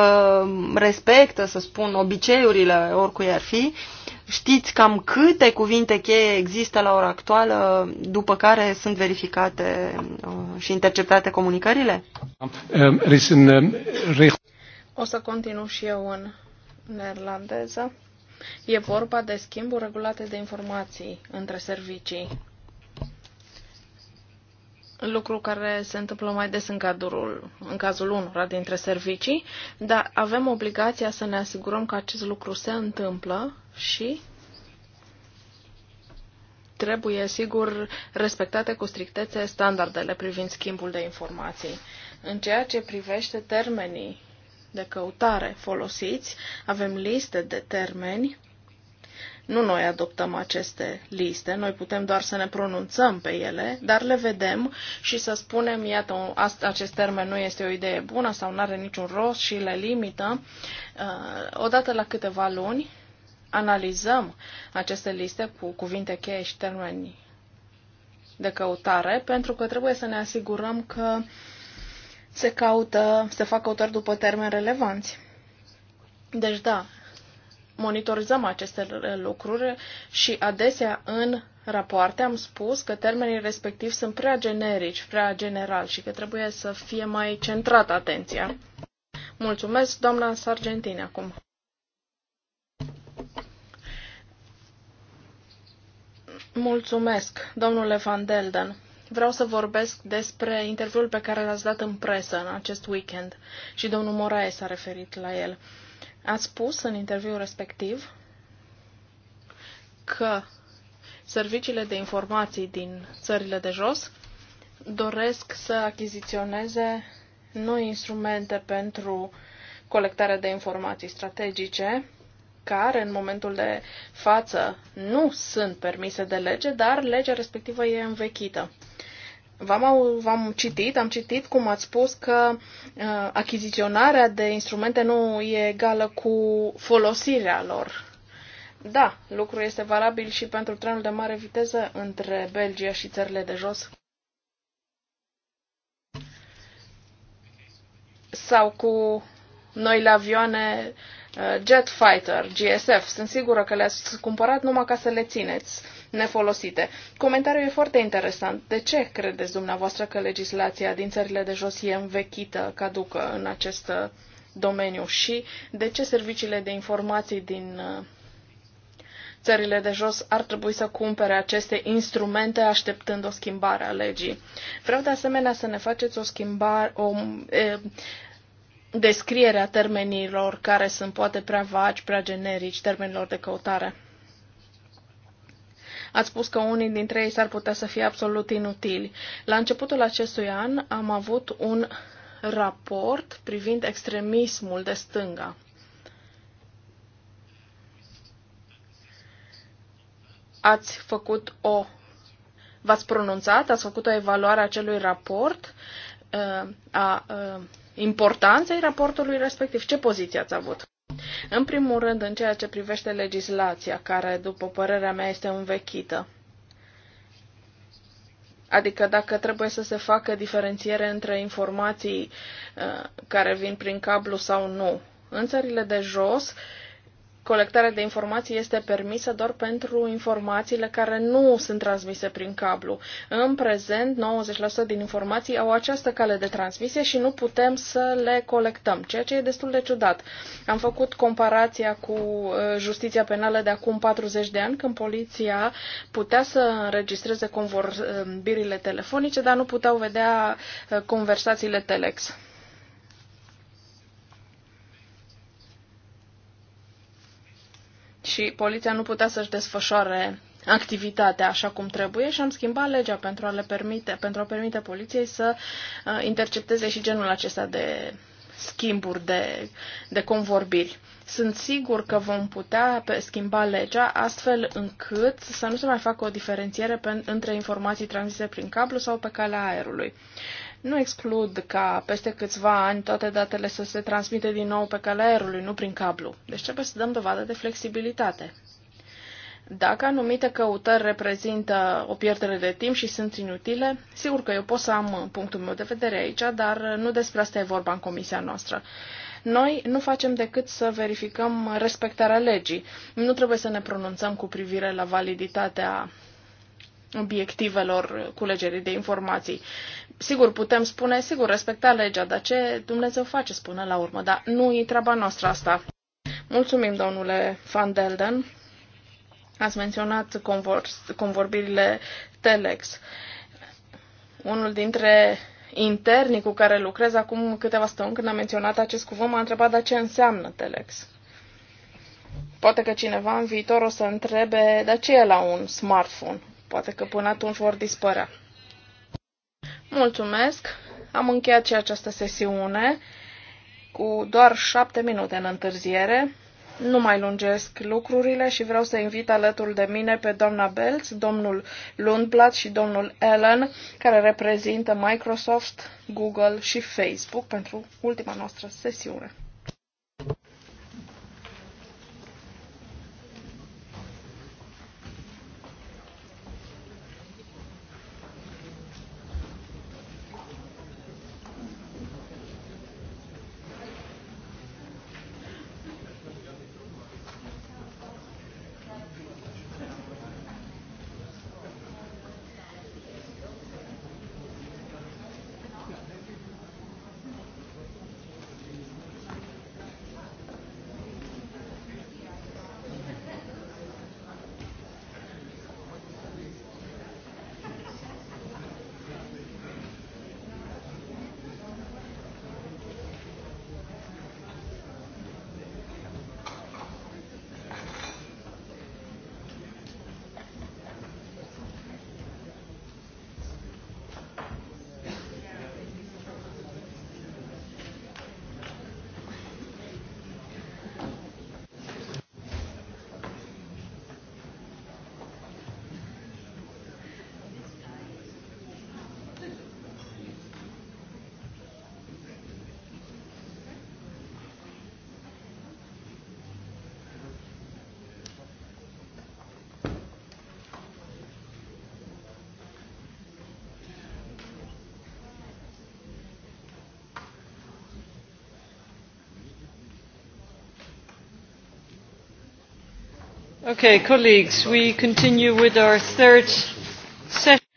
respectă, să spun, obiceiurile oricui ar fi, știți cam câte cuvinte cheie există la ora actuală după care sunt verificate ă, și interceptate comunicările? Ă, o să continu și eu în neerlandeză. E vorba de schimburi regulate de informații între servicii lucru care se întâmplă mai des în, cadrul, în cazul unora dintre servicii, dar avem obligația să ne asigurăm că acest lucru se întâmplă și trebuie, sigur, respectate cu strictețe standardele privind schimbul de informații. În ceea ce privește termenii de căutare folosiți, avem liste de termeni nu noi adoptăm aceste liste, noi putem doar să ne pronunțăm pe ele, dar le vedem și să spunem, iată, acest termen nu este o idee bună sau nu are niciun rost și le limită. Uh, odată la câteva luni analizăm aceste liste cu cuvinte cheie și termeni de căutare, pentru că trebuie să ne asigurăm că se caută, se fac căutări după termeni relevanți. Deci da, monitorizăm aceste lucruri și adesea în rapoarte am spus că termenii respectivi sunt prea generici, prea general și că trebuie să fie mai centrată atenția. Mulțumesc, doamna Sargentini, acum. Mulțumesc, domnule Van Delden. Vreau să vorbesc despre interviul pe care l-ați dat în presă în acest weekend și domnul Moraes s-a referit la el a spus în interviul respectiv că serviciile de informații din țările de jos doresc să achiziționeze noi instrumente pentru colectarea de informații strategice, care în momentul de față nu sunt permise de lege, dar legea respectivă e învechită. V-am, v-am citit, am citit cum ați spus că uh, achiziționarea de instrumente nu e egală cu folosirea lor. Da, lucrul este valabil și pentru trenul de mare viteză între Belgia și țările de jos. Sau cu noile avioane uh, Jet Fighter, GSF. Sunt sigură că le-ați cumpărat numai ca să le țineți. Uh, nefolosite. Comentariul e foarte interesant. De ce credeți dumneavoastră că legislația din țările de jos e învechită, caducă în acest uh, domeniu și de ce serviciile de informații din uh, țările de jos ar trebui să cumpere aceste instrumente așteptând o schimbare a legii. Vreau de asemenea să ne faceți o schimbare, o e, descriere a termenilor care sunt poate prea vagi, prea generici, termenilor de căutare. Ați spus că unii dintre ei s-ar putea să fie absolut inutili. La începutul acestui an am avut un raport privind extremismul de stânga. Ați făcut o. V-ați pronunțat, ați făcut o evaluare a acelui raport, uh, a, a uh, importanței raportului respectiv. Ce poziție ați avut? În primul rând, în ceea ce privește legislația, care, după părerea mea, este învechită. Adică dacă trebuie să se facă diferențiere între informații uh, care vin prin cablu sau nu. În țările de jos, uh, colectarea de informații este permisă doar pentru informațiile care nu sunt transmise prin cablu. În prezent, 90% din informații au această cale de transmisie și nu putem să le colectăm, ceea ce e destul de ciudat. Am făcut comparația cu uh, justiția penală de acum 40 de ani, când poliția putea să înregistreze convorbirile uh, telefonice, dar nu puteau vedea uh, conversațiile telex. și poliția nu putea să-și desfășoare activitatea așa cum trebuie și am schimbat legea pentru a, le permite, pentru a permite poliției să uh, intercepteze și genul acesta de schimburi, de, de convorbiri. Sunt sigur că vom putea schimba legea astfel încât să nu se mai facă o diferențiere pe, între informații transmise prin cablu sau pe calea aerului. Nu exclud ca peste câțiva ani toate datele să se transmite din nou pe calea aerului, nu prin cablu. Deci trebuie să dăm dovadă de flexibilitate. Dacă anumite căutări reprezintă o pierdere de timp și sunt inutile, sigur că eu pot să am punctul meu de vedere aici, dar nu despre asta e vorba în comisia noastră. Noi nu facem decât să verificăm respectarea legii. Nu trebuie să ne pronunțăm cu privire la validitatea obiectivelor culegerii de informații sigur, putem spune, sigur, respecta legea, dar ce Dumnezeu face spune la urmă, dar nu e treaba noastră asta. Mulțumim, domnule Van Delden. Ați menționat convor, convorbirile Telex. Unul dintre internii cu care lucrez acum câteva stăuni, când am menționat acest cuvânt, m-a întrebat, dar ce înseamnă Telex? Poate că cineva în viitor o să întrebe, dar ce e la un smartphone? Poate că până atunci vor dispărea. Mulțumesc! Am încheiat și această sesiune cu doar șapte minute în întârziere. Nu mai lungesc lucrurile și vreau să invit alături de mine pe doamna Belz, domnul Lundblad și domnul Allen, care reprezintă Microsoft, Google și Facebook pentru ultima noastră sesiune.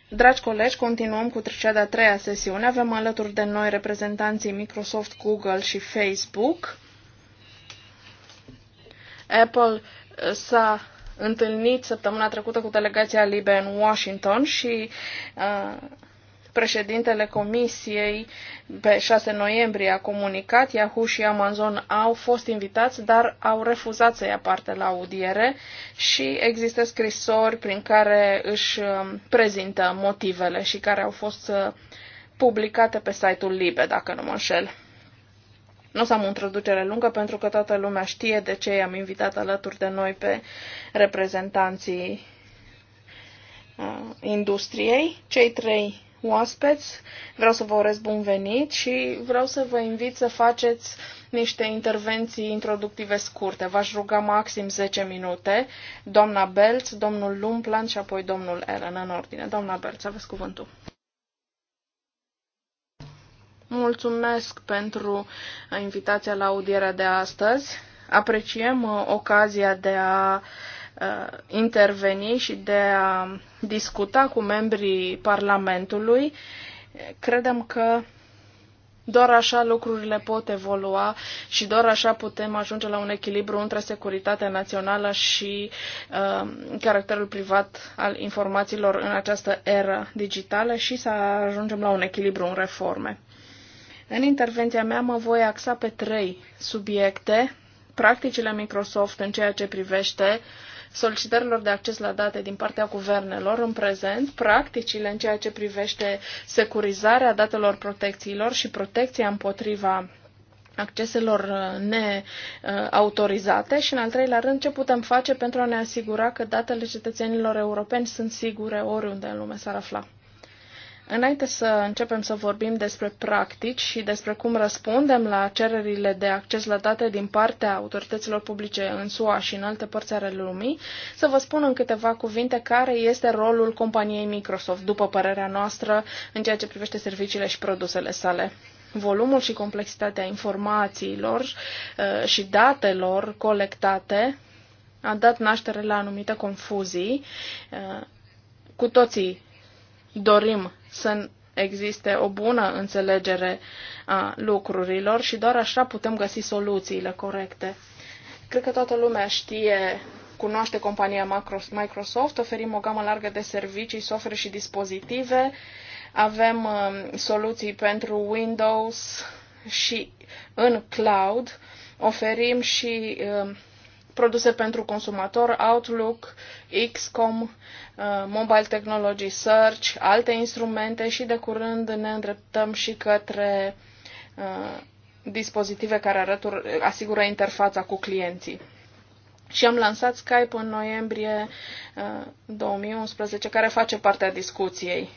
Dragi colegi, continuăm cu cea de-a treia sesiune. Avem alături de noi reprezentanții Microsoft, Google și Facebook. Apple uh, s-a întâlnit săptămâna trecută cu delegația Libe în Washington și uh, Președintele Comisiei pe 6 noiembrie a comunicat, Yahoo și Amazon au fost invitați, dar au refuzat să ia parte la audiere și există scrisori prin care își um, prezintă motivele și care au fost uh, publicate pe site-ul Libe, dacă nu mă înșel. Nu o să am o introducere lungă pentru că toată lumea știe de ce i-am invitat alături de noi pe reprezentanții uh, industriei. Cei trei oaspeți, vreau să vă urez bun venit și vreau să vă invit să faceți niște intervenții introductive scurte. V-aș ruga maxim 10 minute. Doamna Belț, domnul Lumplan și apoi domnul Ellen în ordine. Doamna Belț, aveți cuvântul. Mulțumesc pentru invitația la audierea de astăzi. Apreciem uh, ocazia de a uh, Uh, interveni și de a discuta cu membrii Parlamentului, credem că doar așa lucrurile pot evolua și doar așa putem ajunge la un echilibru între securitatea națională și uh, caracterul privat al informațiilor în această eră digitală și să ajungem la un echilibru în reforme. În intervenția mea mă voi axa pe trei subiecte. Practicile Microsoft în ceea ce privește uh, solicitărilor de acces la date din partea guvernelor în prezent, practicile în ceea ce privește securizarea datelor protecțiilor și protecția împotriva acceselor uh, neautorizate și, în al treilea rând, ce putem face pentru a ne asigura că datele cetățenilor europeni sunt sigure oriunde în lume s-ar afla. Înainte să începem să vorbim despre practici și despre cum răspundem la cererile de acces la date din partea autorităților publice în SUA și în alte părți ale lumii, să vă spun în câteva cuvinte care este rolul companiei Microsoft, după părerea noastră, în ceea ce privește serviciile și produsele sale volumul și complexitatea informațiilor uh, și datelor colectate a dat naștere la anumite confuzii. Uh, cu toții dorim să existe o bună înțelegere a lucrurilor și doar așa putem găsi soluțiile corecte. Cred că toată lumea știe, cunoaște compania Microsoft, oferim o gamă largă de servicii, software și dispozitive, avem um, soluții pentru Windows și în cloud, oferim și um, produse pentru consumator, Outlook, XCOM, uh, Mobile Technology Search, alte instrumente și de curând ne îndreptăm și către uh, dispozitive care arătur, asigură interfața cu clienții. Și am lansat Skype în noiembrie 2011, uh, care face parte a discuției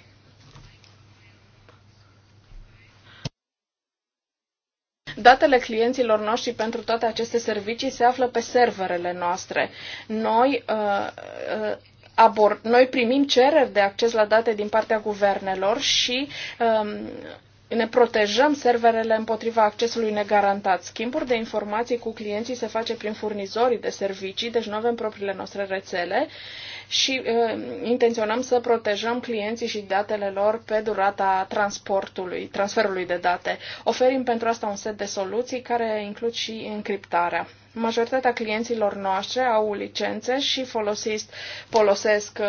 Datele clienților noștri pentru toate aceste servicii se află pe serverele noastre. Noi uh, uh abor- noi primim cereri de acces la date din partea guvernelor și um, ne protejăm serverele împotriva accesului negarantat. Schimburi de informații cu clienții se face prin furnizorii de servicii, deci nu avem propriile noastre rețele și uh, intenționăm să protejăm clienții și datele lor pe durata transportului, transferului de date. Oferim pentru asta un set de soluții care includ și încriptarea. Majoritatea clienților noștri au licențe și folosesc, folosesc uh,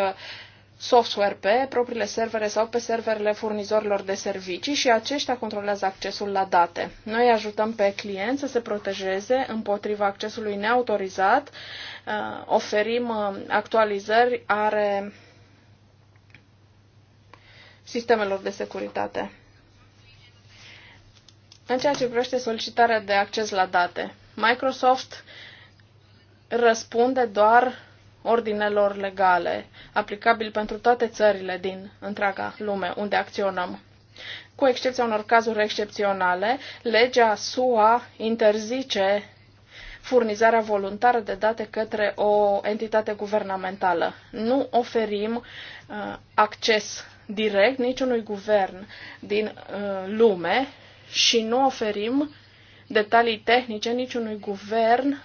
software pe propriile servere sau pe serverele furnizorilor de servicii și aceștia controlează accesul la date. Noi ajutăm pe client să se protejeze împotriva accesului neautorizat, uh, oferim uh, actualizări are sistemelor de securitate. În ceea ce privește solicitarea de acces la date, Microsoft răspunde doar ordinelor legale, aplicabil pentru toate țările din întreaga lume unde acționăm. Cu excepția unor cazuri excepționale, legea SUA interzice furnizarea voluntară de date către o entitate guvernamentală. Nu oferim uh, acces direct niciunui guvern din uh, lume și nu oferim detalii tehnice niciunui guvern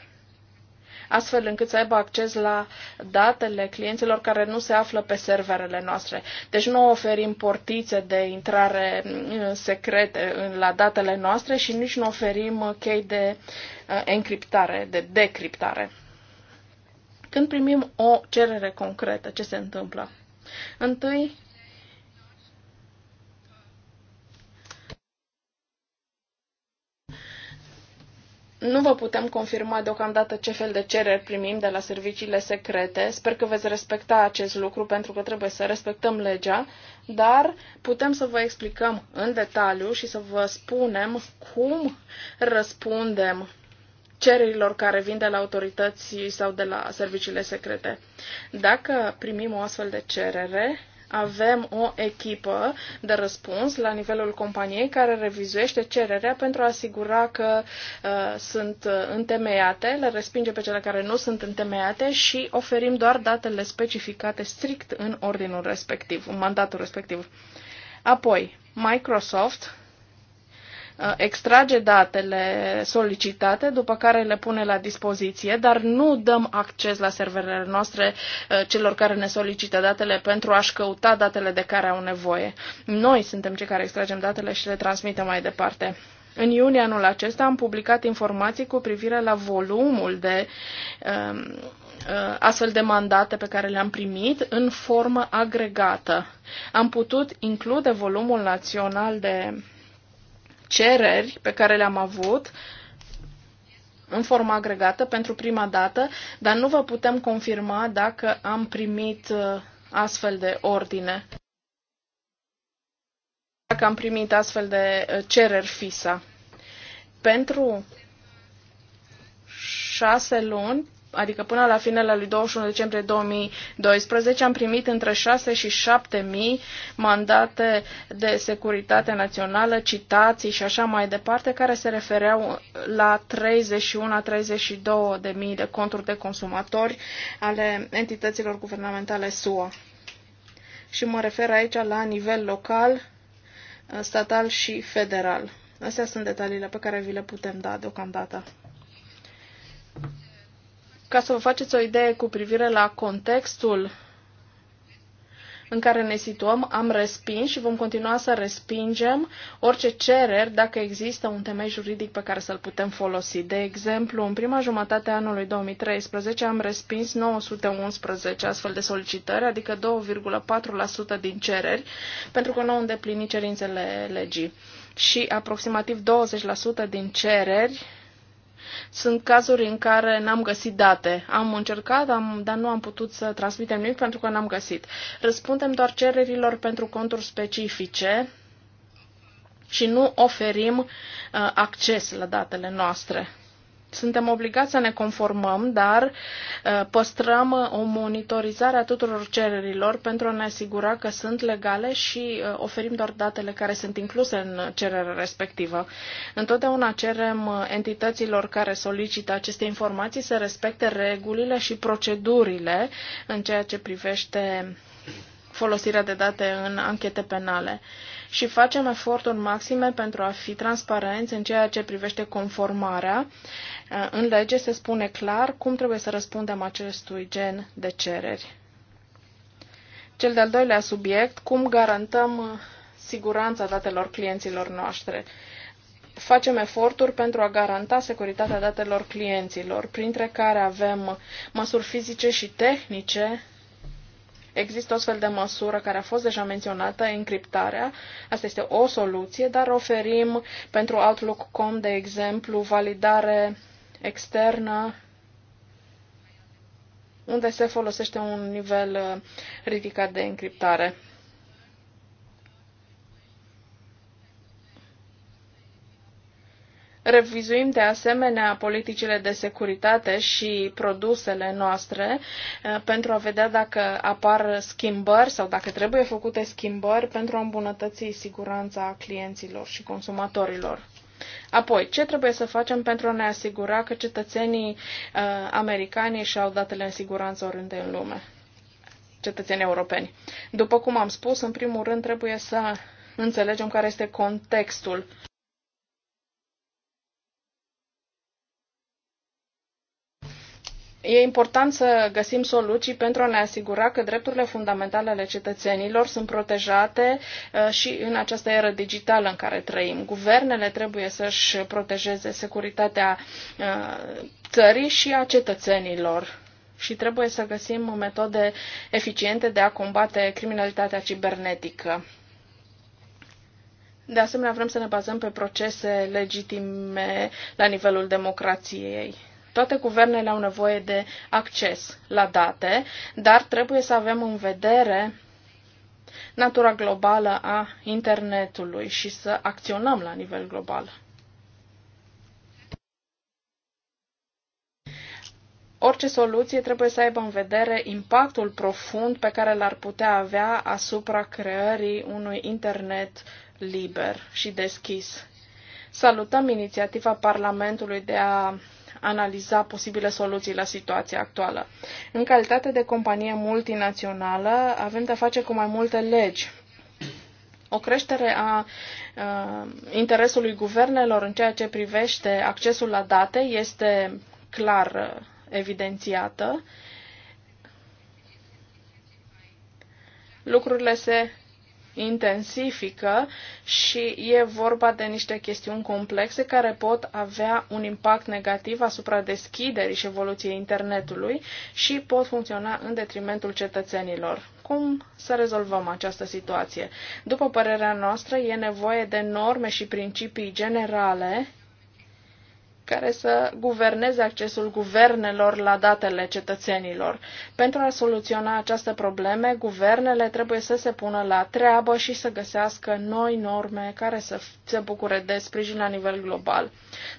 astfel încât să aibă acces la datele clienților care nu se află pe serverele noastre. Deci nu oferim portițe de intrare mm, secrete la datele noastre și nici nu oferim chei de uh, encriptare, de decriptare. Când primim o cerere concretă, ce se întâmplă? Întâi Nu vă putem confirma deocamdată ce fel de cereri primim de la serviciile secrete. Sper că veți respecta acest lucru pentru că trebuie să respectăm legea, dar putem să vă explicăm în detaliu și să vă spunem cum răspundem cererilor care vin de la autorități sau de la serviciile secrete. Dacă primim o astfel de cerere, avem o echipă de răspuns la nivelul companiei care revizuiește cererea pentru a asigura că uh, sunt uh, întemeiate, le respinge pe cele care nu sunt întemeiate și oferim doar datele specificate strict în ordinul respectiv, în mandatul respectiv. Apoi, Microsoft Uh, extrage datele solicitate, după care le pune la dispoziție, dar nu dăm acces la serverele noastre uh, celor care ne solicită datele pentru a-și căuta datele de care au nevoie. Noi suntem cei care extragem datele și le transmitem mai departe. În iunie anul acesta am publicat informații cu privire la volumul de um, uh, astfel de mandate pe care le-am primit în formă agregată. Am putut include volumul național de cereri pe care le-am avut în formă agregată pentru prima dată, dar nu vă putem confirma dacă am primit uh, astfel de ordine. Dacă am primit astfel de uh, cereri FISA. Pentru șase luni adică până la finele lui 21 decembrie 2012, am primit între 6 și 7 mii mandate de securitate națională, citații și așa mai departe, care se refereau la 31-32 de mii de conturi de consumatori ale entităților guvernamentale SUA. Și mă refer aici la nivel local, statal și federal. Astea sunt detaliile pe care vi le putem da deocamdată. Ca să vă faceți o idee cu privire la contextul în care ne situăm, am respins și vom continua să respingem orice cereri dacă există un temei juridic pe care să-l putem folosi. De exemplu, în prima jumătate a anului 2013 am respins 911 astfel de solicitări, adică 2,4% din cereri, pentru că nu au îndeplinit cerințele legii. Și aproximativ 20% din cereri sunt cazuri în care n-am găsit date. Am încercat, am, dar nu am putut să transmitem nimic pentru că n-am găsit. Răspundem doar cererilor pentru conturi specifice și nu oferim uh, acces la datele noastre suntem obligați să ne conformăm, dar uh, păstrăm uh, o monitorizare a tuturor cererilor pentru a ne asigura că sunt legale și uh, oferim doar datele care sunt incluse în cererea respectivă. Întotdeauna cerem entităților care solicită aceste informații să respecte regulile și procedurile în ceea ce privește folosirea de date în anchete penale și facem eforturi maxime pentru a fi transparenți în ceea ce privește conformarea. Uh, în lege se spune clar cum trebuie să răspundem acestui gen de cereri. Cel de-al doilea subiect, cum garantăm uh, siguranța datelor clienților noștri facem eforturi pentru a garanta securitatea datelor clienților, printre care avem măsuri fizice și tehnice Există o astfel de măsură care a fost deja menționată, encriptarea. Asta este o soluție, dar oferim pentru Outlook.com, de exemplu, validare externă unde se folosește un nivel uh, ridicat de încriptare. Revizuim de asemenea politicile de securitate și produsele noastre uh, pentru a vedea dacă apar schimbări sau dacă trebuie făcute schimbări pentru a îmbunătăți siguranța clienților și consumatorilor. Apoi, ce trebuie să facem pentru a ne asigura că cetățenii uh, americani și-au datele în siguranță oriunde în lume? cetățenii europeni. După cum am spus, în primul rând trebuie să înțelegem care este contextul E important să găsim soluții pentru a ne asigura că drepturile fundamentale ale cetățenilor sunt protejate uh, și în această eră digitală în care trăim. Guvernele trebuie să-și protejeze securitatea uh, țării și a cetățenilor și trebuie să găsim metode eficiente de a combate criminalitatea cibernetică. De asemenea, vrem să ne bazăm pe procese legitime la nivelul democrației. Toate guvernele au nevoie de acces la date, dar trebuie să avem în vedere natura globală a internetului și să acționăm la nivel global. Orice soluție trebuie să aibă în vedere impactul profund pe care l-ar putea avea asupra creării unui internet liber și deschis. Salutăm inițiativa Parlamentului de a analiza posibile soluții la situația actuală. În calitate de companie multinațională, avem de-a face cu mai multe legi o creștere a uh, interesului guvernelor în ceea ce privește accesul la date este clar evidențiată. Lucrurile se intensifică și e vorba de niște chestiuni complexe care pot avea un impact negativ asupra deschiderii și evoluției internetului și pot funcționa în detrimentul cetățenilor. Cum să rezolvăm această situație? După părerea noastră, e nevoie de norme și principii generale care să guverneze accesul guvernelor la datele cetățenilor. Pentru a soluționa această probleme, guvernele trebuie să se pună la treabă și să găsească noi norme care să se bucure de sprijin la nivel global.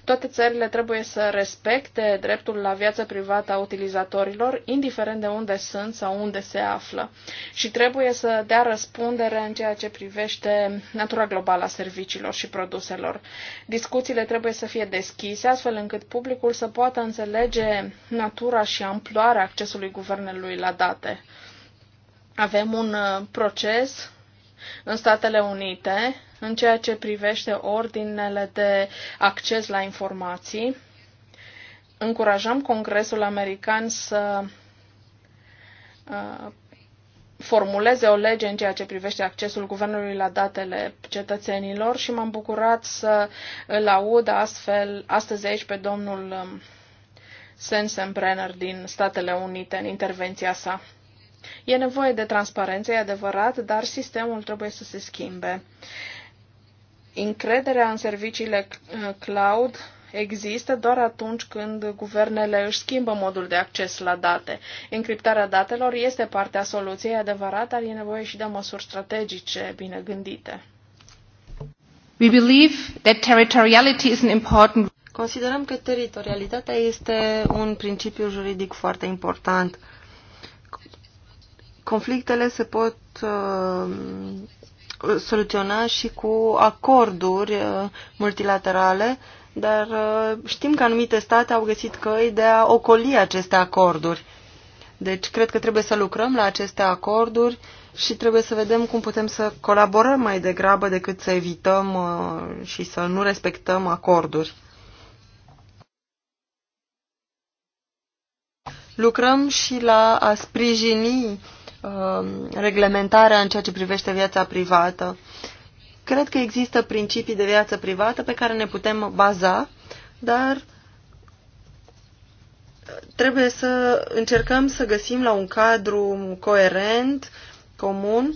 Toate țările trebuie să respecte dreptul la viață privată a utilizatorilor, indiferent de unde sunt sau unde se află, și trebuie să dea răspundere în ceea ce privește natura globală a serviciilor și produselor. Discuțiile trebuie să fie deschise astfel încât publicul să poată înțelege natura și amploarea accesului guvernului la date. Avem un uh, proces în Statele Unite în ceea ce privește ordinele de acces la informații. Încurajăm Congresul American să uh, formuleze o lege în ceea ce privește accesul guvernului la datele cetățenilor și m-am bucurat să îl aud astfel astăzi aici pe domnul um, Sensenbrenner din Statele Unite în intervenția sa. E nevoie de transparență, e adevărat, dar sistemul trebuie să se schimbe. Încrederea în serviciile uh, cloud există doar atunci când guvernele își schimbă modul de acces la date. Încriptarea datelor este partea soluției adevărat, dar e nevoie și de măsuri strategice bine gândite. We believe that territoriality is an important Considerăm că teritorialitatea este un principiu juridic foarte important. Conflictele se pot uh, soluționa și cu acorduri uh, multilaterale dar uh, știm că anumite state au găsit căi de a ocoli aceste acorduri. Deci cred că trebuie să lucrăm la aceste acorduri și trebuie să vedem cum putem să colaborăm mai degrabă decât să evităm uh, și să nu respectăm acorduri. Lucrăm și la a sprijini uh, reglementarea în ceea ce privește viața privată. Cred că există principii de viață privată pe care ne putem baza, dar trebuie să încercăm să găsim la un cadru coerent, comun.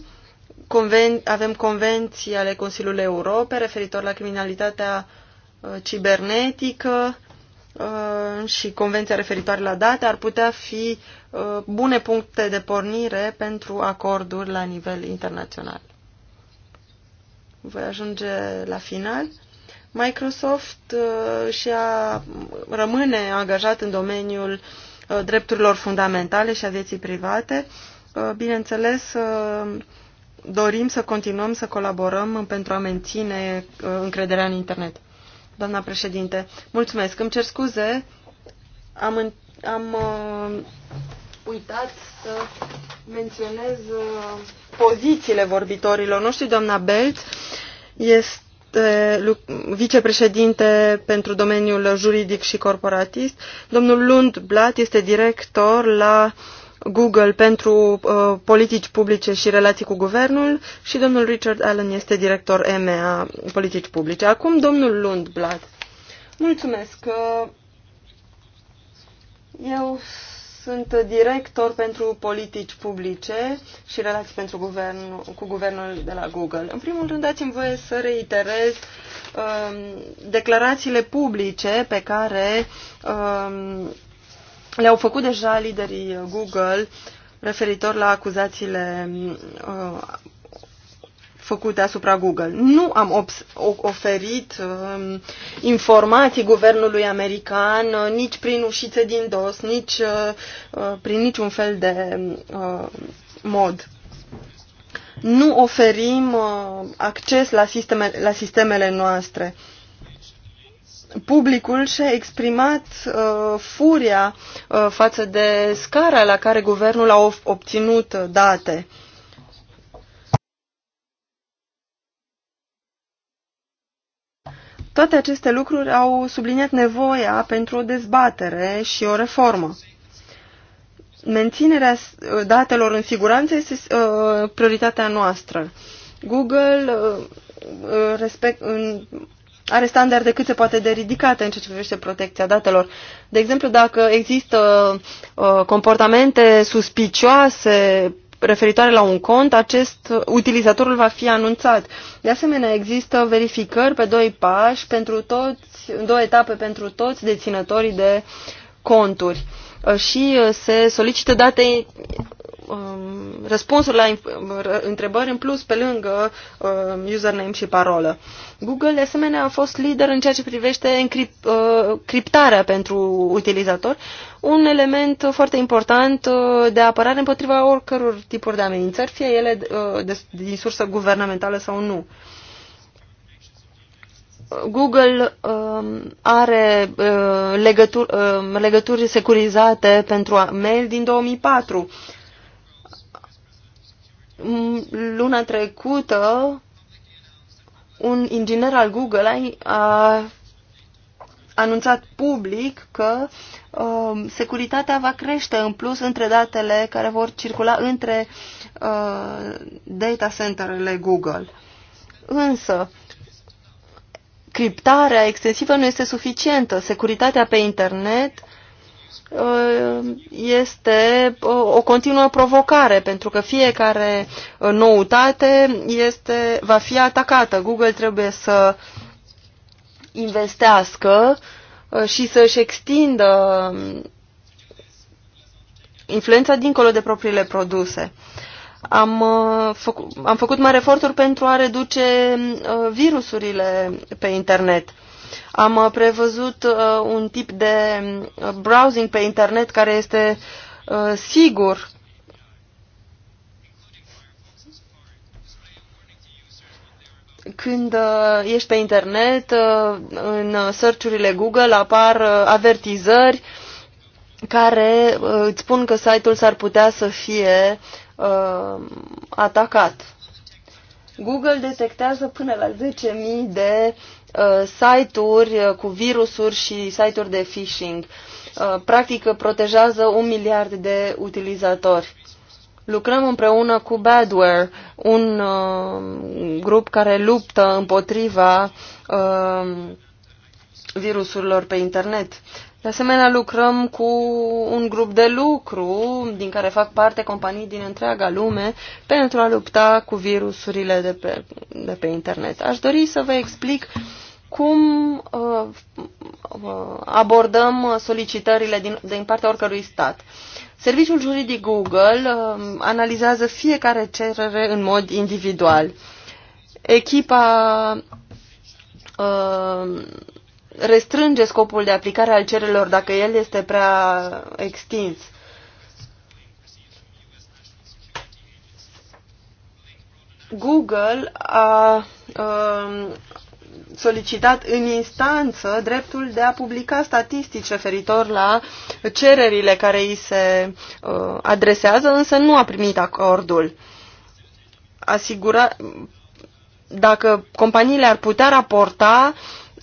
Conven avem convenții ale Consiliului Europe referitor la criminalitatea uh, cibernetică uh, și convenția referitoare la date ar putea fi uh, bune puncte de pornire pentru acorduri la nivel internațional voi ajunge la final. Microsoft uh, și a rămâne angajat în domeniul uh, drepturilor fundamentale și a vieții private. Uh, bineînțeles, dorim să continuăm să colaborăm pentru a menține încrederea în internet. Doamna președinte, mulțumesc. Îmi cer scuze. Am, în, am uh, uitat să menționez uh, pozițiile vorbitorilor noștri, doamna Belt este vicepreședinte pentru domeniul juridic și corporatist. Domnul Lund Blat este director la Google pentru uh, politici publice și relații cu guvernul și domnul Richard Allen este director EMEA politici publice. Acum domnul Lund Blat. Mulțumesc. Uh, eu sunt director pentru politici publice și relații pentru guvern, cu guvernul de la Google. În primul rând, dați-mi voie să reiterez um, declarațiile publice pe care um, le-au făcut deja liderii Google referitor la acuzațiile uh, făcute asupra Google. Nu am oferit um, informații guvernului american uh, nici prin ușițe din dos, nici uh, uh, prin niciun fel de uh, mod. Nu oferim uh, acces la, sisteme, la sistemele noastre. Publicul și-a exprimat uh, furia uh, față de scara la care guvernul a obținut uh, date. Uh, Toate aceste lucruri au subliniat nevoia pentru o dezbatere și o reformă. Menținerea datelor în siguranță este uh, prioritatea noastră. Google uh, uh, respect, în, are standarde cât se poate de ridicate în ceea ce privește protecția datelor. De exemplu, dacă există uh, comportamente suspicioase referitoare la un cont, acest utilizatorul va fi anunțat. De asemenea, există verificări pe doi pași pentru toți, în două etape pentru toți deținătorii de conturi și se solicită date Um, răspunsuri la um, întrebări în plus pe lângă um, username și parolă. Google, de asemenea, a fost lider în ceea ce privește uh, criptarea pentru utilizatori, un element foarte important uh, de apărare împotriva oricăror tipuri de amenințări, fie ele uh, din sursă guvernamentală sau nu. Google uh, are uh, legături, uh, legături securizate pentru mail din 2004 luna trecută un inginer al Google a, a anunțat public că uh, securitatea va crește în plus între datele care vor circula între uh, data centerele Google. Însă, criptarea extensivă nu este suficientă. Securitatea pe internet Uh, este uh, o continuă provocare, pentru că fiecare uh, noutate este, va fi atacată. Google trebuie să investească și să-și extindă um, influența dincolo de propriile produse. Am, făcut, am făcut mari eforturi pentru a reduce virusurile pe internet am uh, prevăzut uh, un tip de uh, browsing pe internet care este sigur. Când ești pe internet, în search-urile Google apar avertizări care îți spun că site-ul s-ar putea să fie atacat. Google detectează până la 10.000 de Uh, site-uri uh, cu virusuri și site-uri de phishing. Uh, practic protejează un miliard de utilizatori. Lucrăm împreună cu Badware, un grup care luptă împotriva virusurilor pe internet. De asemenea, lucrăm cu un grup de lucru din care fac parte companii din întreaga lume pentru a lupta cu virusurile de pe, de pe internet. Aș dori să vă explic cum uh, abordăm solicitările din, din partea oricărui stat. Serviciul juridic Google uh, analizează fiecare cerere în mod individual. Echipa uh, restrânge scopul de aplicare al cererilor dacă el este prea extins. Google a um, solicitat în instanță dreptul de a publica statistici referitor la cererile care îi se uh, adresează, însă nu a primit acordul. Asigura, dacă companiile ar putea raporta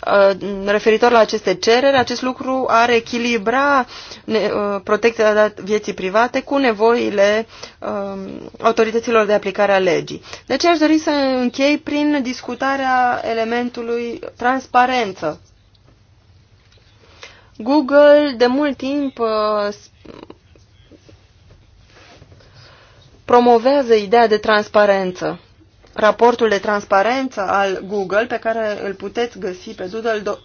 Uh, referitor la aceste cereri, acest lucru ar echilibra uh, protecția vieții private cu nevoile um, autorităților de aplicare a legii. De deci aceea aș dori să închei prin discutarea elementului transparență. Google de mult timp uh, promovează ideea de transparență raportul de transparență al Google, pe care îl puteți găsi pe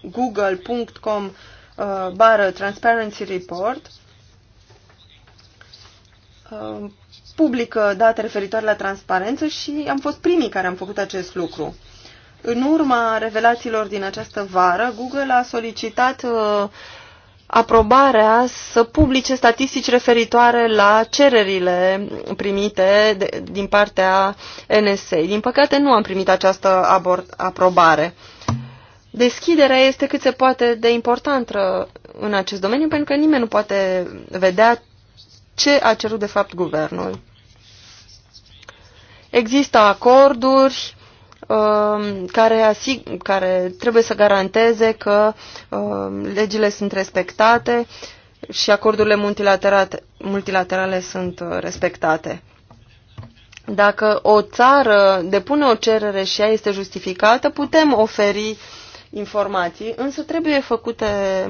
google.com uh, bară Transparency Report, uh, publică date referitoare la transparență și am fost primii care am făcut acest lucru. În urma revelațiilor din această vară, Google a solicitat uh, aprobarea să publice statistici referitoare la cererile primite de, din partea NSA. Din păcate nu am primit această abord, aprobare. Deschiderea este cât se poate de importantă în acest domeniu, pentru că nimeni nu poate vedea ce a cerut de fapt guvernul. Există acorduri Um, care, asig- care trebuie să garanteze că um, legile sunt respectate și acordurile multilaterale, multilaterale sunt uh, respectate. Dacă o țară depune o cerere și ea este justificată, putem oferi informații, însă trebuie făcute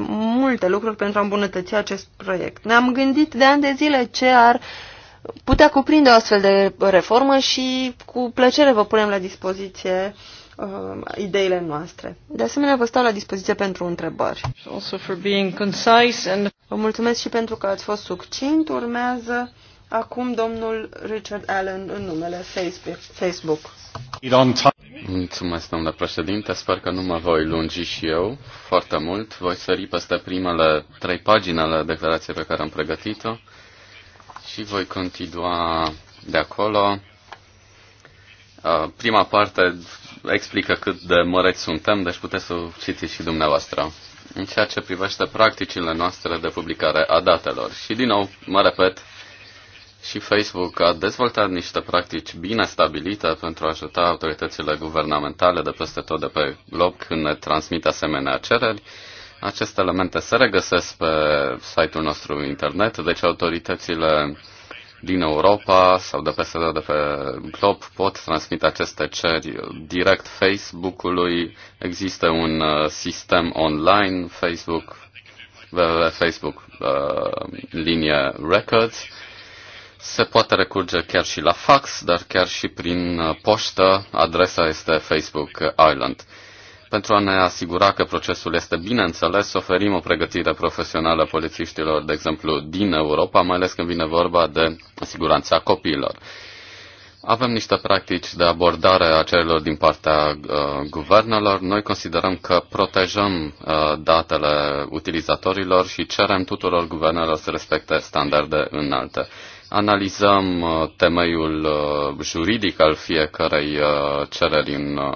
multe lucruri pentru a îmbunătăți acest proiect. Ne-am gândit de ani de zile ce ar uh, putea cuprinde o astfel de reformă și cu plăcere vă punem la dispoziție uh, ideile noastre. De asemenea, vă stau la dispoziție pentru întrebări. Also for being and... Vă mulțumesc și pentru că ați fost succint. Urmează acum domnul Richard Allen în numele Facebook. Mulțumesc, domnule președinte. Sper că nu mă voi lungi și eu foarte mult. Voi sări peste primele trei pagini ale declarației pe care am pregătit-o și voi continua de acolo. Uh, prima parte explică cât de măreți suntem, deci puteți să citiți și dumneavoastră. În ceea ce privește practicile noastre de publicare a datelor. Și din nou, mă repet, și Facebook a dezvoltat niște practici bine stabilite pentru a ajuta autoritățile guvernamentale de peste tot de pe glob când ne transmit asemenea cereri. Aceste elemente se regăsesc pe site-ul nostru internet, deci autoritățile din Europa sau de PSD de pe glob pot transmite aceste ceri direct Facebook-ului. Există un uh, sistem online Facebook, Facebook uh, linie records. Se poate recurge chiar și la fax, dar chiar și prin uh, poștă. Adresa este Facebook Island. Pentru a ne asigura că procesul este bine înțeles, oferim o pregătire profesională polițiștilor, de exemplu, din Europa, mai ales când vine vorba de siguranța copiilor. Avem niște practici de abordare a cererilor din partea uh, guvernelor. Noi considerăm că protejăm uh, datele utilizatorilor și cerem tuturor guvernelor să respecte standarde înalte analizăm uh, temeiul uh, juridic al fiecarei uh, cereri în,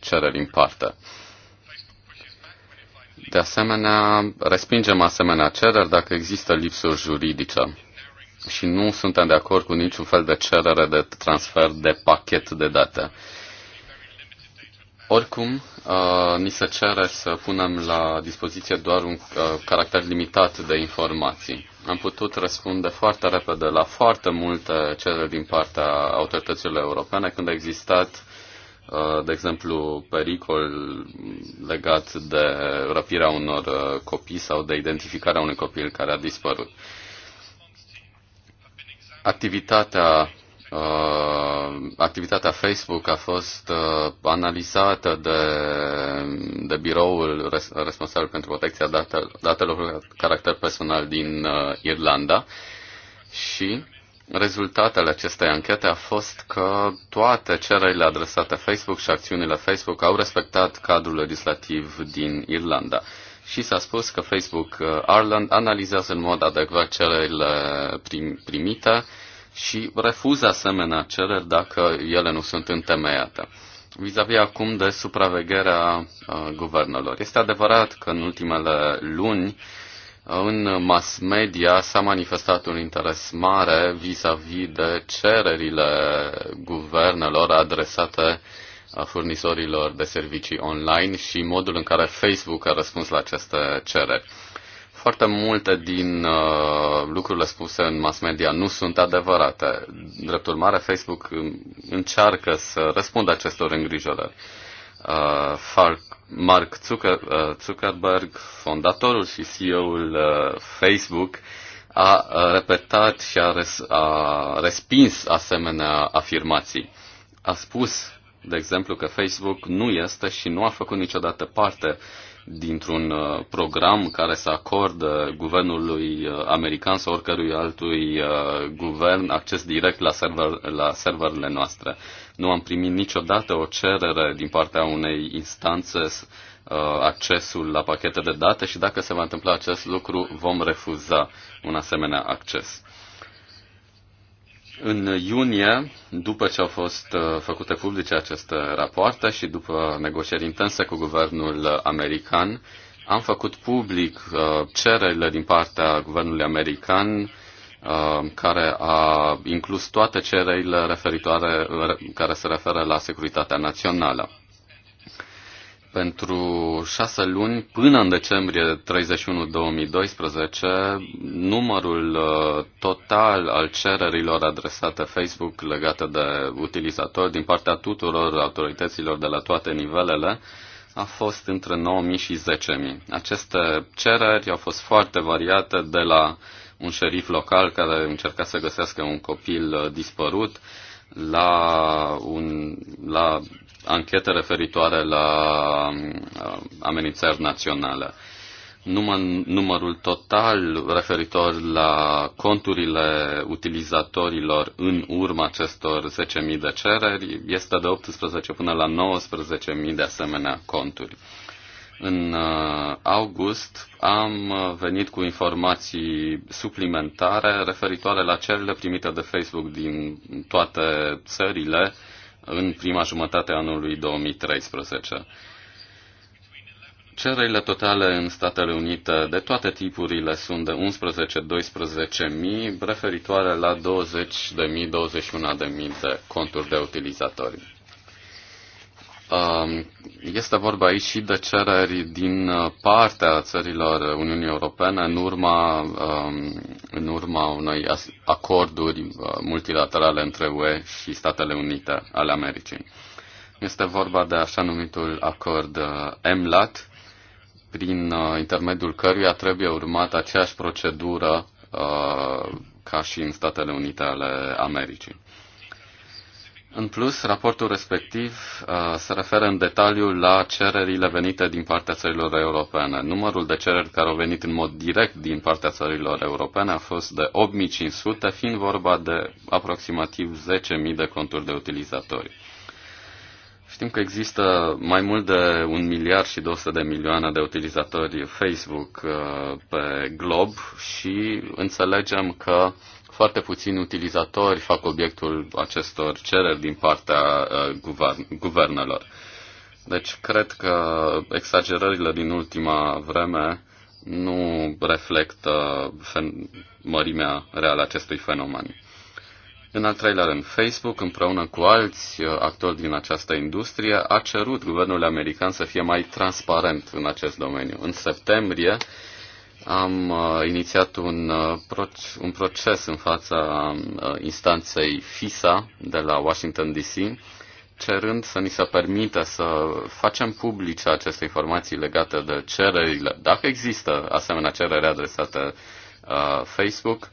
cereri în parte. De asemenea, respingem asemenea cereri dacă există lipsuri juridice și nu suntem de acord cu niciun fel de cerere de transfer de pachet de date. Oricum, uh, ni se cere să punem la dispoziție doar un uh, caracter limitat de informații. Am putut răspunde foarte repede la foarte multe cereri din partea autorităților europene când a existat, uh, de exemplu, pericol legat de răpirea unor copii sau de identificarea unui copil care a dispărut. Activitatea Uh, activitatea Facebook a fost uh, analizată de, de biroul res, responsabil pentru protecția datelor, cu caracter personal din uh, Irlanda și rezultatele acestei anchete a fost că toate cererile adresate Facebook și acțiunile Facebook au respectat cadrul legislativ din Irlanda. Și s-a spus că Facebook Ireland uh, analizează în mod adecvat cererile prim, primite și refuză asemenea cereri dacă ele nu sunt întemeiate. Vis-a-vis -vis acum de supravegherea uh, guvernelor. Este adevărat că în ultimele luni în mass media s-a manifestat un interes mare vis-a-vis -vis de cererile guvernelor adresate uh, furnizorilor de servicii online și modul în care Facebook a răspuns la aceste cereri. Foarte multe din uh, lucrurile spuse în mass media nu sunt adevărate. Drept urmare, Facebook încearcă să răspundă acestor îngrijorări. Uh, Falk, Mark Zucker, uh, Zuckerberg, fondatorul și CEO-ul uh, Facebook, a uh, repetat și a, res, a respins asemenea afirmații. A spus, de exemplu, că Facebook nu este și nu a făcut niciodată parte uh, dintr-un uh, program care să acordă guvernului uh, american sau oricărui altui uh, guvern acces direct la, server, la serverele noastre. Nu am primit niciodată o cerere din partea unei instanțe accesul la pachete de date și dacă se va întâmpla acest lucru, vom refuza un asemenea acces. În iunie, după ce au fost uh, făcute publice aceste rapoarte și după negocieri intense cu guvernul american, am făcut public uh, cererile din partea guvernului american uh, care a inclus toate cererile referitoare, care se referă la securitatea națională. Pentru șase luni, până în decembrie 31 2012, numărul uh, total al cererilor adresate Facebook legate de utilizatori din partea tuturor autorităților de la toate nivelele a fost între 9.000 și 10.000. Aceste cereri au fost foarte variate de la un șerif local care încerca să găsească un copil uh, dispărut, la, un, la anchete referitoare la uh, amenințări naționale. Număr, numărul total referitor la conturile utilizatorilor în urma acestor 10.000 de cereri este de 18 până la 19.000 de asemenea conturi. În uh, august am uh, venit cu informații suplimentare referitoare la cererile primite de Facebook din toate țările în prima jumătate a anului 2013. Cererile totale în Statele Unite de toate tipurile sunt de 11-12.000, referitoare la 20.000-21.000 de conturi de utilizatori. Um, este vorba aici și de cereri din uh, partea țărilor Uniunii Europene în urma, um, în urma unui acorduri uh, multilaterale între UE și Statele Unite ale Americii. Este vorba de așa numitul acord uh, MLAT, prin intermediul căruia trebuie urmată aceeași procedură ca și în Statele Unite ale Americii. În plus, raportul respectiv uh, se referă în detaliu la cererile venite din partea țărilor europene. Numărul de cereri care au venit în mod direct din partea țărilor europene a fost de 8500, fiind vorba de aproximativ 10.000 de conturi de utilizatori. Știm că există mai mult de 1 miliard și 200 de milioane de utilizatori Facebook uh, pe glob și înțelegem că foarte puțini utilizatori fac obiectul acestor cereri din partea uh, guvernelor. Deci cred că exagerările din ultima vreme nu reflectă mărimea reală acestui fenomen. În al treilea rând, Facebook, împreună cu alți uh, actori din această industrie, a cerut guvernul american să fie mai transparent în acest domeniu. În septembrie, am uh, inițiat un, uh, proces, un proces în fața uh, instanței FISA de la Washington DC, cerând să ni se permită să facem publice aceste informații legate de cererile, dacă există asemenea cerere adresată uh, Facebook.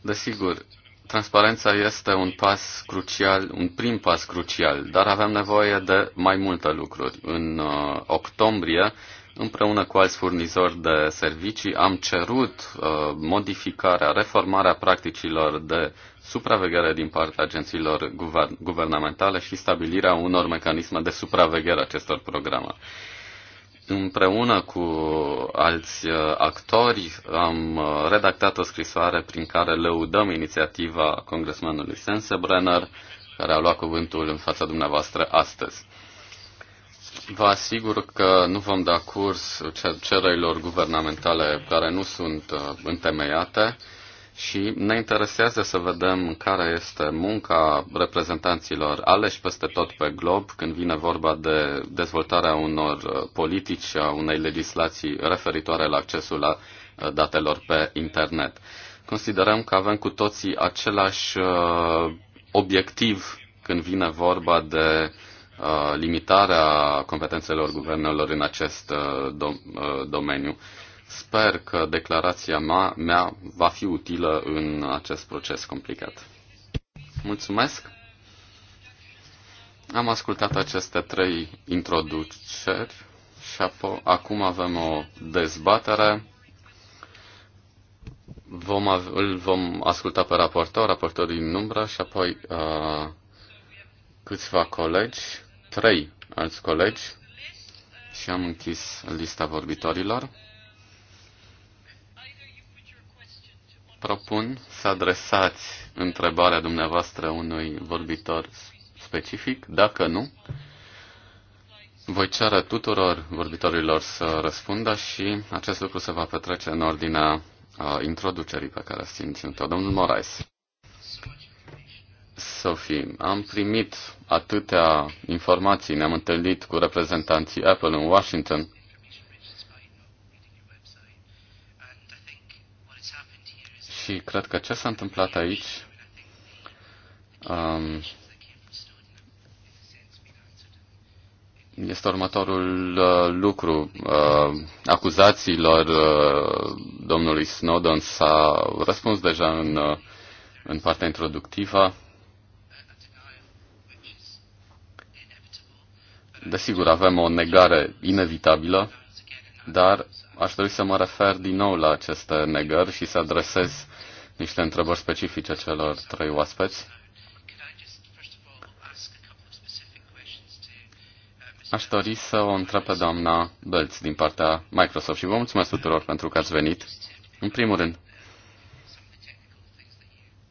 Desigur, Transparența este un pas crucial, un prim pas crucial, dar avem nevoie de mai multe lucruri. În uh, octombrie, împreună cu alți furnizori de servicii, am cerut uh, modificarea, reformarea practicilor de supraveghere din partea agențiilor guvern- guvernamentale și stabilirea unor mecanisme de supraveghere acestor programe. Uh, Împreună cu alți uh, actori am uh, redactat o scrisoare prin care lăudăm inițiativa congresmanului Sensebrenner, care a luat cuvântul în fața dumneavoastră astăzi. Vă asigur că nu vom da curs cererilor guvernamentale care nu sunt uh, întemeiate și ne interesează să vedem care este munca reprezentanților aleși peste tot pe glob când vine vorba de dezvoltarea unor uh, politici, a unei legislații referitoare la accesul la uh, datelor pe internet. Considerăm că avem cu toții același uh, obiectiv când vine vorba de limitarea competențelor guvernelor în acest domeniu Sper că declarația mea, mea va fi utilă în acest proces complicat. Mulțumesc! Am ascultat aceste trei introduceri și acum avem o dezbatere. Vom, îl vom asculta pe raportor, raportorii din umbră și apoi uh, câțiva colegi, trei alți colegi și am închis lista vorbitorilor. propun să adresați întrebarea dumneavoastră unui vorbitor specific. Dacă nu, voi cere tuturor vorbitorilor să răspundă și acest lucru se va petrece în ordinea uh, introducerii pe care ați simțit o Domnul Moraes. Sophie, am primit atâtea informații, ne-am întâlnit cu reprezentanții Apple în Washington și cred că ce s-a întâmplat aici um, este următorul uh, lucru. Uh, acuzațiilor uh, domnului Snowden s-a răspuns deja în, uh, în partea introductivă. Desigur, avem o negare inevitabilă, dar Aș dori să mă refer din nou la aceste negări și să adresez niște întrebări specifice celor trei oaspeți. Aș dori să o întreb pe doamna Belț din partea Microsoft și vă mulțumesc tuturor pentru că ați venit. În primul rând,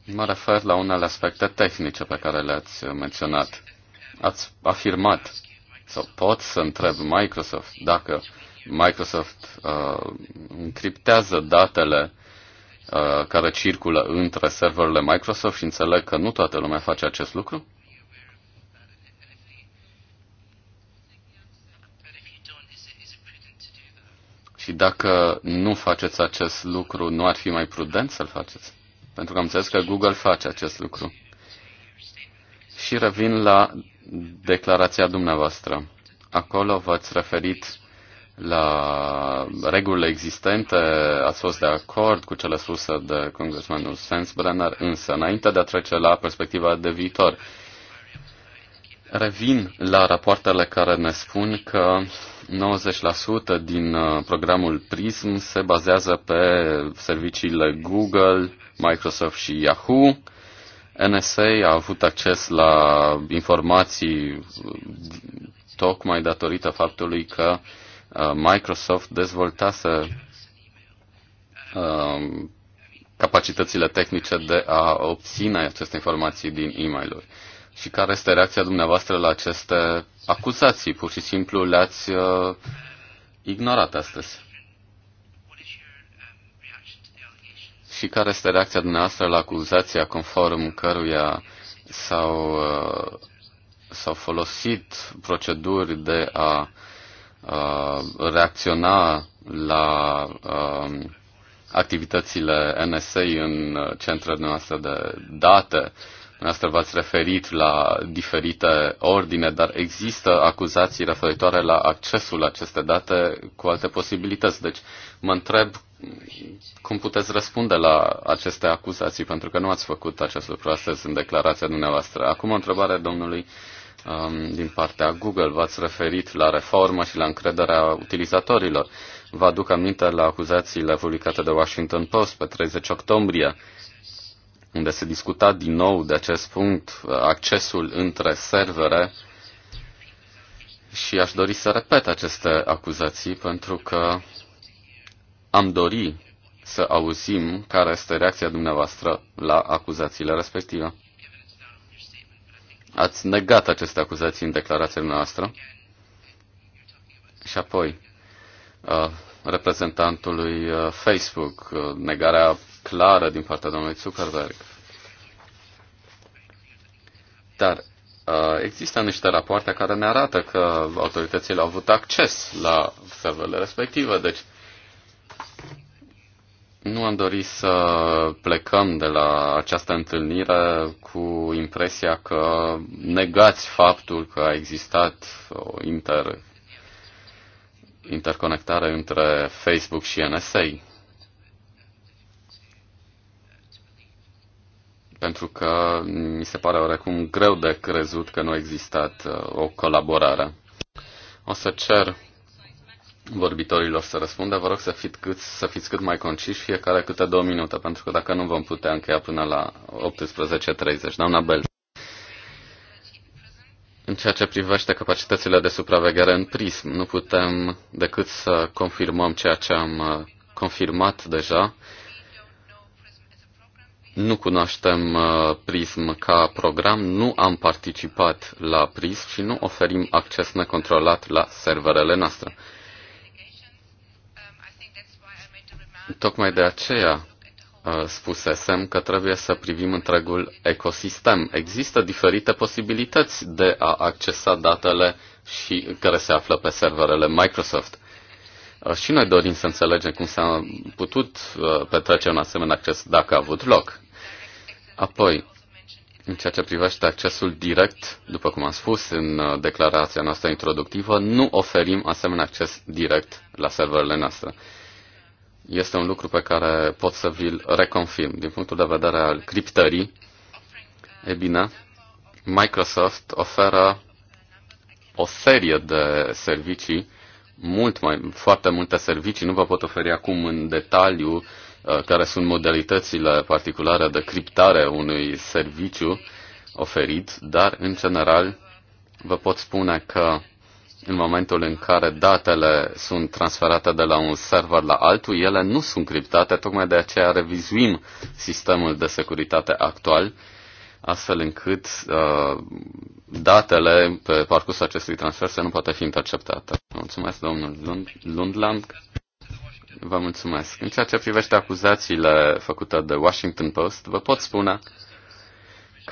mă refer la unele aspecte tehnice pe care le-ați menționat. Ați afirmat, sau pot să întreb Microsoft, dacă Microsoft uh, încriptează datele uh, care circulă între serverele Microsoft și înțeleg că nu toată lumea face acest lucru? Și dacă nu faceți acest lucru, nu ar fi mai prudent să-l faceți? Pentru că am înțeles că Google face acest lucru. Și revin la declarația dumneavoastră. Acolo v-ați referit la regulile existente, ați fost de acord cu cele spuse de congresmanul Sensbrenner, însă înainte de a trece la perspectiva de viitor, revin la rapoartele care ne spun că 90% din uh, programul PRISM se bazează pe serviciile Google, Microsoft și Yahoo. NSA a avut acces la informații uh, tocmai datorită faptului că uh, Uh, Microsoft dezvoltase um, capacitățile tehnice de a obține aceste informații din e-mail-uri. Și care este reacția dumneavoastră la aceste acuzații? Pur și simplu le-ați uh, ignorat astăzi. Și care este reacția dumneavoastră la acuzația conform căruia s-au, uh, s-au folosit proceduri de a uh, Uh, reacționa la uh, activitățile NSA în centrele noastre de date. Noastră v-ați referit la diferite ordine, dar există acuzații referitoare la accesul la aceste date cu alte posibilități. Deci mă întreb cum puteți răspunde la aceste acuzații, pentru că nu ați făcut acest lucru astăzi în declarația dumneavoastră. Acum o întrebare domnului um, din partea Google. V-ați referit la reformă și la încrederea utilizatorilor. Vă aduc aminte la acuzațiile publicate de Washington Post pe 30 octombrie, unde se discuta din nou de acest punct uh, accesul între servere și aș dori să repet aceste acuzații pentru că am dori să auzim care este reacția dumneavoastră la acuzațiile respective ați negat aceste acuzații în declarația noastră. Și apoi, uh, reprezentantului uh, Facebook, uh, negarea clară din partea domnului Zuckerberg. Dar există niște rapoarte care ne arată că autoritățile au avut acces la serverele respective, deci nu am dorit să plecăm de la această întâlnire cu impresia că negați faptul că a existat o inter, interconectare între Facebook și NSA. Pentru că mi se pare oarecum greu de crezut că nu a existat uh, o colaborare. O să cer vorbitorilor să răspundă. Vă rog să fiți cât, să fiți cât mai conciși, fiecare câte două minute, pentru că dacă nu vom putea încheia până la 18.30. Doamna Bel. În ceea ce privește capacitățile de supraveghere în prism, nu putem decât să confirmăm ceea ce am uh, confirmat deja. Nu cunoaștem uh, PRISM ca program, nu am participat la PRISM și nu oferim acces necontrolat la serverele noastre. Tocmai de aceea uh, spusesem că trebuie să privim întregul ecosistem. Există diferite posibilități de a accesa datele și care se află pe serverele Microsoft. Uh, și noi dorim să înțelegem cum s-a putut uh, petrece un asemenea acces dacă a avut loc. Apoi, în ceea ce privește accesul direct, după cum am spus în declarația noastră introductivă, nu oferim asemenea acces direct la serverele noastre este un lucru pe care pot să vi-l reconfirm. Din punctul de vedere al criptării, e bine, Microsoft oferă o serie de servicii, mult mai, foarte multe servicii, nu vă pot oferi acum în detaliu uh, care sunt modalitățile particulare de criptare unui serviciu oferit, dar în general vă pot spune că în momentul în care datele sunt transferate de la un server la altul, ele nu sunt criptate, tocmai de aceea revizuim sistemul de securitate actual, astfel încât uh, datele pe parcursul acestui transfer să nu poată fi interceptate. Mulțumesc, domnul Lund Lundland. Vă mulțumesc. În ceea ce privește acuzațiile făcute de Washington Post, vă pot spune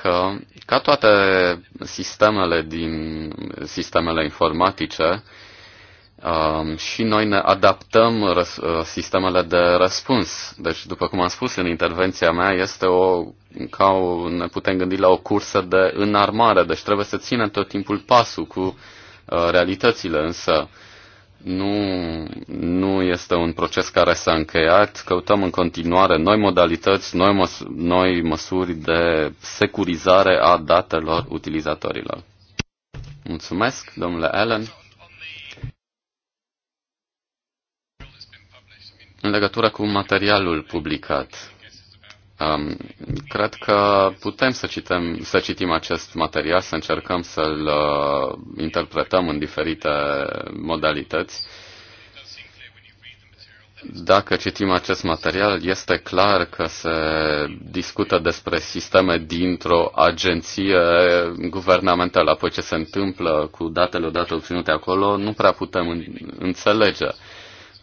că, ca toate sistemele, din, sistemele informatice, um, și noi ne adaptăm uh, sistemele de răspuns. Deci, după cum am spus în intervenția mea, este o, ca o, ne putem gândi la o cursă de înarmare, deci trebuie să ținem tot timpul pasul cu uh, realitățile, însă nu, nu este un proces care s-a încheiat. Căutăm în continuare noi modalități, noi, măs- noi măsuri de securizare a datelor utilizatorilor. Mulțumesc, domnule Allen. În legătură cu materialul publicat, Um, cred că putem să, citem, să citim acest material, să încercăm să-l uh, interpretăm în diferite modalități. Dacă citim acest material, este clar că se discută despre sisteme dintr-o agenție guvernamentală. Apoi ce se întâmplă cu datele odată obținute acolo, nu prea putem înțelege. Uh,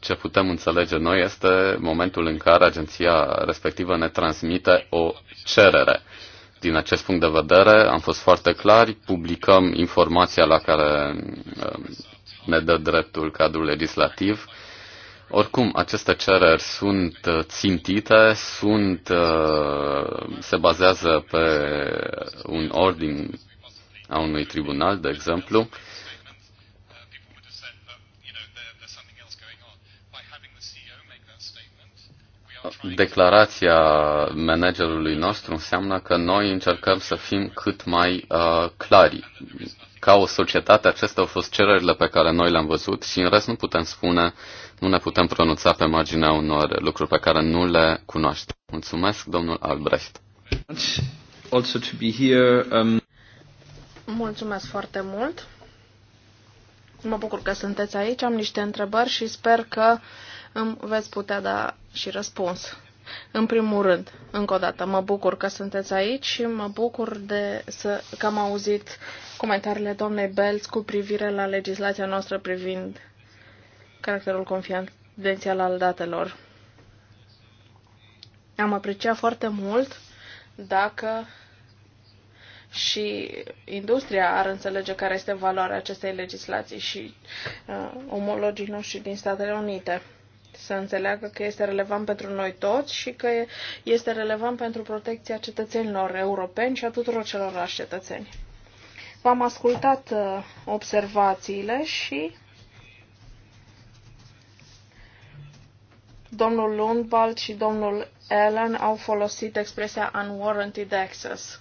ce putem înțelege noi este momentul în care agenția respectivă ne transmite o cerere. Din acest punct de vedere, am fost foarte clari, publicăm informația la care um, ne dă dreptul cadrul legislativ. Oricum, aceste cereri sunt uh, țintite, sunt, uh, se bazează pe un ordin a unui tribunal, de exemplu, declarația managerului nostru înseamnă că noi încercăm să fim cât mai uh, clari. Ca o societate, acestea au fost cererile pe care noi le-am văzut și în rest nu putem spune, nu ne putem pronunța pe marginea unor lucruri pe care nu le cunoaștem. Mulțumesc, domnul Albrecht. Also to be here, um... Mulțumesc foarte mult. Mă bucur că sunteți aici, am niște întrebări și sper că îmi veți putea da și răspuns. În primul rând, încă o dată, mă bucur că sunteți aici și mă bucur de să, că am auzit comentariile doamnei Belz cu privire la legislația noastră privind caracterul confidențial al datelor. Am apreciat foarte mult dacă și industria ar înțelege care este valoarea acestei legislații și uh, omologii noștri din Statele Unite să înțeleagă că este relevant pentru noi toți și că este relevant pentru protecția cetățenilor europeni și a tuturor celorlalți cetățeni. V-am ascultat uh, observațiile și domnul Lundbald și domnul Allen au folosit expresia unwarranted access.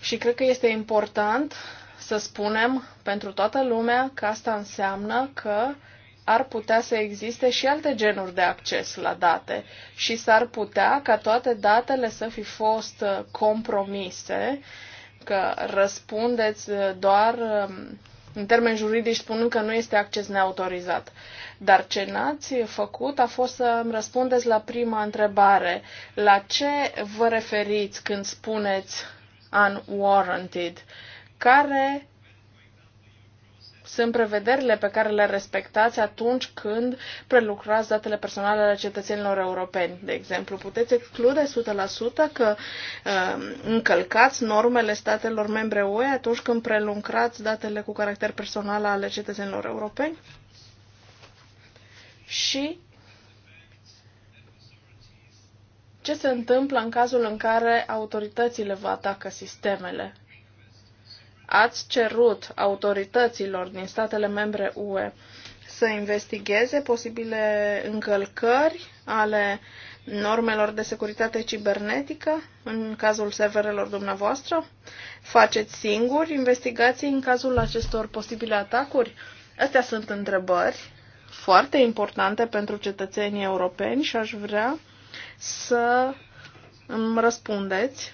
Și cred că este important să spunem pentru toată lumea că asta înseamnă că uh, ar putea să existe și alte genuri de acces la date și s-ar putea ca toate datele să fi fost uh, compromise, că răspundeți uh, doar um, în termeni juridici spunând că nu este acces neautorizat. Dar ce n-ați făcut a fost să îmi răspundeți la prima întrebare. La ce vă referiți când spuneți unwarranted? Care sunt prevederile pe care le respectați atunci când prelucrați datele personale ale cetățenilor europeni. De exemplu, puteți exclude 100% că uh, încălcați normele statelor membre UE atunci când prelucrați datele cu caracter personal ale cetățenilor europeni? Și ce se întâmplă în cazul în care autoritățile vă atacă sistemele? ați cerut autorităților din statele membre UE să investigheze posibile încălcări ale normelor de securitate cibernetică în cazul serverelor dumneavoastră? Faceți singuri investigații în cazul acestor posibile atacuri? Astea sunt întrebări foarte importante pentru cetățenii europeni și aș vrea să îmi răspundeți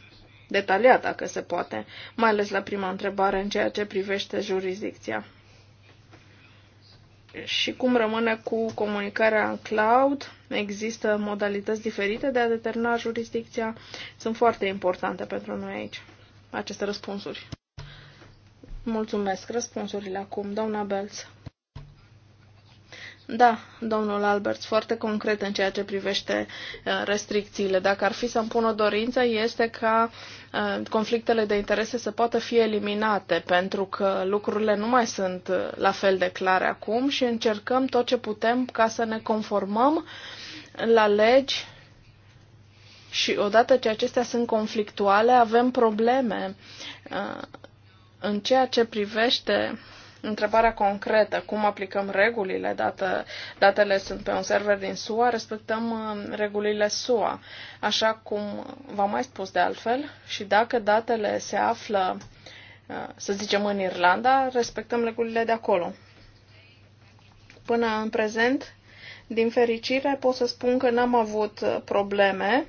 detaliat, dacă se poate, mai ales la prima întrebare în ceea ce privește jurisdicția. Și cum rămâne cu comunicarea în cloud? Există modalități diferite de a determina jurisdicția? Sunt foarte importante pentru noi aici, aceste răspunsuri. Mulțumesc. Răspunsurile acum, doamna Belz. Da, domnul Alberts, foarte concret în ceea ce privește uh, restricțiile. Dacă ar fi să-mi pun o dorință, este ca uh, conflictele de interese să poată fi eliminate, pentru că lucrurile nu mai sunt uh, la fel de clare acum și încercăm tot ce putem ca să ne conformăm la legi și odată ce acestea sunt conflictuale, avem probleme în ceea ce privește Întrebarea concretă, cum aplicăm regulile, dată, datele sunt pe un server din SUA, respectăm uh, regulile SUA, așa cum v-am mai spus de altfel, și dacă datele se află, uh, să zicem, în Irlanda, respectăm regulile de acolo. Până în prezent, din fericire, pot să spun că n-am avut uh, probleme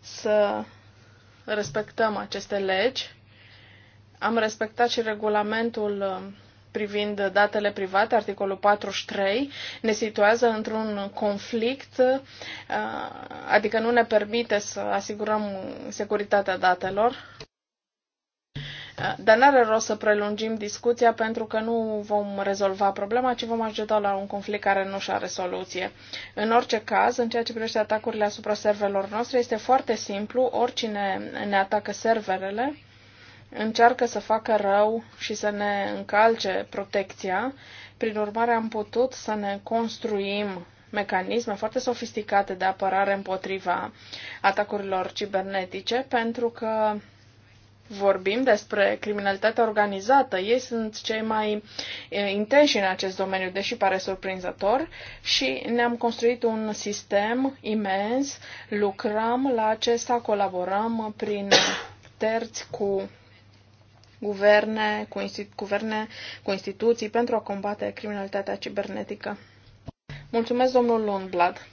să respectăm aceste legi. Am respectat și regulamentul privind datele private, articolul 43, ne situează într-un conflict, uh, adică nu ne permite să asigurăm securitatea datelor. Uh, dar n-are rost să prelungim discuția pentru că nu vom rezolva problema, ci vom ajuta la un conflict care nu și are soluție. În orice caz, în ceea ce privește atacurile asupra serverelor noastre, este foarte simplu. Oricine ne atacă serverele, încearcă să facă rău și să ne încalce protecția. Prin urmare, am putut să ne construim mecanisme foarte sofisticate de apărare împotriva atacurilor cibernetice, pentru că vorbim despre criminalitatea organizată. Ei sunt cei mai intenși în acest domeniu, deși pare surprinzător, și ne-am construit un sistem imens, lucrăm la acesta, colaborăm prin terți cu guverne cu, institu- guverne, cu instituții pentru a combate criminalitatea cibernetică. Mulțumesc, domnul Lundblad.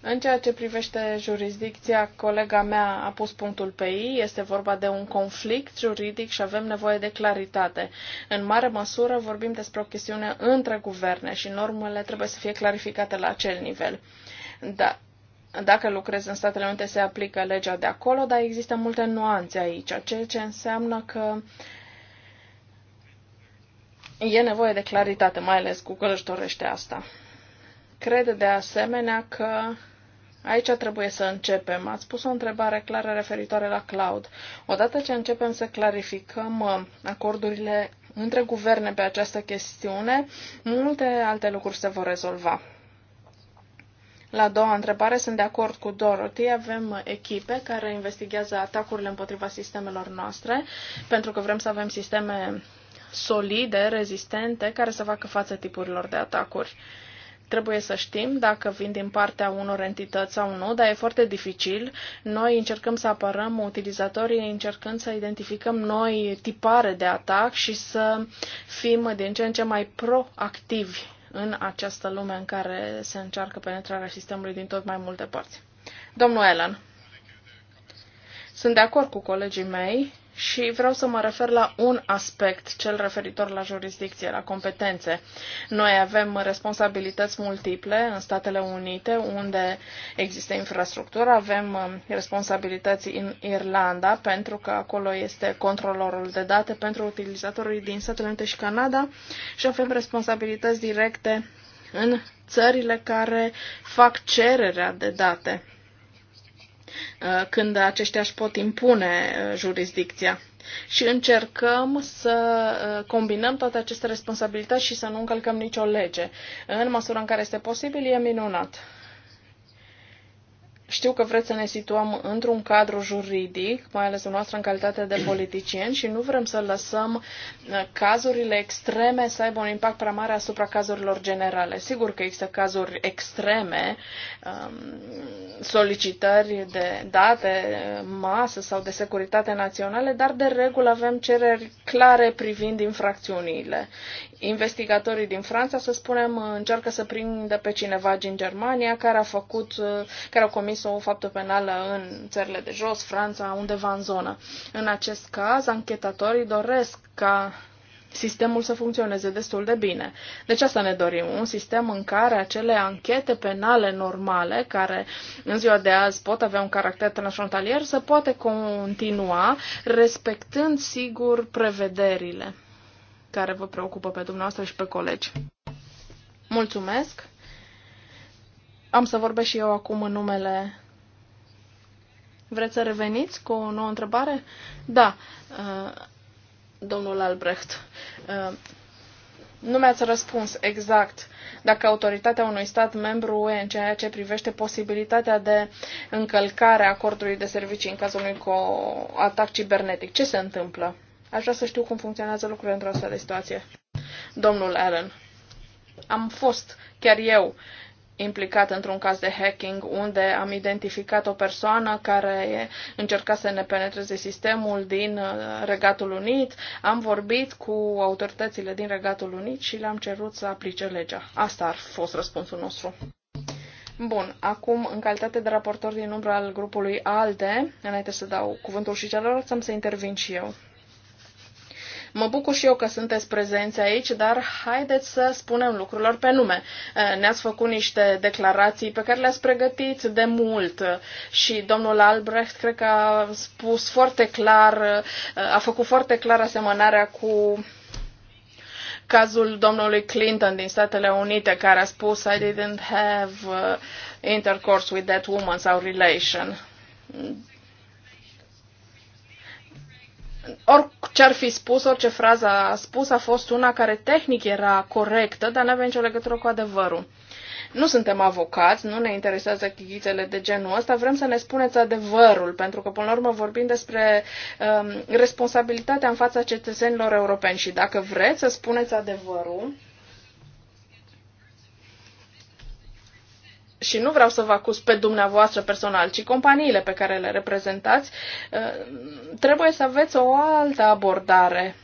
În ceea ce privește jurisdicția, colega mea a pus punctul pe ei. Este vorba de un conflict juridic și avem nevoie de claritate. În mare măsură vorbim despre o chestiune între guverne și normele trebuie să fie clarificate la acel nivel. Da, dacă lucrezi în Statele Unite, se aplică legea de acolo, dar există multe nuanțe aici, ceea ce înseamnă că e nevoie de claritate, mai ales Google își dorește asta. Cred de asemenea că aici trebuie să începem. Ați pus o întrebare clară referitoare la cloud. Odată ce începem să clarificăm uh, acordurile între guverne pe această chestiune, multe alte lucruri se vor rezolva. La a doua întrebare, sunt de acord cu Dorothy. Avem echipe care investigează atacurile împotriva sistemelor noastre, pentru că vrem să avem sisteme solide, rezistente, care să facă față tipurilor de atacuri. Trebuie să știm dacă vin din partea unor entități sau nu, dar e foarte dificil. Noi încercăm să apărăm utilizatorii, încercând să identificăm noi tipare de atac și să fim din ce în ce mai proactivi în această lume în care se încearcă penetrarea sistemului din tot mai multe părți. Domnul Ellen, sunt de acord cu colegii mei și vreau să mă refer la un aspect, cel referitor la jurisdicție, la competențe. Noi avem responsabilități multiple în Statele Unite, unde există infrastructură, avem um, responsabilități în Irlanda, pentru că acolo este controlorul de date pentru utilizatorii din Statele Unite și Canada și avem responsabilități directe în țările care fac cererea de date Uh, când aceștia își pot impune uh, jurisdicția. Și încercăm să uh, combinăm toate aceste responsabilități și să nu încălcăm nicio lege. În măsura în care este posibil, e minunat. Știu că vreți să ne situăm într-un cadru juridic, mai ales în noastră în calitate de politicieni și nu vrem să lăsăm uh, cazurile extreme să aibă un impact prea mare asupra cazurilor generale. Sigur că există cazuri extreme, um, solicitări de date, uh, masă sau de securitate naționale, dar de regulă avem cereri clare privind infracțiunile. Investigatorii din Franța, să spunem, uh, încearcă să prindă pe cineva din Germania care a făcut, care a comis comis o faptă penală în țările de jos, Franța, undeva în zonă. În acest caz, anchetatorii doresc ca sistemul să funcționeze destul de bine. Deci asta ne dorim, un sistem în care acele anchete penale normale, care în ziua de azi pot avea un caracter transfrontalier, să poate continua respectând sigur prevederile care vă preocupă pe dumneavoastră și pe colegi. Mulțumesc! Am să vorbesc și eu acum în numele. Vreți să reveniți cu o nouă întrebare? Da, uh, domnul Albrecht. Uh, nu mi-ați răspuns exact dacă autoritatea unui stat membru UE în ceea ce privește posibilitatea de încălcare a acordului de servicii în cazul unui atac cibernetic. Ce se întâmplă? Aș vrea să știu cum funcționează lucrurile într-o astfel de situație. Domnul Allen, am fost chiar eu implicat într-un caz de hacking unde am identificat o persoană care încerca să ne penetreze sistemul din uh, Regatul Unit. Am vorbit cu autoritățile din Regatul Unit și le-am cerut să aplice legea. Asta ar fost răspunsul nostru. Bun, acum, în calitate de raportor din umbra al grupului ALDE, înainte să dau cuvântul și celorlalți, am să intervin și eu. Mă bucur și eu că sunteți prezenți aici, dar haideți să spunem lucrurilor pe nume. Eh, ne-ați făcut niște declarații pe care le-ați pregătit de mult și domnul Albrecht cred că a spus foarte clar, eh, a făcut foarte clar asemănarea cu cazul domnului Clinton din Statele Unite care a spus I didn't have eh, intercourse with that woman sau relation orice ar fi spus, orice frază a spus, a fost una care tehnic era corectă, dar nu avea nicio legătură cu adevărul. Nu suntem avocați, nu ne interesează chichițele de genul ăsta, vrem să ne spuneți adevărul, pentru că, până la urmă, vorbim despre um, responsabilitatea în fața cetățenilor europeni și dacă vreți să spuneți adevărul, și nu vreau să vă acuz pe dumneavoastră personal, ci companiile pe care le reprezentați, eh, trebuie să aveți o altă abordare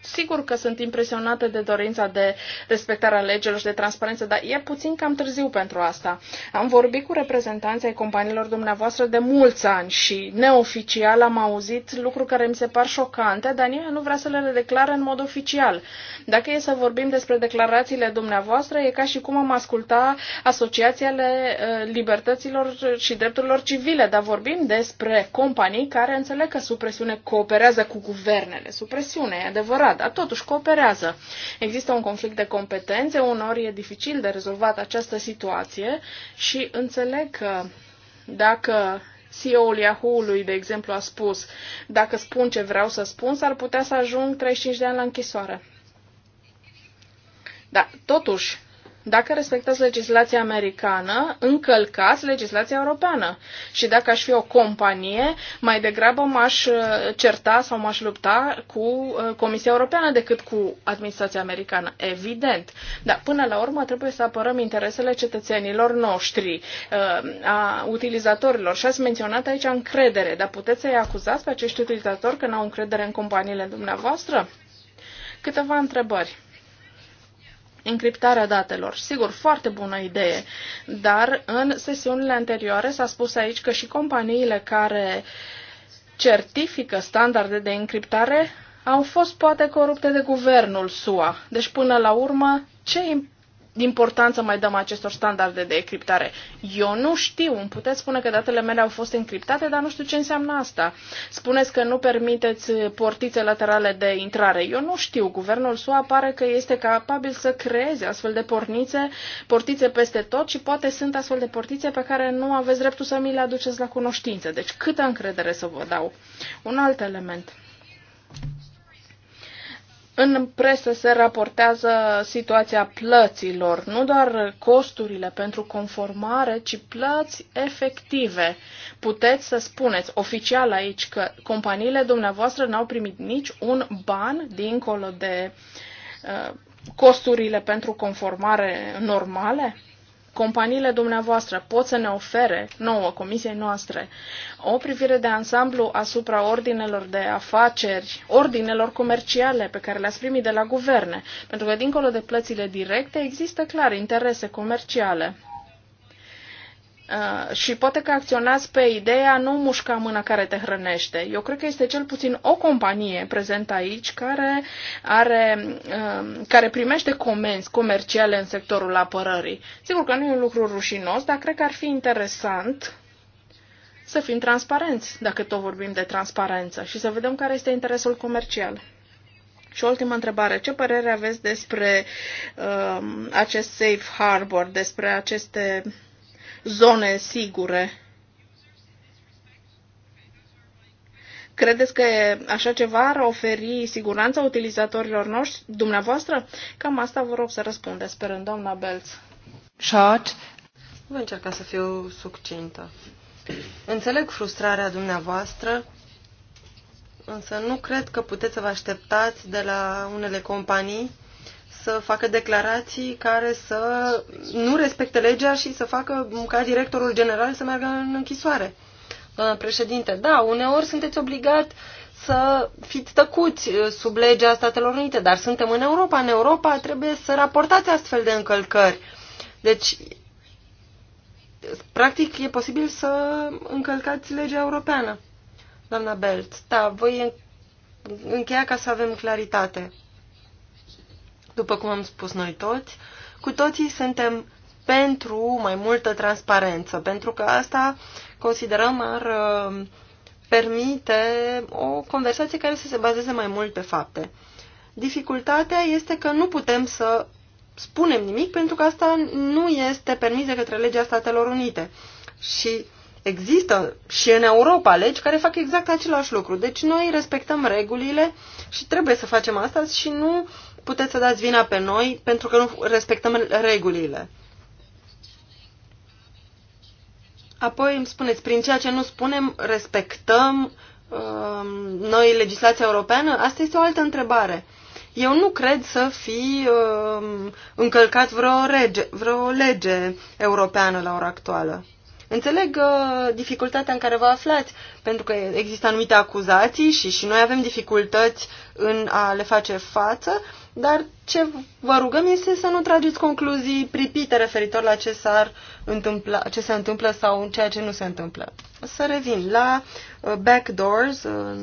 Sigur că sunt impresionată de dorința de respectare a legilor și de transparență, dar e puțin cam târziu pentru asta. Am vorbit cu reprezentanții companiilor dumneavoastră de mulți ani și neoficial am auzit lucruri care mi se par șocante, dar nimeni nu vrea să le declară în mod oficial. Dacă e să vorbim despre declarațiile dumneavoastră, e ca și cum am asculta asociațiile eh, libertăților și drepturilor civile, dar vorbim despre companii care înțeleg că supresiune cooperează cu guvernele. Supresiune, e adevărat da, dar totuși cooperează. Există un conflict de competențe, uneori e dificil de rezolvat această situație și înțeleg că dacă CEO-ul Yahoo-ului, de exemplu, a spus, dacă spun ce vreau să spun, s-ar putea să ajung 35 de ani la închisoare. Da, totuși, dacă respectați legislația americană, încălcați legislația europeană. Și dacă aș fi o companie, mai degrabă m-aș uh, certa sau m-aș lupta cu uh, Comisia Europeană decât cu administrația americană. Evident. Dar până la urmă trebuie să apărăm interesele cetățenilor noștri, uh, a utilizatorilor. Și ați menționat aici încredere, dar puteți să-i acuzați pe acești utilizatori că n-au încredere în companiile dumneavoastră? Câteva întrebări. Încriptarea datelor. Sigur, foarte bună idee, dar în sesiunile anterioare s-a spus aici că și companiile care certifică standarde de încriptare au fost poate corupte de guvernul SUA. Deci, până la urmă, ce importanță mai dăm acestor standarde de criptare. Eu nu știu, îmi puteți spune că datele mele au fost încriptate, dar nu știu ce înseamnă asta. Spuneți că nu permiteți portițe laterale de intrare. Eu nu știu, guvernul SUA pare că este capabil să creeze astfel de pornițe, portițe peste tot și poate sunt astfel de portițe pe care nu aveți dreptul să mi le aduceți la cunoștință. Deci câtă încredere să vă dau? Un alt element. În presă se raportează situația plăților, nu doar costurile pentru conformare, ci plăți efective. Puteți să spuneți oficial aici că companiile dumneavoastră n-au primit nici un ban dincolo de uh, costurile pentru conformare normale? companiile dumneavoastră pot să ne ofere nouă, comisiei noastre, o privire de ansamblu asupra ordinelor de afaceri, ordinelor comerciale pe care le-ați primit de la guverne, pentru că dincolo de plățile directe există clar interese comerciale. Uh, și poate că acționați pe ideea nu mușca mâna care te hrănește. Eu cred că este cel puțin o companie prezentă aici care, are, uh, care primește comenzi comerciale în sectorul apărării. Sigur că nu e un lucru rușinos, dar cred că ar fi interesant să fim transparenți, dacă tot vorbim de transparență, și să vedem care este interesul comercial. Și o ultimă întrebare. Ce părere aveți despre uh, acest safe harbor, despre aceste uh, zone sigure. Credeți că așa ceva ar oferi siguranța utilizatorilor noștri, dumneavoastră? Cam asta vă rog să răspundeți, sperând, doamna Belț. Short. Voi încerca să fiu succintă. Înțeleg frustrarea dumneavoastră, însă nu cred că puteți să vă așteptați de la unele companii să facă declarații care să nu respecte legea și să facă ca directorul general să meargă în închisoare. Președinte, da, uneori sunteți obligat să fiți tăcuți uh, sub legea Statelor Unite, dar suntem în Europa. În Europa trebuie să raportați astfel de încălcări. Deci, practic, e posibil să încălcați legea europeană, doamna Belt. Da, voi încheia ca să avem claritate. După cum am spus noi toți, cu toții suntem pentru mai multă transparență, pentru că asta considerăm ar uh, permite o conversație care să se bazeze mai mult pe fapte. Dificultatea este că nu putem să spunem nimic pentru că asta nu este permis de către legea Statelor Unite. Și există și în Europa legi care fac exact același lucru. Deci noi respectăm regulile și trebuie să facem asta și nu puteți să dați vina pe noi pentru că nu respectăm regulile. Apoi îmi spuneți, prin ceea ce nu spunem, respectăm uh, noi legislația europeană? Asta este o altă întrebare. Eu nu cred să fi uh, încălcat vreo, rege, vreo lege europeană la ora actuală. Înțeleg uh, dificultatea în care vă aflați, pentru că există anumite acuzații și, și noi avem dificultăți în a le face față, dar ce vă rugăm este să nu trageți concluzii pripite referitor la ce, s-ar întâmpla, ce se întâmplă sau ceea ce nu se întâmplă. Să revin la uh, backdoors, uh,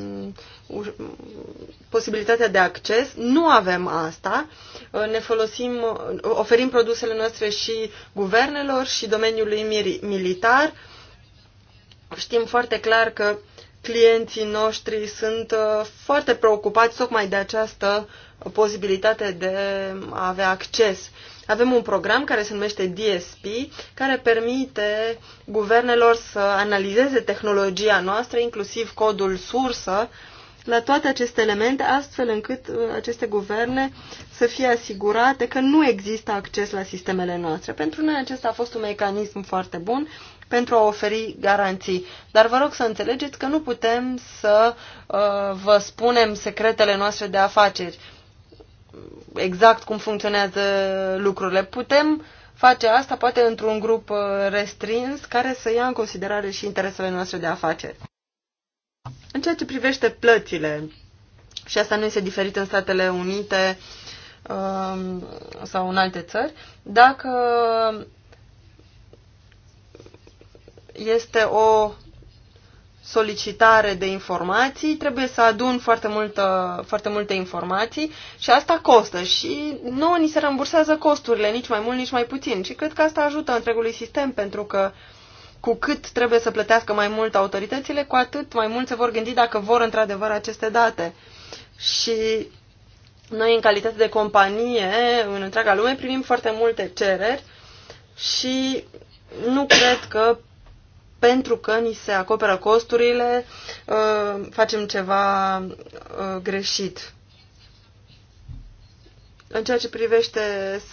posibilitatea de acces. Nu avem asta. Uh, ne folosim, uh, oferim produsele noastre și guvernelor și domeniului militar. Știm foarte clar că clienții noștri sunt uh, foarte preocupați tocmai de această posibilitate de a avea acces. Avem un program care se numește DSP, care permite guvernelor să analizeze tehnologia noastră, inclusiv codul sursă, uh, la toate aceste elemente, astfel încât uh, aceste guverne să fie asigurate că nu există acces la sistemele noastre. Pentru noi acesta a fost un mecanism foarte bun pentru a oferi garanții. Dar vă rog să înțelegeți că nu putem să uh, vă spunem secretele noastre de afaceri, exact cum funcționează lucrurile. Putem face asta poate într-un grup uh, restrins care să ia în considerare și interesele noastre de afaceri. În ceea ce privește plățile, și asta nu este diferit în Statele Unite um, sau în alte țări, dacă este o solicitare de informații, trebuie să adun foarte, multă, foarte multe informații și asta costă și nu ni se rambursează costurile, nici mai mult, nici mai puțin. Și cred că asta ajută întregului sistem, pentru că uh, cu cât trebuie să plătească mai mult autoritățile, cu atât mai mult se vor gândi dacă vor într-adevăr aceste date. Și noi, în calitate de companie, în întreaga lume, primim foarte multe cereri și nu cred că pentru că ni se acoperă costurile, uh, facem ceva uh, greșit. În ceea ce privește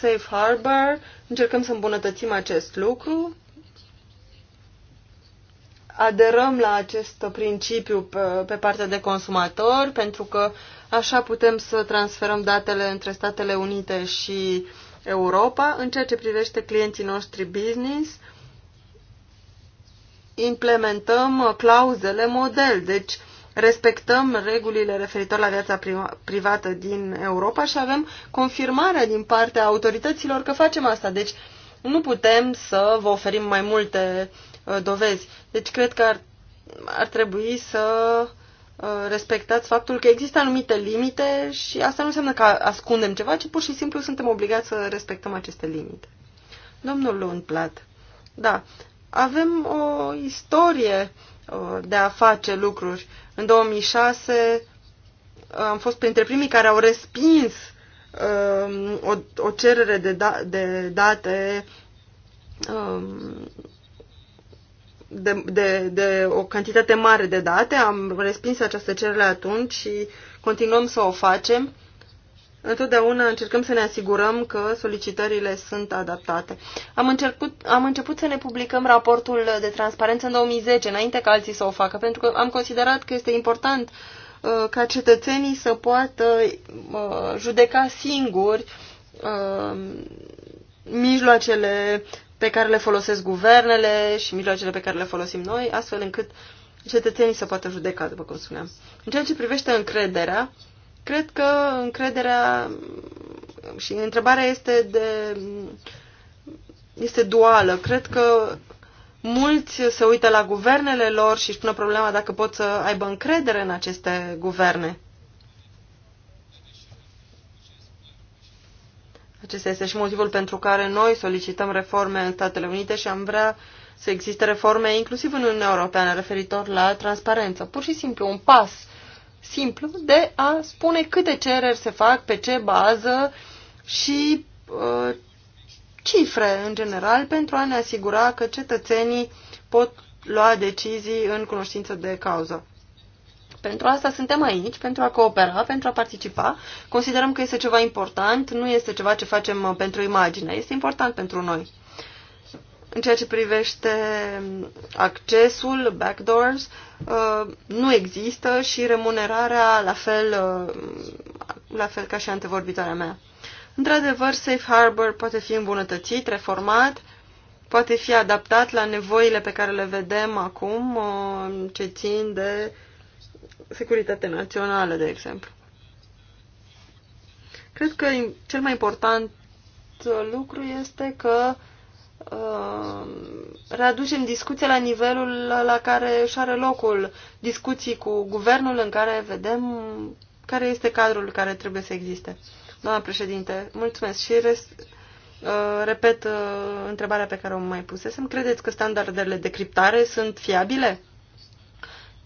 Safe Harbor, încercăm să îmbunătățim acest lucru aderăm la acest principiu pe partea de consumator, pentru că așa putem să transferăm datele între Statele Unite și Europa. În ceea ce privește clienții noștri business, implementăm clauzele model, deci respectăm regulile referitor la viața privată din Europa și avem confirmarea din partea autorităților că facem asta. Deci nu putem să vă oferim mai multe uh, Uh, dovezi. Deci cred că ar, ar trebui să uh, respectați faptul că există anumite limite și asta nu înseamnă că ascundem ceva, ci pur și simplu suntem obligați să respectăm aceste limite. Domnul Lundplat, da, avem o istorie uh, de a face lucruri. În 2006 am fost printre primii care au respins o, o cerere de, da, de date um, de, de, de o cantitate mare de date. Am respins această cerere atunci și continuăm să o facem. Întotdeauna încercăm să ne asigurăm că solicitările sunt adaptate. Am început, am început să ne publicăm raportul de transparență în 2010, înainte ca alții să o facă, pentru că am considerat că este important uh, ca cetățenii să poată uh, judeca singuri uh, mijloacele pe care le folosesc guvernele și mijloacele pe care le folosim noi, astfel încât cetățenii să poată judeca, după cum spuneam. În ceea ce privește încrederea, cred că încrederea și întrebarea este de este duală. Cred că mulți se uită la guvernele lor și își pună problema dacă pot să aibă încredere în aceste guverne. Acesta este și motivul pentru care noi solicităm reforme în Statele Unite și am vrea să existe reforme inclusiv în Uniunea Europeană referitor la transparență. Pur și simplu un pas simplu de a spune câte cereri se fac, pe ce bază și uh, cifre în general pentru a ne asigura că cetățenii pot lua decizii în cunoștință de cauză. Pentru asta suntem aici, pentru a coopera, pentru a participa. Considerăm că este ceva important, nu este ceva ce facem uh, pentru imagine, este important pentru noi. În ceea ce privește um, accesul, backdoors, uh, nu există și remunerarea la fel, uh, la fel ca și antevorbitoarea mea. Într-adevăr, Safe Harbor poate fi îmbunătățit, reformat, poate fi adaptat la nevoile pe care le vedem acum, ce țin de securitate națională, de exemplu. Cred că cel mai important uh, lucru este că uh, readucem discuția la nivelul la care își are locul discuții cu guvernul în care vedem care este cadrul care trebuie să existe. Doamna președinte, mulțumesc și rest, uh, repet uh, întrebarea pe care o mai pusesem. Credeți că standardele de criptare sunt fiabile?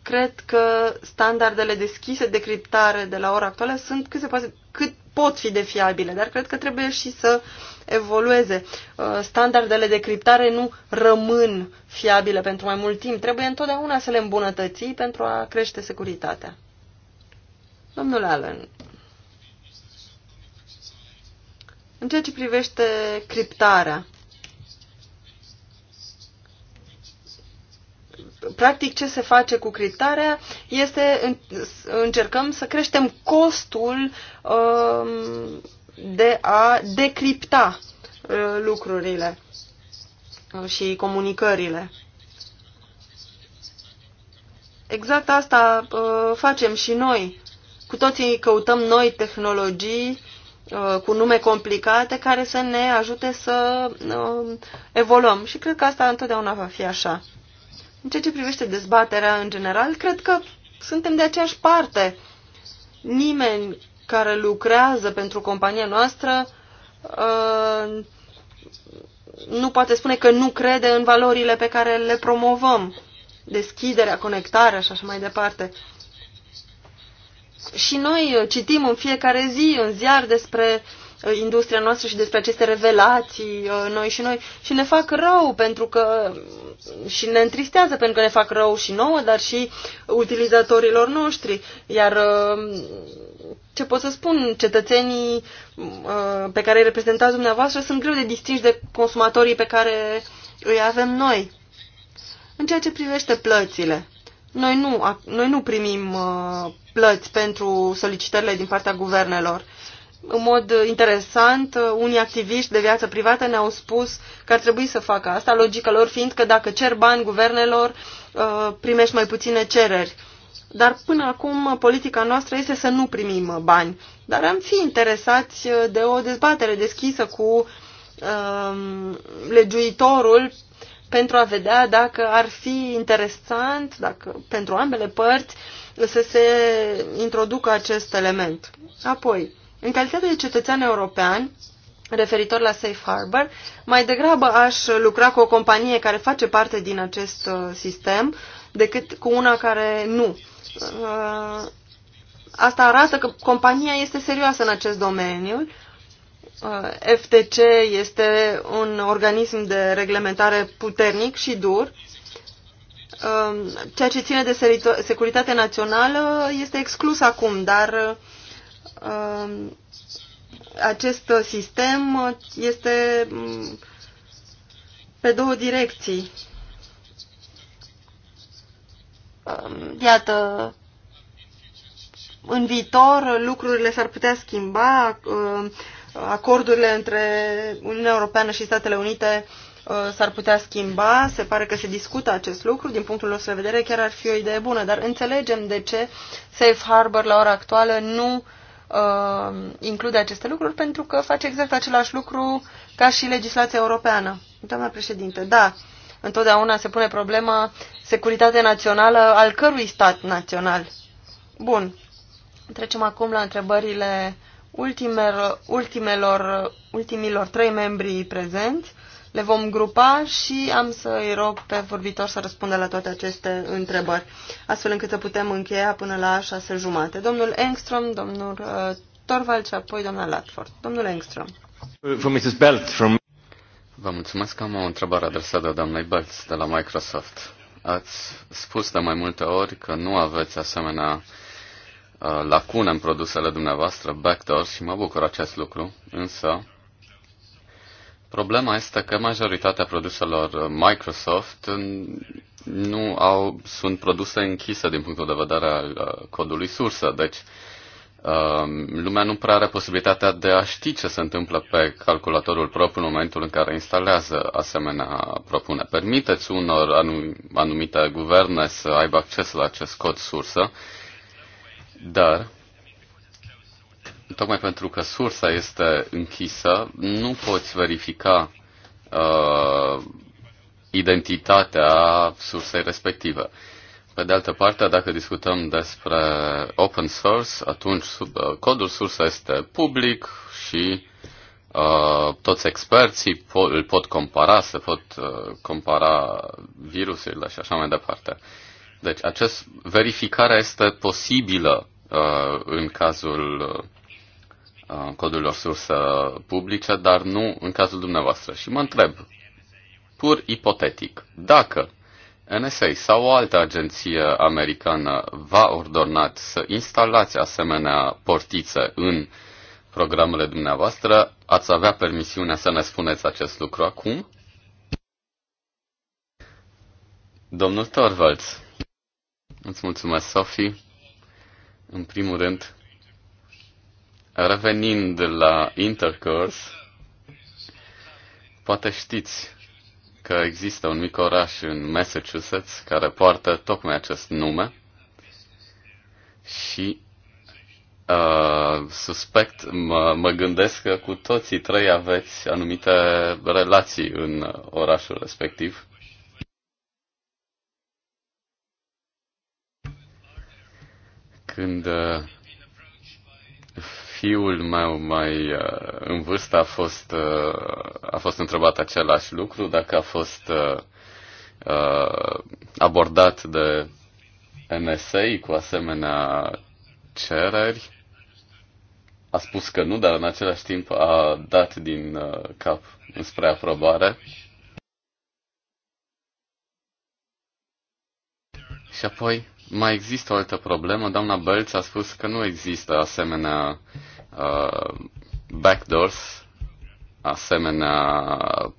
cred că standardele deschise de criptare de la ora actuală sunt cât, se poate, cât pot fi de fiabile, dar cred că trebuie și să evolueze. Uh, standardele de criptare nu rămân fiabile pentru mai mult timp. Trebuie întotdeauna să le îmbunătăți pentru a crește securitatea. Domnule Allen, în ceea ce privește criptarea, practic ce se face cu criptarea este încercăm să creștem costul um, de a decripta uh, lucrurile uh, și comunicările. Exact asta uh, facem și noi. Cu toții căutăm noi tehnologii cu nume complicate care să ne ajute să evoluăm. Și cred că asta întotdeauna va fi așa. În ceea ce privește dezbaterea în general, cred că suntem de aceeași parte. Nimeni care lucrează pentru compania noastră uh, nu poate spune că nu crede în valorile pe care le promovăm. Deschiderea, conectarea și așa mai departe. Și noi citim în fiecare zi în ziar despre uh, Uh, industria noastră și despre aceste revelații uh, noi și noi și ne fac rău pentru că mm, și ne întristează pentru că ne fac rău și nouă, dar și utilizatorilor noștri. Iar uh, ce pot să spun, cetățenii mm, pe care îi reprezentați dumneavoastră sunt greu de distinși de consumatorii pe care îi avem noi. În ceea ce privește plățile, noi nu, noi nu primim plăți pentru solicitările din partea guvernelor în mod interesant, unii activiști de viață privată ne-au spus că ar trebui să facă asta, logica lor fiind că dacă cer bani guvernelor, uh, primești mai puține cereri. Dar până acum politica noastră este să nu primim bani. Dar am fi interesați de o dezbatere deschisă cu um, legiuitorul pentru a vedea dacă ar fi interesant dacă, pentru ambele părți să se introducă acest element. Apoi, în calitate de cetățean european, referitor la Safe Harbor, mai degrabă aș lucra cu o companie care face parte din acest uh, sistem decât cu una care nu. Uh, asta arată că compania este serioasă în acest domeniu. Uh, FTC este un organism de reglementare puternic și dur. Ceea ce ține de securitate națională este exclus acum, dar Um, acest sistem este um, pe două direcții. Um, iată, în viitor lucrurile s-ar putea schimba, acordurile între Uniunea Europeană și Statele Unite uh, s-ar putea schimba, se pare că se discută acest lucru, din punctul nostru de vedere chiar ar fi o idee bună, dar înțelegem de ce Safe Harbor la ora actuală nu uh, include aceste lucruri pentru că face exact același lucru ca și legislația europeană. Doamna președinte, da, întotdeauna se pune problema securitate națională al cărui stat național. Bun. Trecem acum la întrebările ultimelor, ultimelor, ultimilor trei membri prezenți le vom grupa și am să îi rog pe vorbitor să răspundă la toate aceste întrebări, astfel încât să putem încheia până la șase jumate. Domnul Engstrom, domnul uh, Torval și apoi doamna Latford. Domnul Engstrom. Mrs. Belt, from... Vă mulțumesc că am o întrebare adresată doamnei Belt de la Microsoft. Ați spus de mai multe ori că nu aveți asemenea uh, lacune în produsele dumneavoastră, backdoor, și mă bucur acest lucru, însă Problema este că majoritatea produselor Microsoft nu au, sunt produse închise din punctul de vedere al uh, codului sursă, deci uh, lumea nu prea are posibilitatea de a ști ce se întâmplă pe calculatorul propriu în momentul în care instalează asemenea propune. Permiteți unor anumite guverne să aibă acces la acest cod sursă, dar tocmai pentru că sursa este închisă, nu poți verifica uh, identitatea sursei respective. Pe de altă parte, dacă discutăm despre open source, atunci sub, uh, codul sursă este public și uh, toți experții po- îl pot compara, se pot uh, compara virusurile și așa mai departe. Deci, acest, verificarea este posibilă uh, în cazul uh, Uh, codul lor sursă publice, dar nu în cazul dumneavoastră. Și mă întreb, pur ipotetic, dacă NSA sau o altă agenție americană va ordonat să instalați asemenea portițe în programele dumneavoastră, ați avea permisiunea să ne spuneți acest lucru acum? Domnul Torvalds, îți mulțumesc, Sophie. În primul rând, Revenind la Intercurs, poate știți că există un mic oraș în Massachusetts care poartă tocmai acest nume și uh, suspect, mă, mă gândesc că cu toții trei aveți anumite relații în orașul respectiv. Când uh, fiul meu mai uh, în vârstă a fost, uh, a fost întrebat același lucru, dacă a fost uh, abordat de NSA cu asemenea cereri. A spus că nu, dar în același timp a dat din cap spre aprobare. Și apoi mai există o altă problemă. Doamna Bălț a spus că nu există asemenea uh, backdoors, asemenea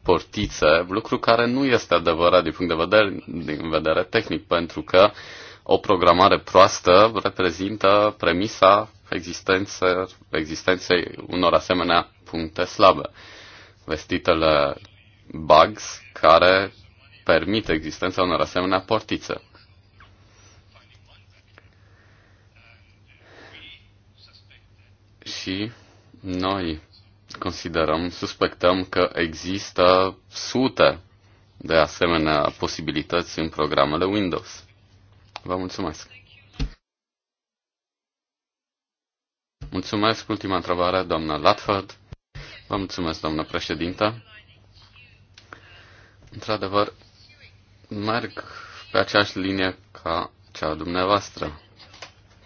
portițe, lucru care nu este adevărat din punct de vedere, din vedere tehnic, pentru că o programare proastă reprezintă premisa existenței, existenței unor asemenea puncte slabe. Vestitele bugs care permit existența unor asemenea portițe. și noi considerăm, suspectăm că există sute de asemenea posibilități în programele Windows. Vă mulțumesc! Mulțumesc. Ultima întrebare, doamna Latford. Vă mulțumesc, doamna președintă. Într-adevăr, merg pe aceeași linie ca cea dumneavoastră.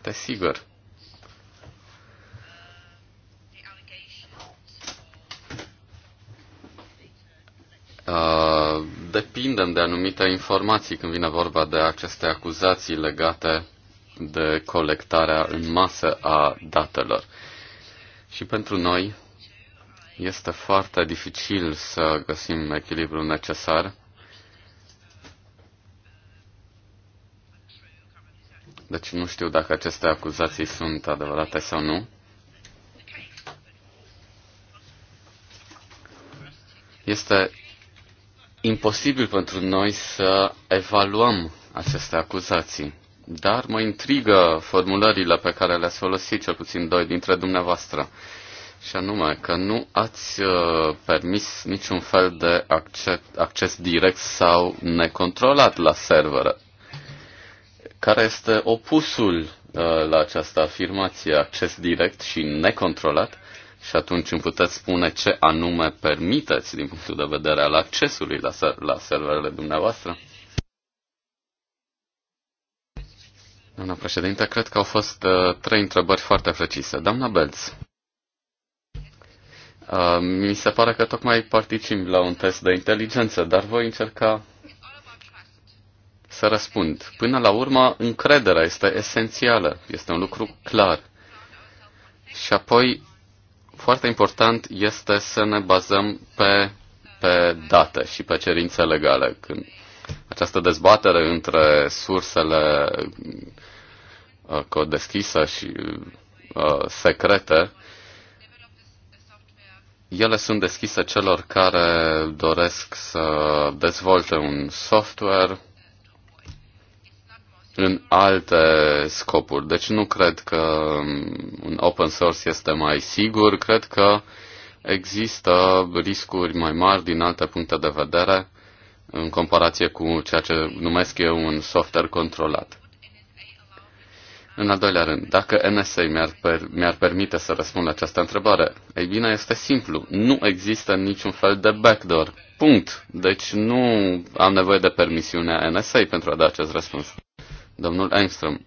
Desigur. Uh, depindem de anumite informații când vine vorba de aceste acuzații legate de colectarea în masă a datelor. Și pentru noi este foarte dificil să găsim echilibrul necesar Deci nu știu dacă aceste acuzații sunt adevărate sau nu. Este imposibil pentru noi să evaluăm aceste acuzații, dar mă intrigă formulările pe care le-ați folosit, cel puțin doi dintre dumneavoastră, și anume că nu ați uh, permis niciun fel de acces, acces direct sau necontrolat la server, care este opusul uh, la această afirmație, acces direct și necontrolat, și atunci îmi puteți spune ce anume permiteți din punctul de vedere al accesului la, la serverele dumneavoastră? Doamna președinte, cred că au fost uh, trei întrebări foarte precise. Doamna Belz, uh, mi se pare că tocmai particip la un test de inteligență, dar voi încerca să răspund. Până la urmă, încrederea este esențială, este un lucru clar. Și apoi foarte important este să ne bazăm pe, pe date și pe cerințe legale. Când această dezbatere între sursele uh, cod deschisă și uh, secrete, ele sunt deschise celor care doresc să dezvolte un software în alte scopuri. Deci nu cred că un open source este mai sigur, cred că există riscuri mai mari din alte puncte de vedere în comparație cu ceea ce numesc eu un software controlat. În al doilea rând, dacă NSA mi-ar, per, mi-ar permite să răspund la această întrebare, ei bine, este simplu. Nu există niciun fel de backdoor. Punct. Deci nu am nevoie de permisiunea NSA pentru a da acest răspuns domnul Engström,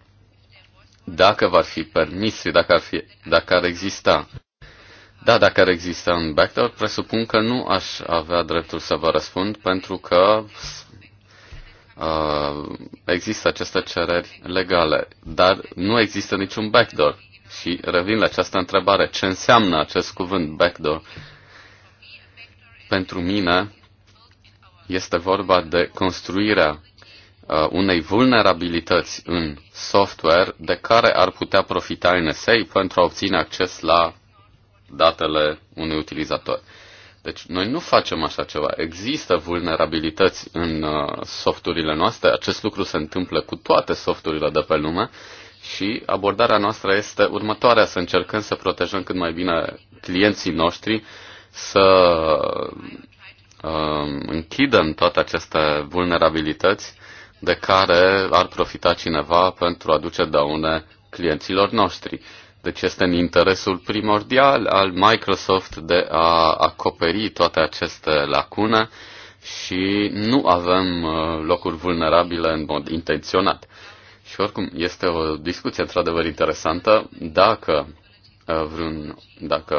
dacă v-ar fi permis și dacă ar, fi, dacă ar exista, da, dacă ar exista un backdoor, presupun că nu aș avea dreptul să vă răspund pentru că uh, există aceste cereri legale, dar nu există niciun backdoor. Și revin la această întrebare, ce înseamnă acest cuvânt backdoor? Pentru mine este vorba de construirea Uh, unei vulnerabilități în software de care ar putea profita NSA pentru a obține acces la datele unui utilizator. Deci noi nu facem așa ceva. Există vulnerabilități în uh, softurile noastre. Acest lucru se întâmplă cu toate softurile de pe lume și abordarea noastră este următoarea, să încercăm să protejăm cât mai bine clienții noștri, să uh, închidem toate aceste vulnerabilități de care ar profita cineva pentru a duce daune clienților noștri. Deci este în interesul primordial al Microsoft de a acoperi toate aceste lacune și nu avem uh, locuri vulnerabile în mod intenționat. Și oricum este o discuție într-adevăr interesantă dacă uh, vreun, dacă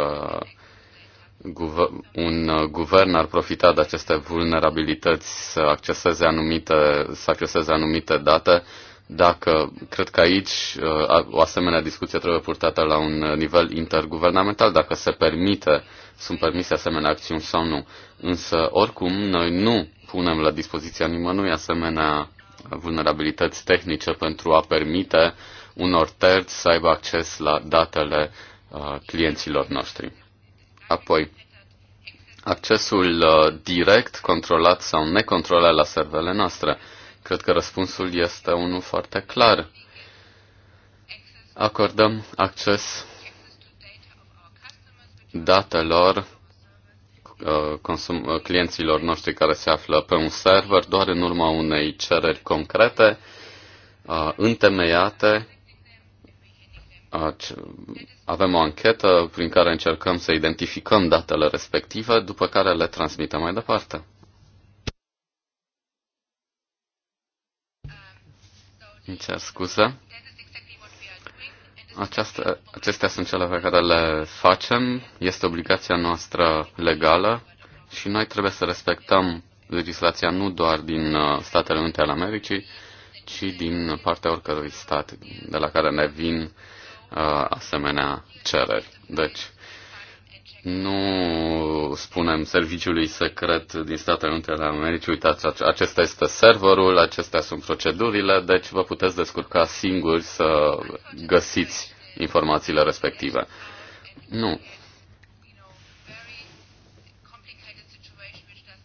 un uh, guvern ar profita de aceste vulnerabilități să acceseze anumite, să acceseze anumite date, dacă cred că aici uh, o asemenea discuție trebuie purtată la un uh, nivel interguvernamental, dacă se permite, sunt permise asemenea acțiuni sau nu. Însă, oricum, noi nu punem la dispoziția nimănui asemenea vulnerabilități tehnice pentru a permite unor terți să aibă acces la datele clienților noștri. Apoi, accesul uh, direct, controlat sau necontrolat la serverele noastre. Cred că răspunsul este unul foarte clar. Acordăm acces datelor uh, consum- uh, clienților noștri care se află pe un server doar în urma unei cereri concrete, întemeiate avem o anchetă prin care încercăm să identificăm datele respective, după care le transmitem mai departe. Îmi cer scuze. Aceasta, acestea sunt cele pe care le facem, este obligația noastră legală și noi trebuie să respectăm legislația nu doar din uh, Statele Unite ale Americii, ci din partea oricărui stat de la care ne vin uh, Uh, asemenea cereri. Deci, nu spunem serviciului secret din Statele Unite ale Americii, uitați, acesta este serverul, acestea sunt procedurile, deci vă puteți descurca singuri să găsiți informațiile respective. Nu.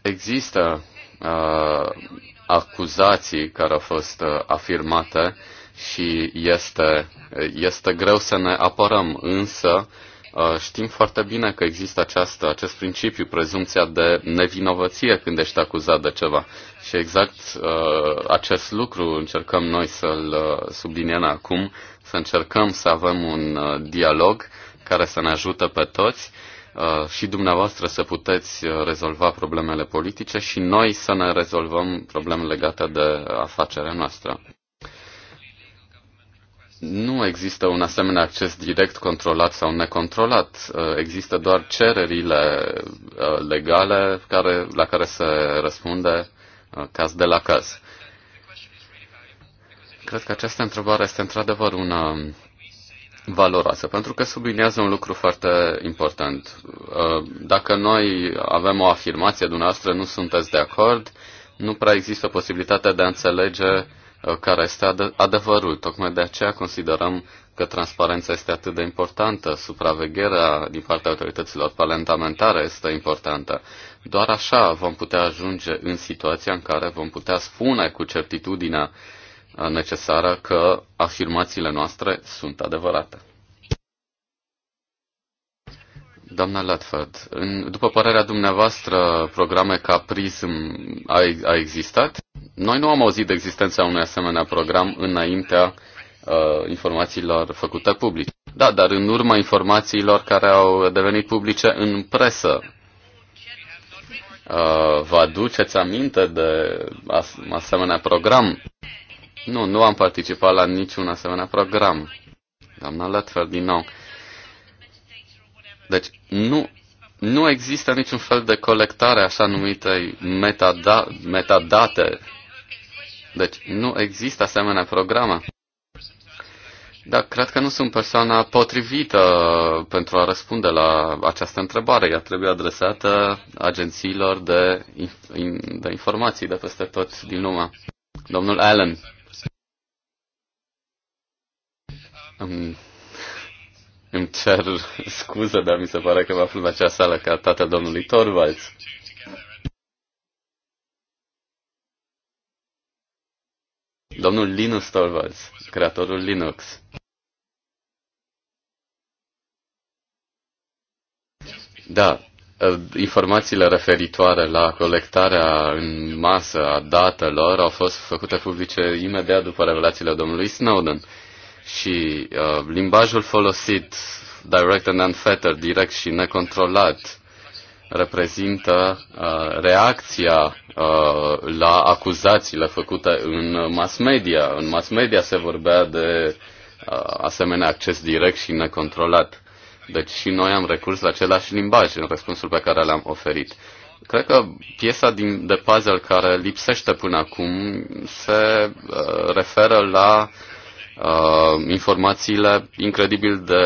Există uh, acuzații care au fost uh, afirmate uh, și este, este greu să ne apărăm, însă ă, știm foarte bine că există această, acest principiu, prezumția de nevinovăție când ești acuzat de ceva. Și exact ă, acest lucru încercăm noi să-l ă, subliniem acum, să încercăm să avem un dialog care să ne ajută pe toți și dumneavoastră să puteți rezolva problemele politice și noi să ne rezolvăm probleme legate de afacerea noastră nu există un asemenea acces direct controlat sau necontrolat. Uh, există doar cererile uh, legale care, la care se răspunde uh, caz de la caz. Cred că această întrebare este într-adevăr una valoroasă, pentru că subliniază un lucru foarte important. Dacă noi avem o afirmație dumneavoastră, nu sunteți de acord, nu prea există posibilitatea de a înțelege Uh, care este ad- adevărul. Tocmai de aceea considerăm că transparența este atât de importantă, supravegherea din partea autorităților parlamentare este importantă. Doar așa vom putea ajunge în situația în care vom putea spune cu certitudinea uh, necesară că afirmațiile noastre sunt adevărate. Doamna Latford, în, după părerea dumneavoastră, programe ca PRISM a, a existat? Noi nu am auzit de existența unui asemenea program înaintea uh, informațiilor făcute publice. Da, dar în urma informațiilor care au devenit publice în presă, uh, vă aduceți aminte de as, asemenea program? Nu, nu am participat la niciun asemenea program. Doamna Latford, din nou. Uh, deci nu, nu există niciun fel de colectare așa numitei metada, metadate. Deci nu există asemenea programă. Da, cred că nu sunt persoana potrivită pentru a răspunde la această întrebare. Ea trebuie adresată agențiilor de, de informații de peste tot din lume. Domnul Allen. Îmi cer scuze, dar mi se pare că mă aflu în acea sală ca tatăl domnului Torvalds. Domnul Linus Torvalds, creatorul Linux. Da, eh, informațiile referitoare la colectarea în masă a datelor au fost făcute publice imediat după revelațiile domnului Snowden și uh, limbajul folosit, direct and unfettered, direct și necontrolat, reprezintă uh, reacția uh, la acuzațiile făcute în mass media. În mass media se vorbea de uh, asemenea acces direct și necontrolat. Deci și noi am recurs la același limbaj în răspunsul pe care l-am oferit. Cred că piesa din, de puzzle care lipsește până acum se uh, referă la uh, uh, informațiile incredibil de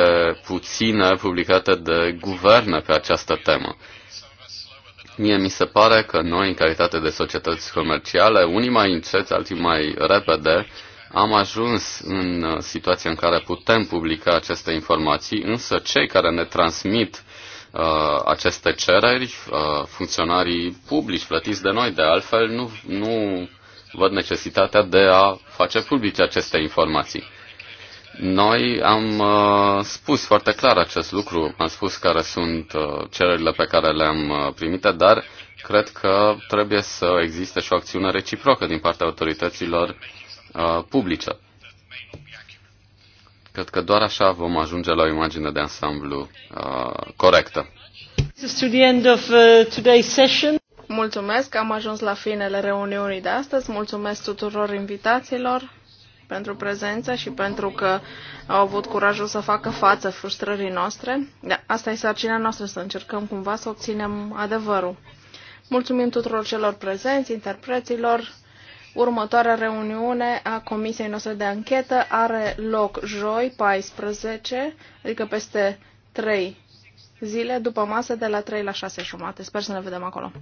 puține publicate de guverne pe această temă. Mie mi se pare că noi, în calitate de societăți comerciale, unii mai încet, alții mai repede, am ajuns în uh, situația în care putem publica aceste informații, însă cei care ne transmit uh, aceste cereri, uh, funcționarii publici plătiți de noi, de altfel, nu, nu văd necesitatea de a face publice aceste informații. Noi am uh, spus foarte clar acest lucru, am spus care sunt uh, cererile pe care le-am uh, primite, dar cred că trebuie să existe și o acțiune reciprocă din partea autorităților uh, publice. Cred că doar așa vom ajunge la o imagine de ansamblu uh, corectă. Uh, Mulțumesc, am ajuns la finele reuniunii de astăzi. Mulțumesc tuturor invitațiilor pentru prezență și pentru că au avut curajul să facă față frustrării noastre. Da, asta e sarcina noastră, să încercăm cumva să obținem adevărul. Mulțumim tuturor celor prezenți, interpreților. Următoarea reuniune a Comisiei noastre de anchetă are loc joi 14, adică peste 3 zile după masă de la 3 la 6 jumate. Sper să ne vedem acolo.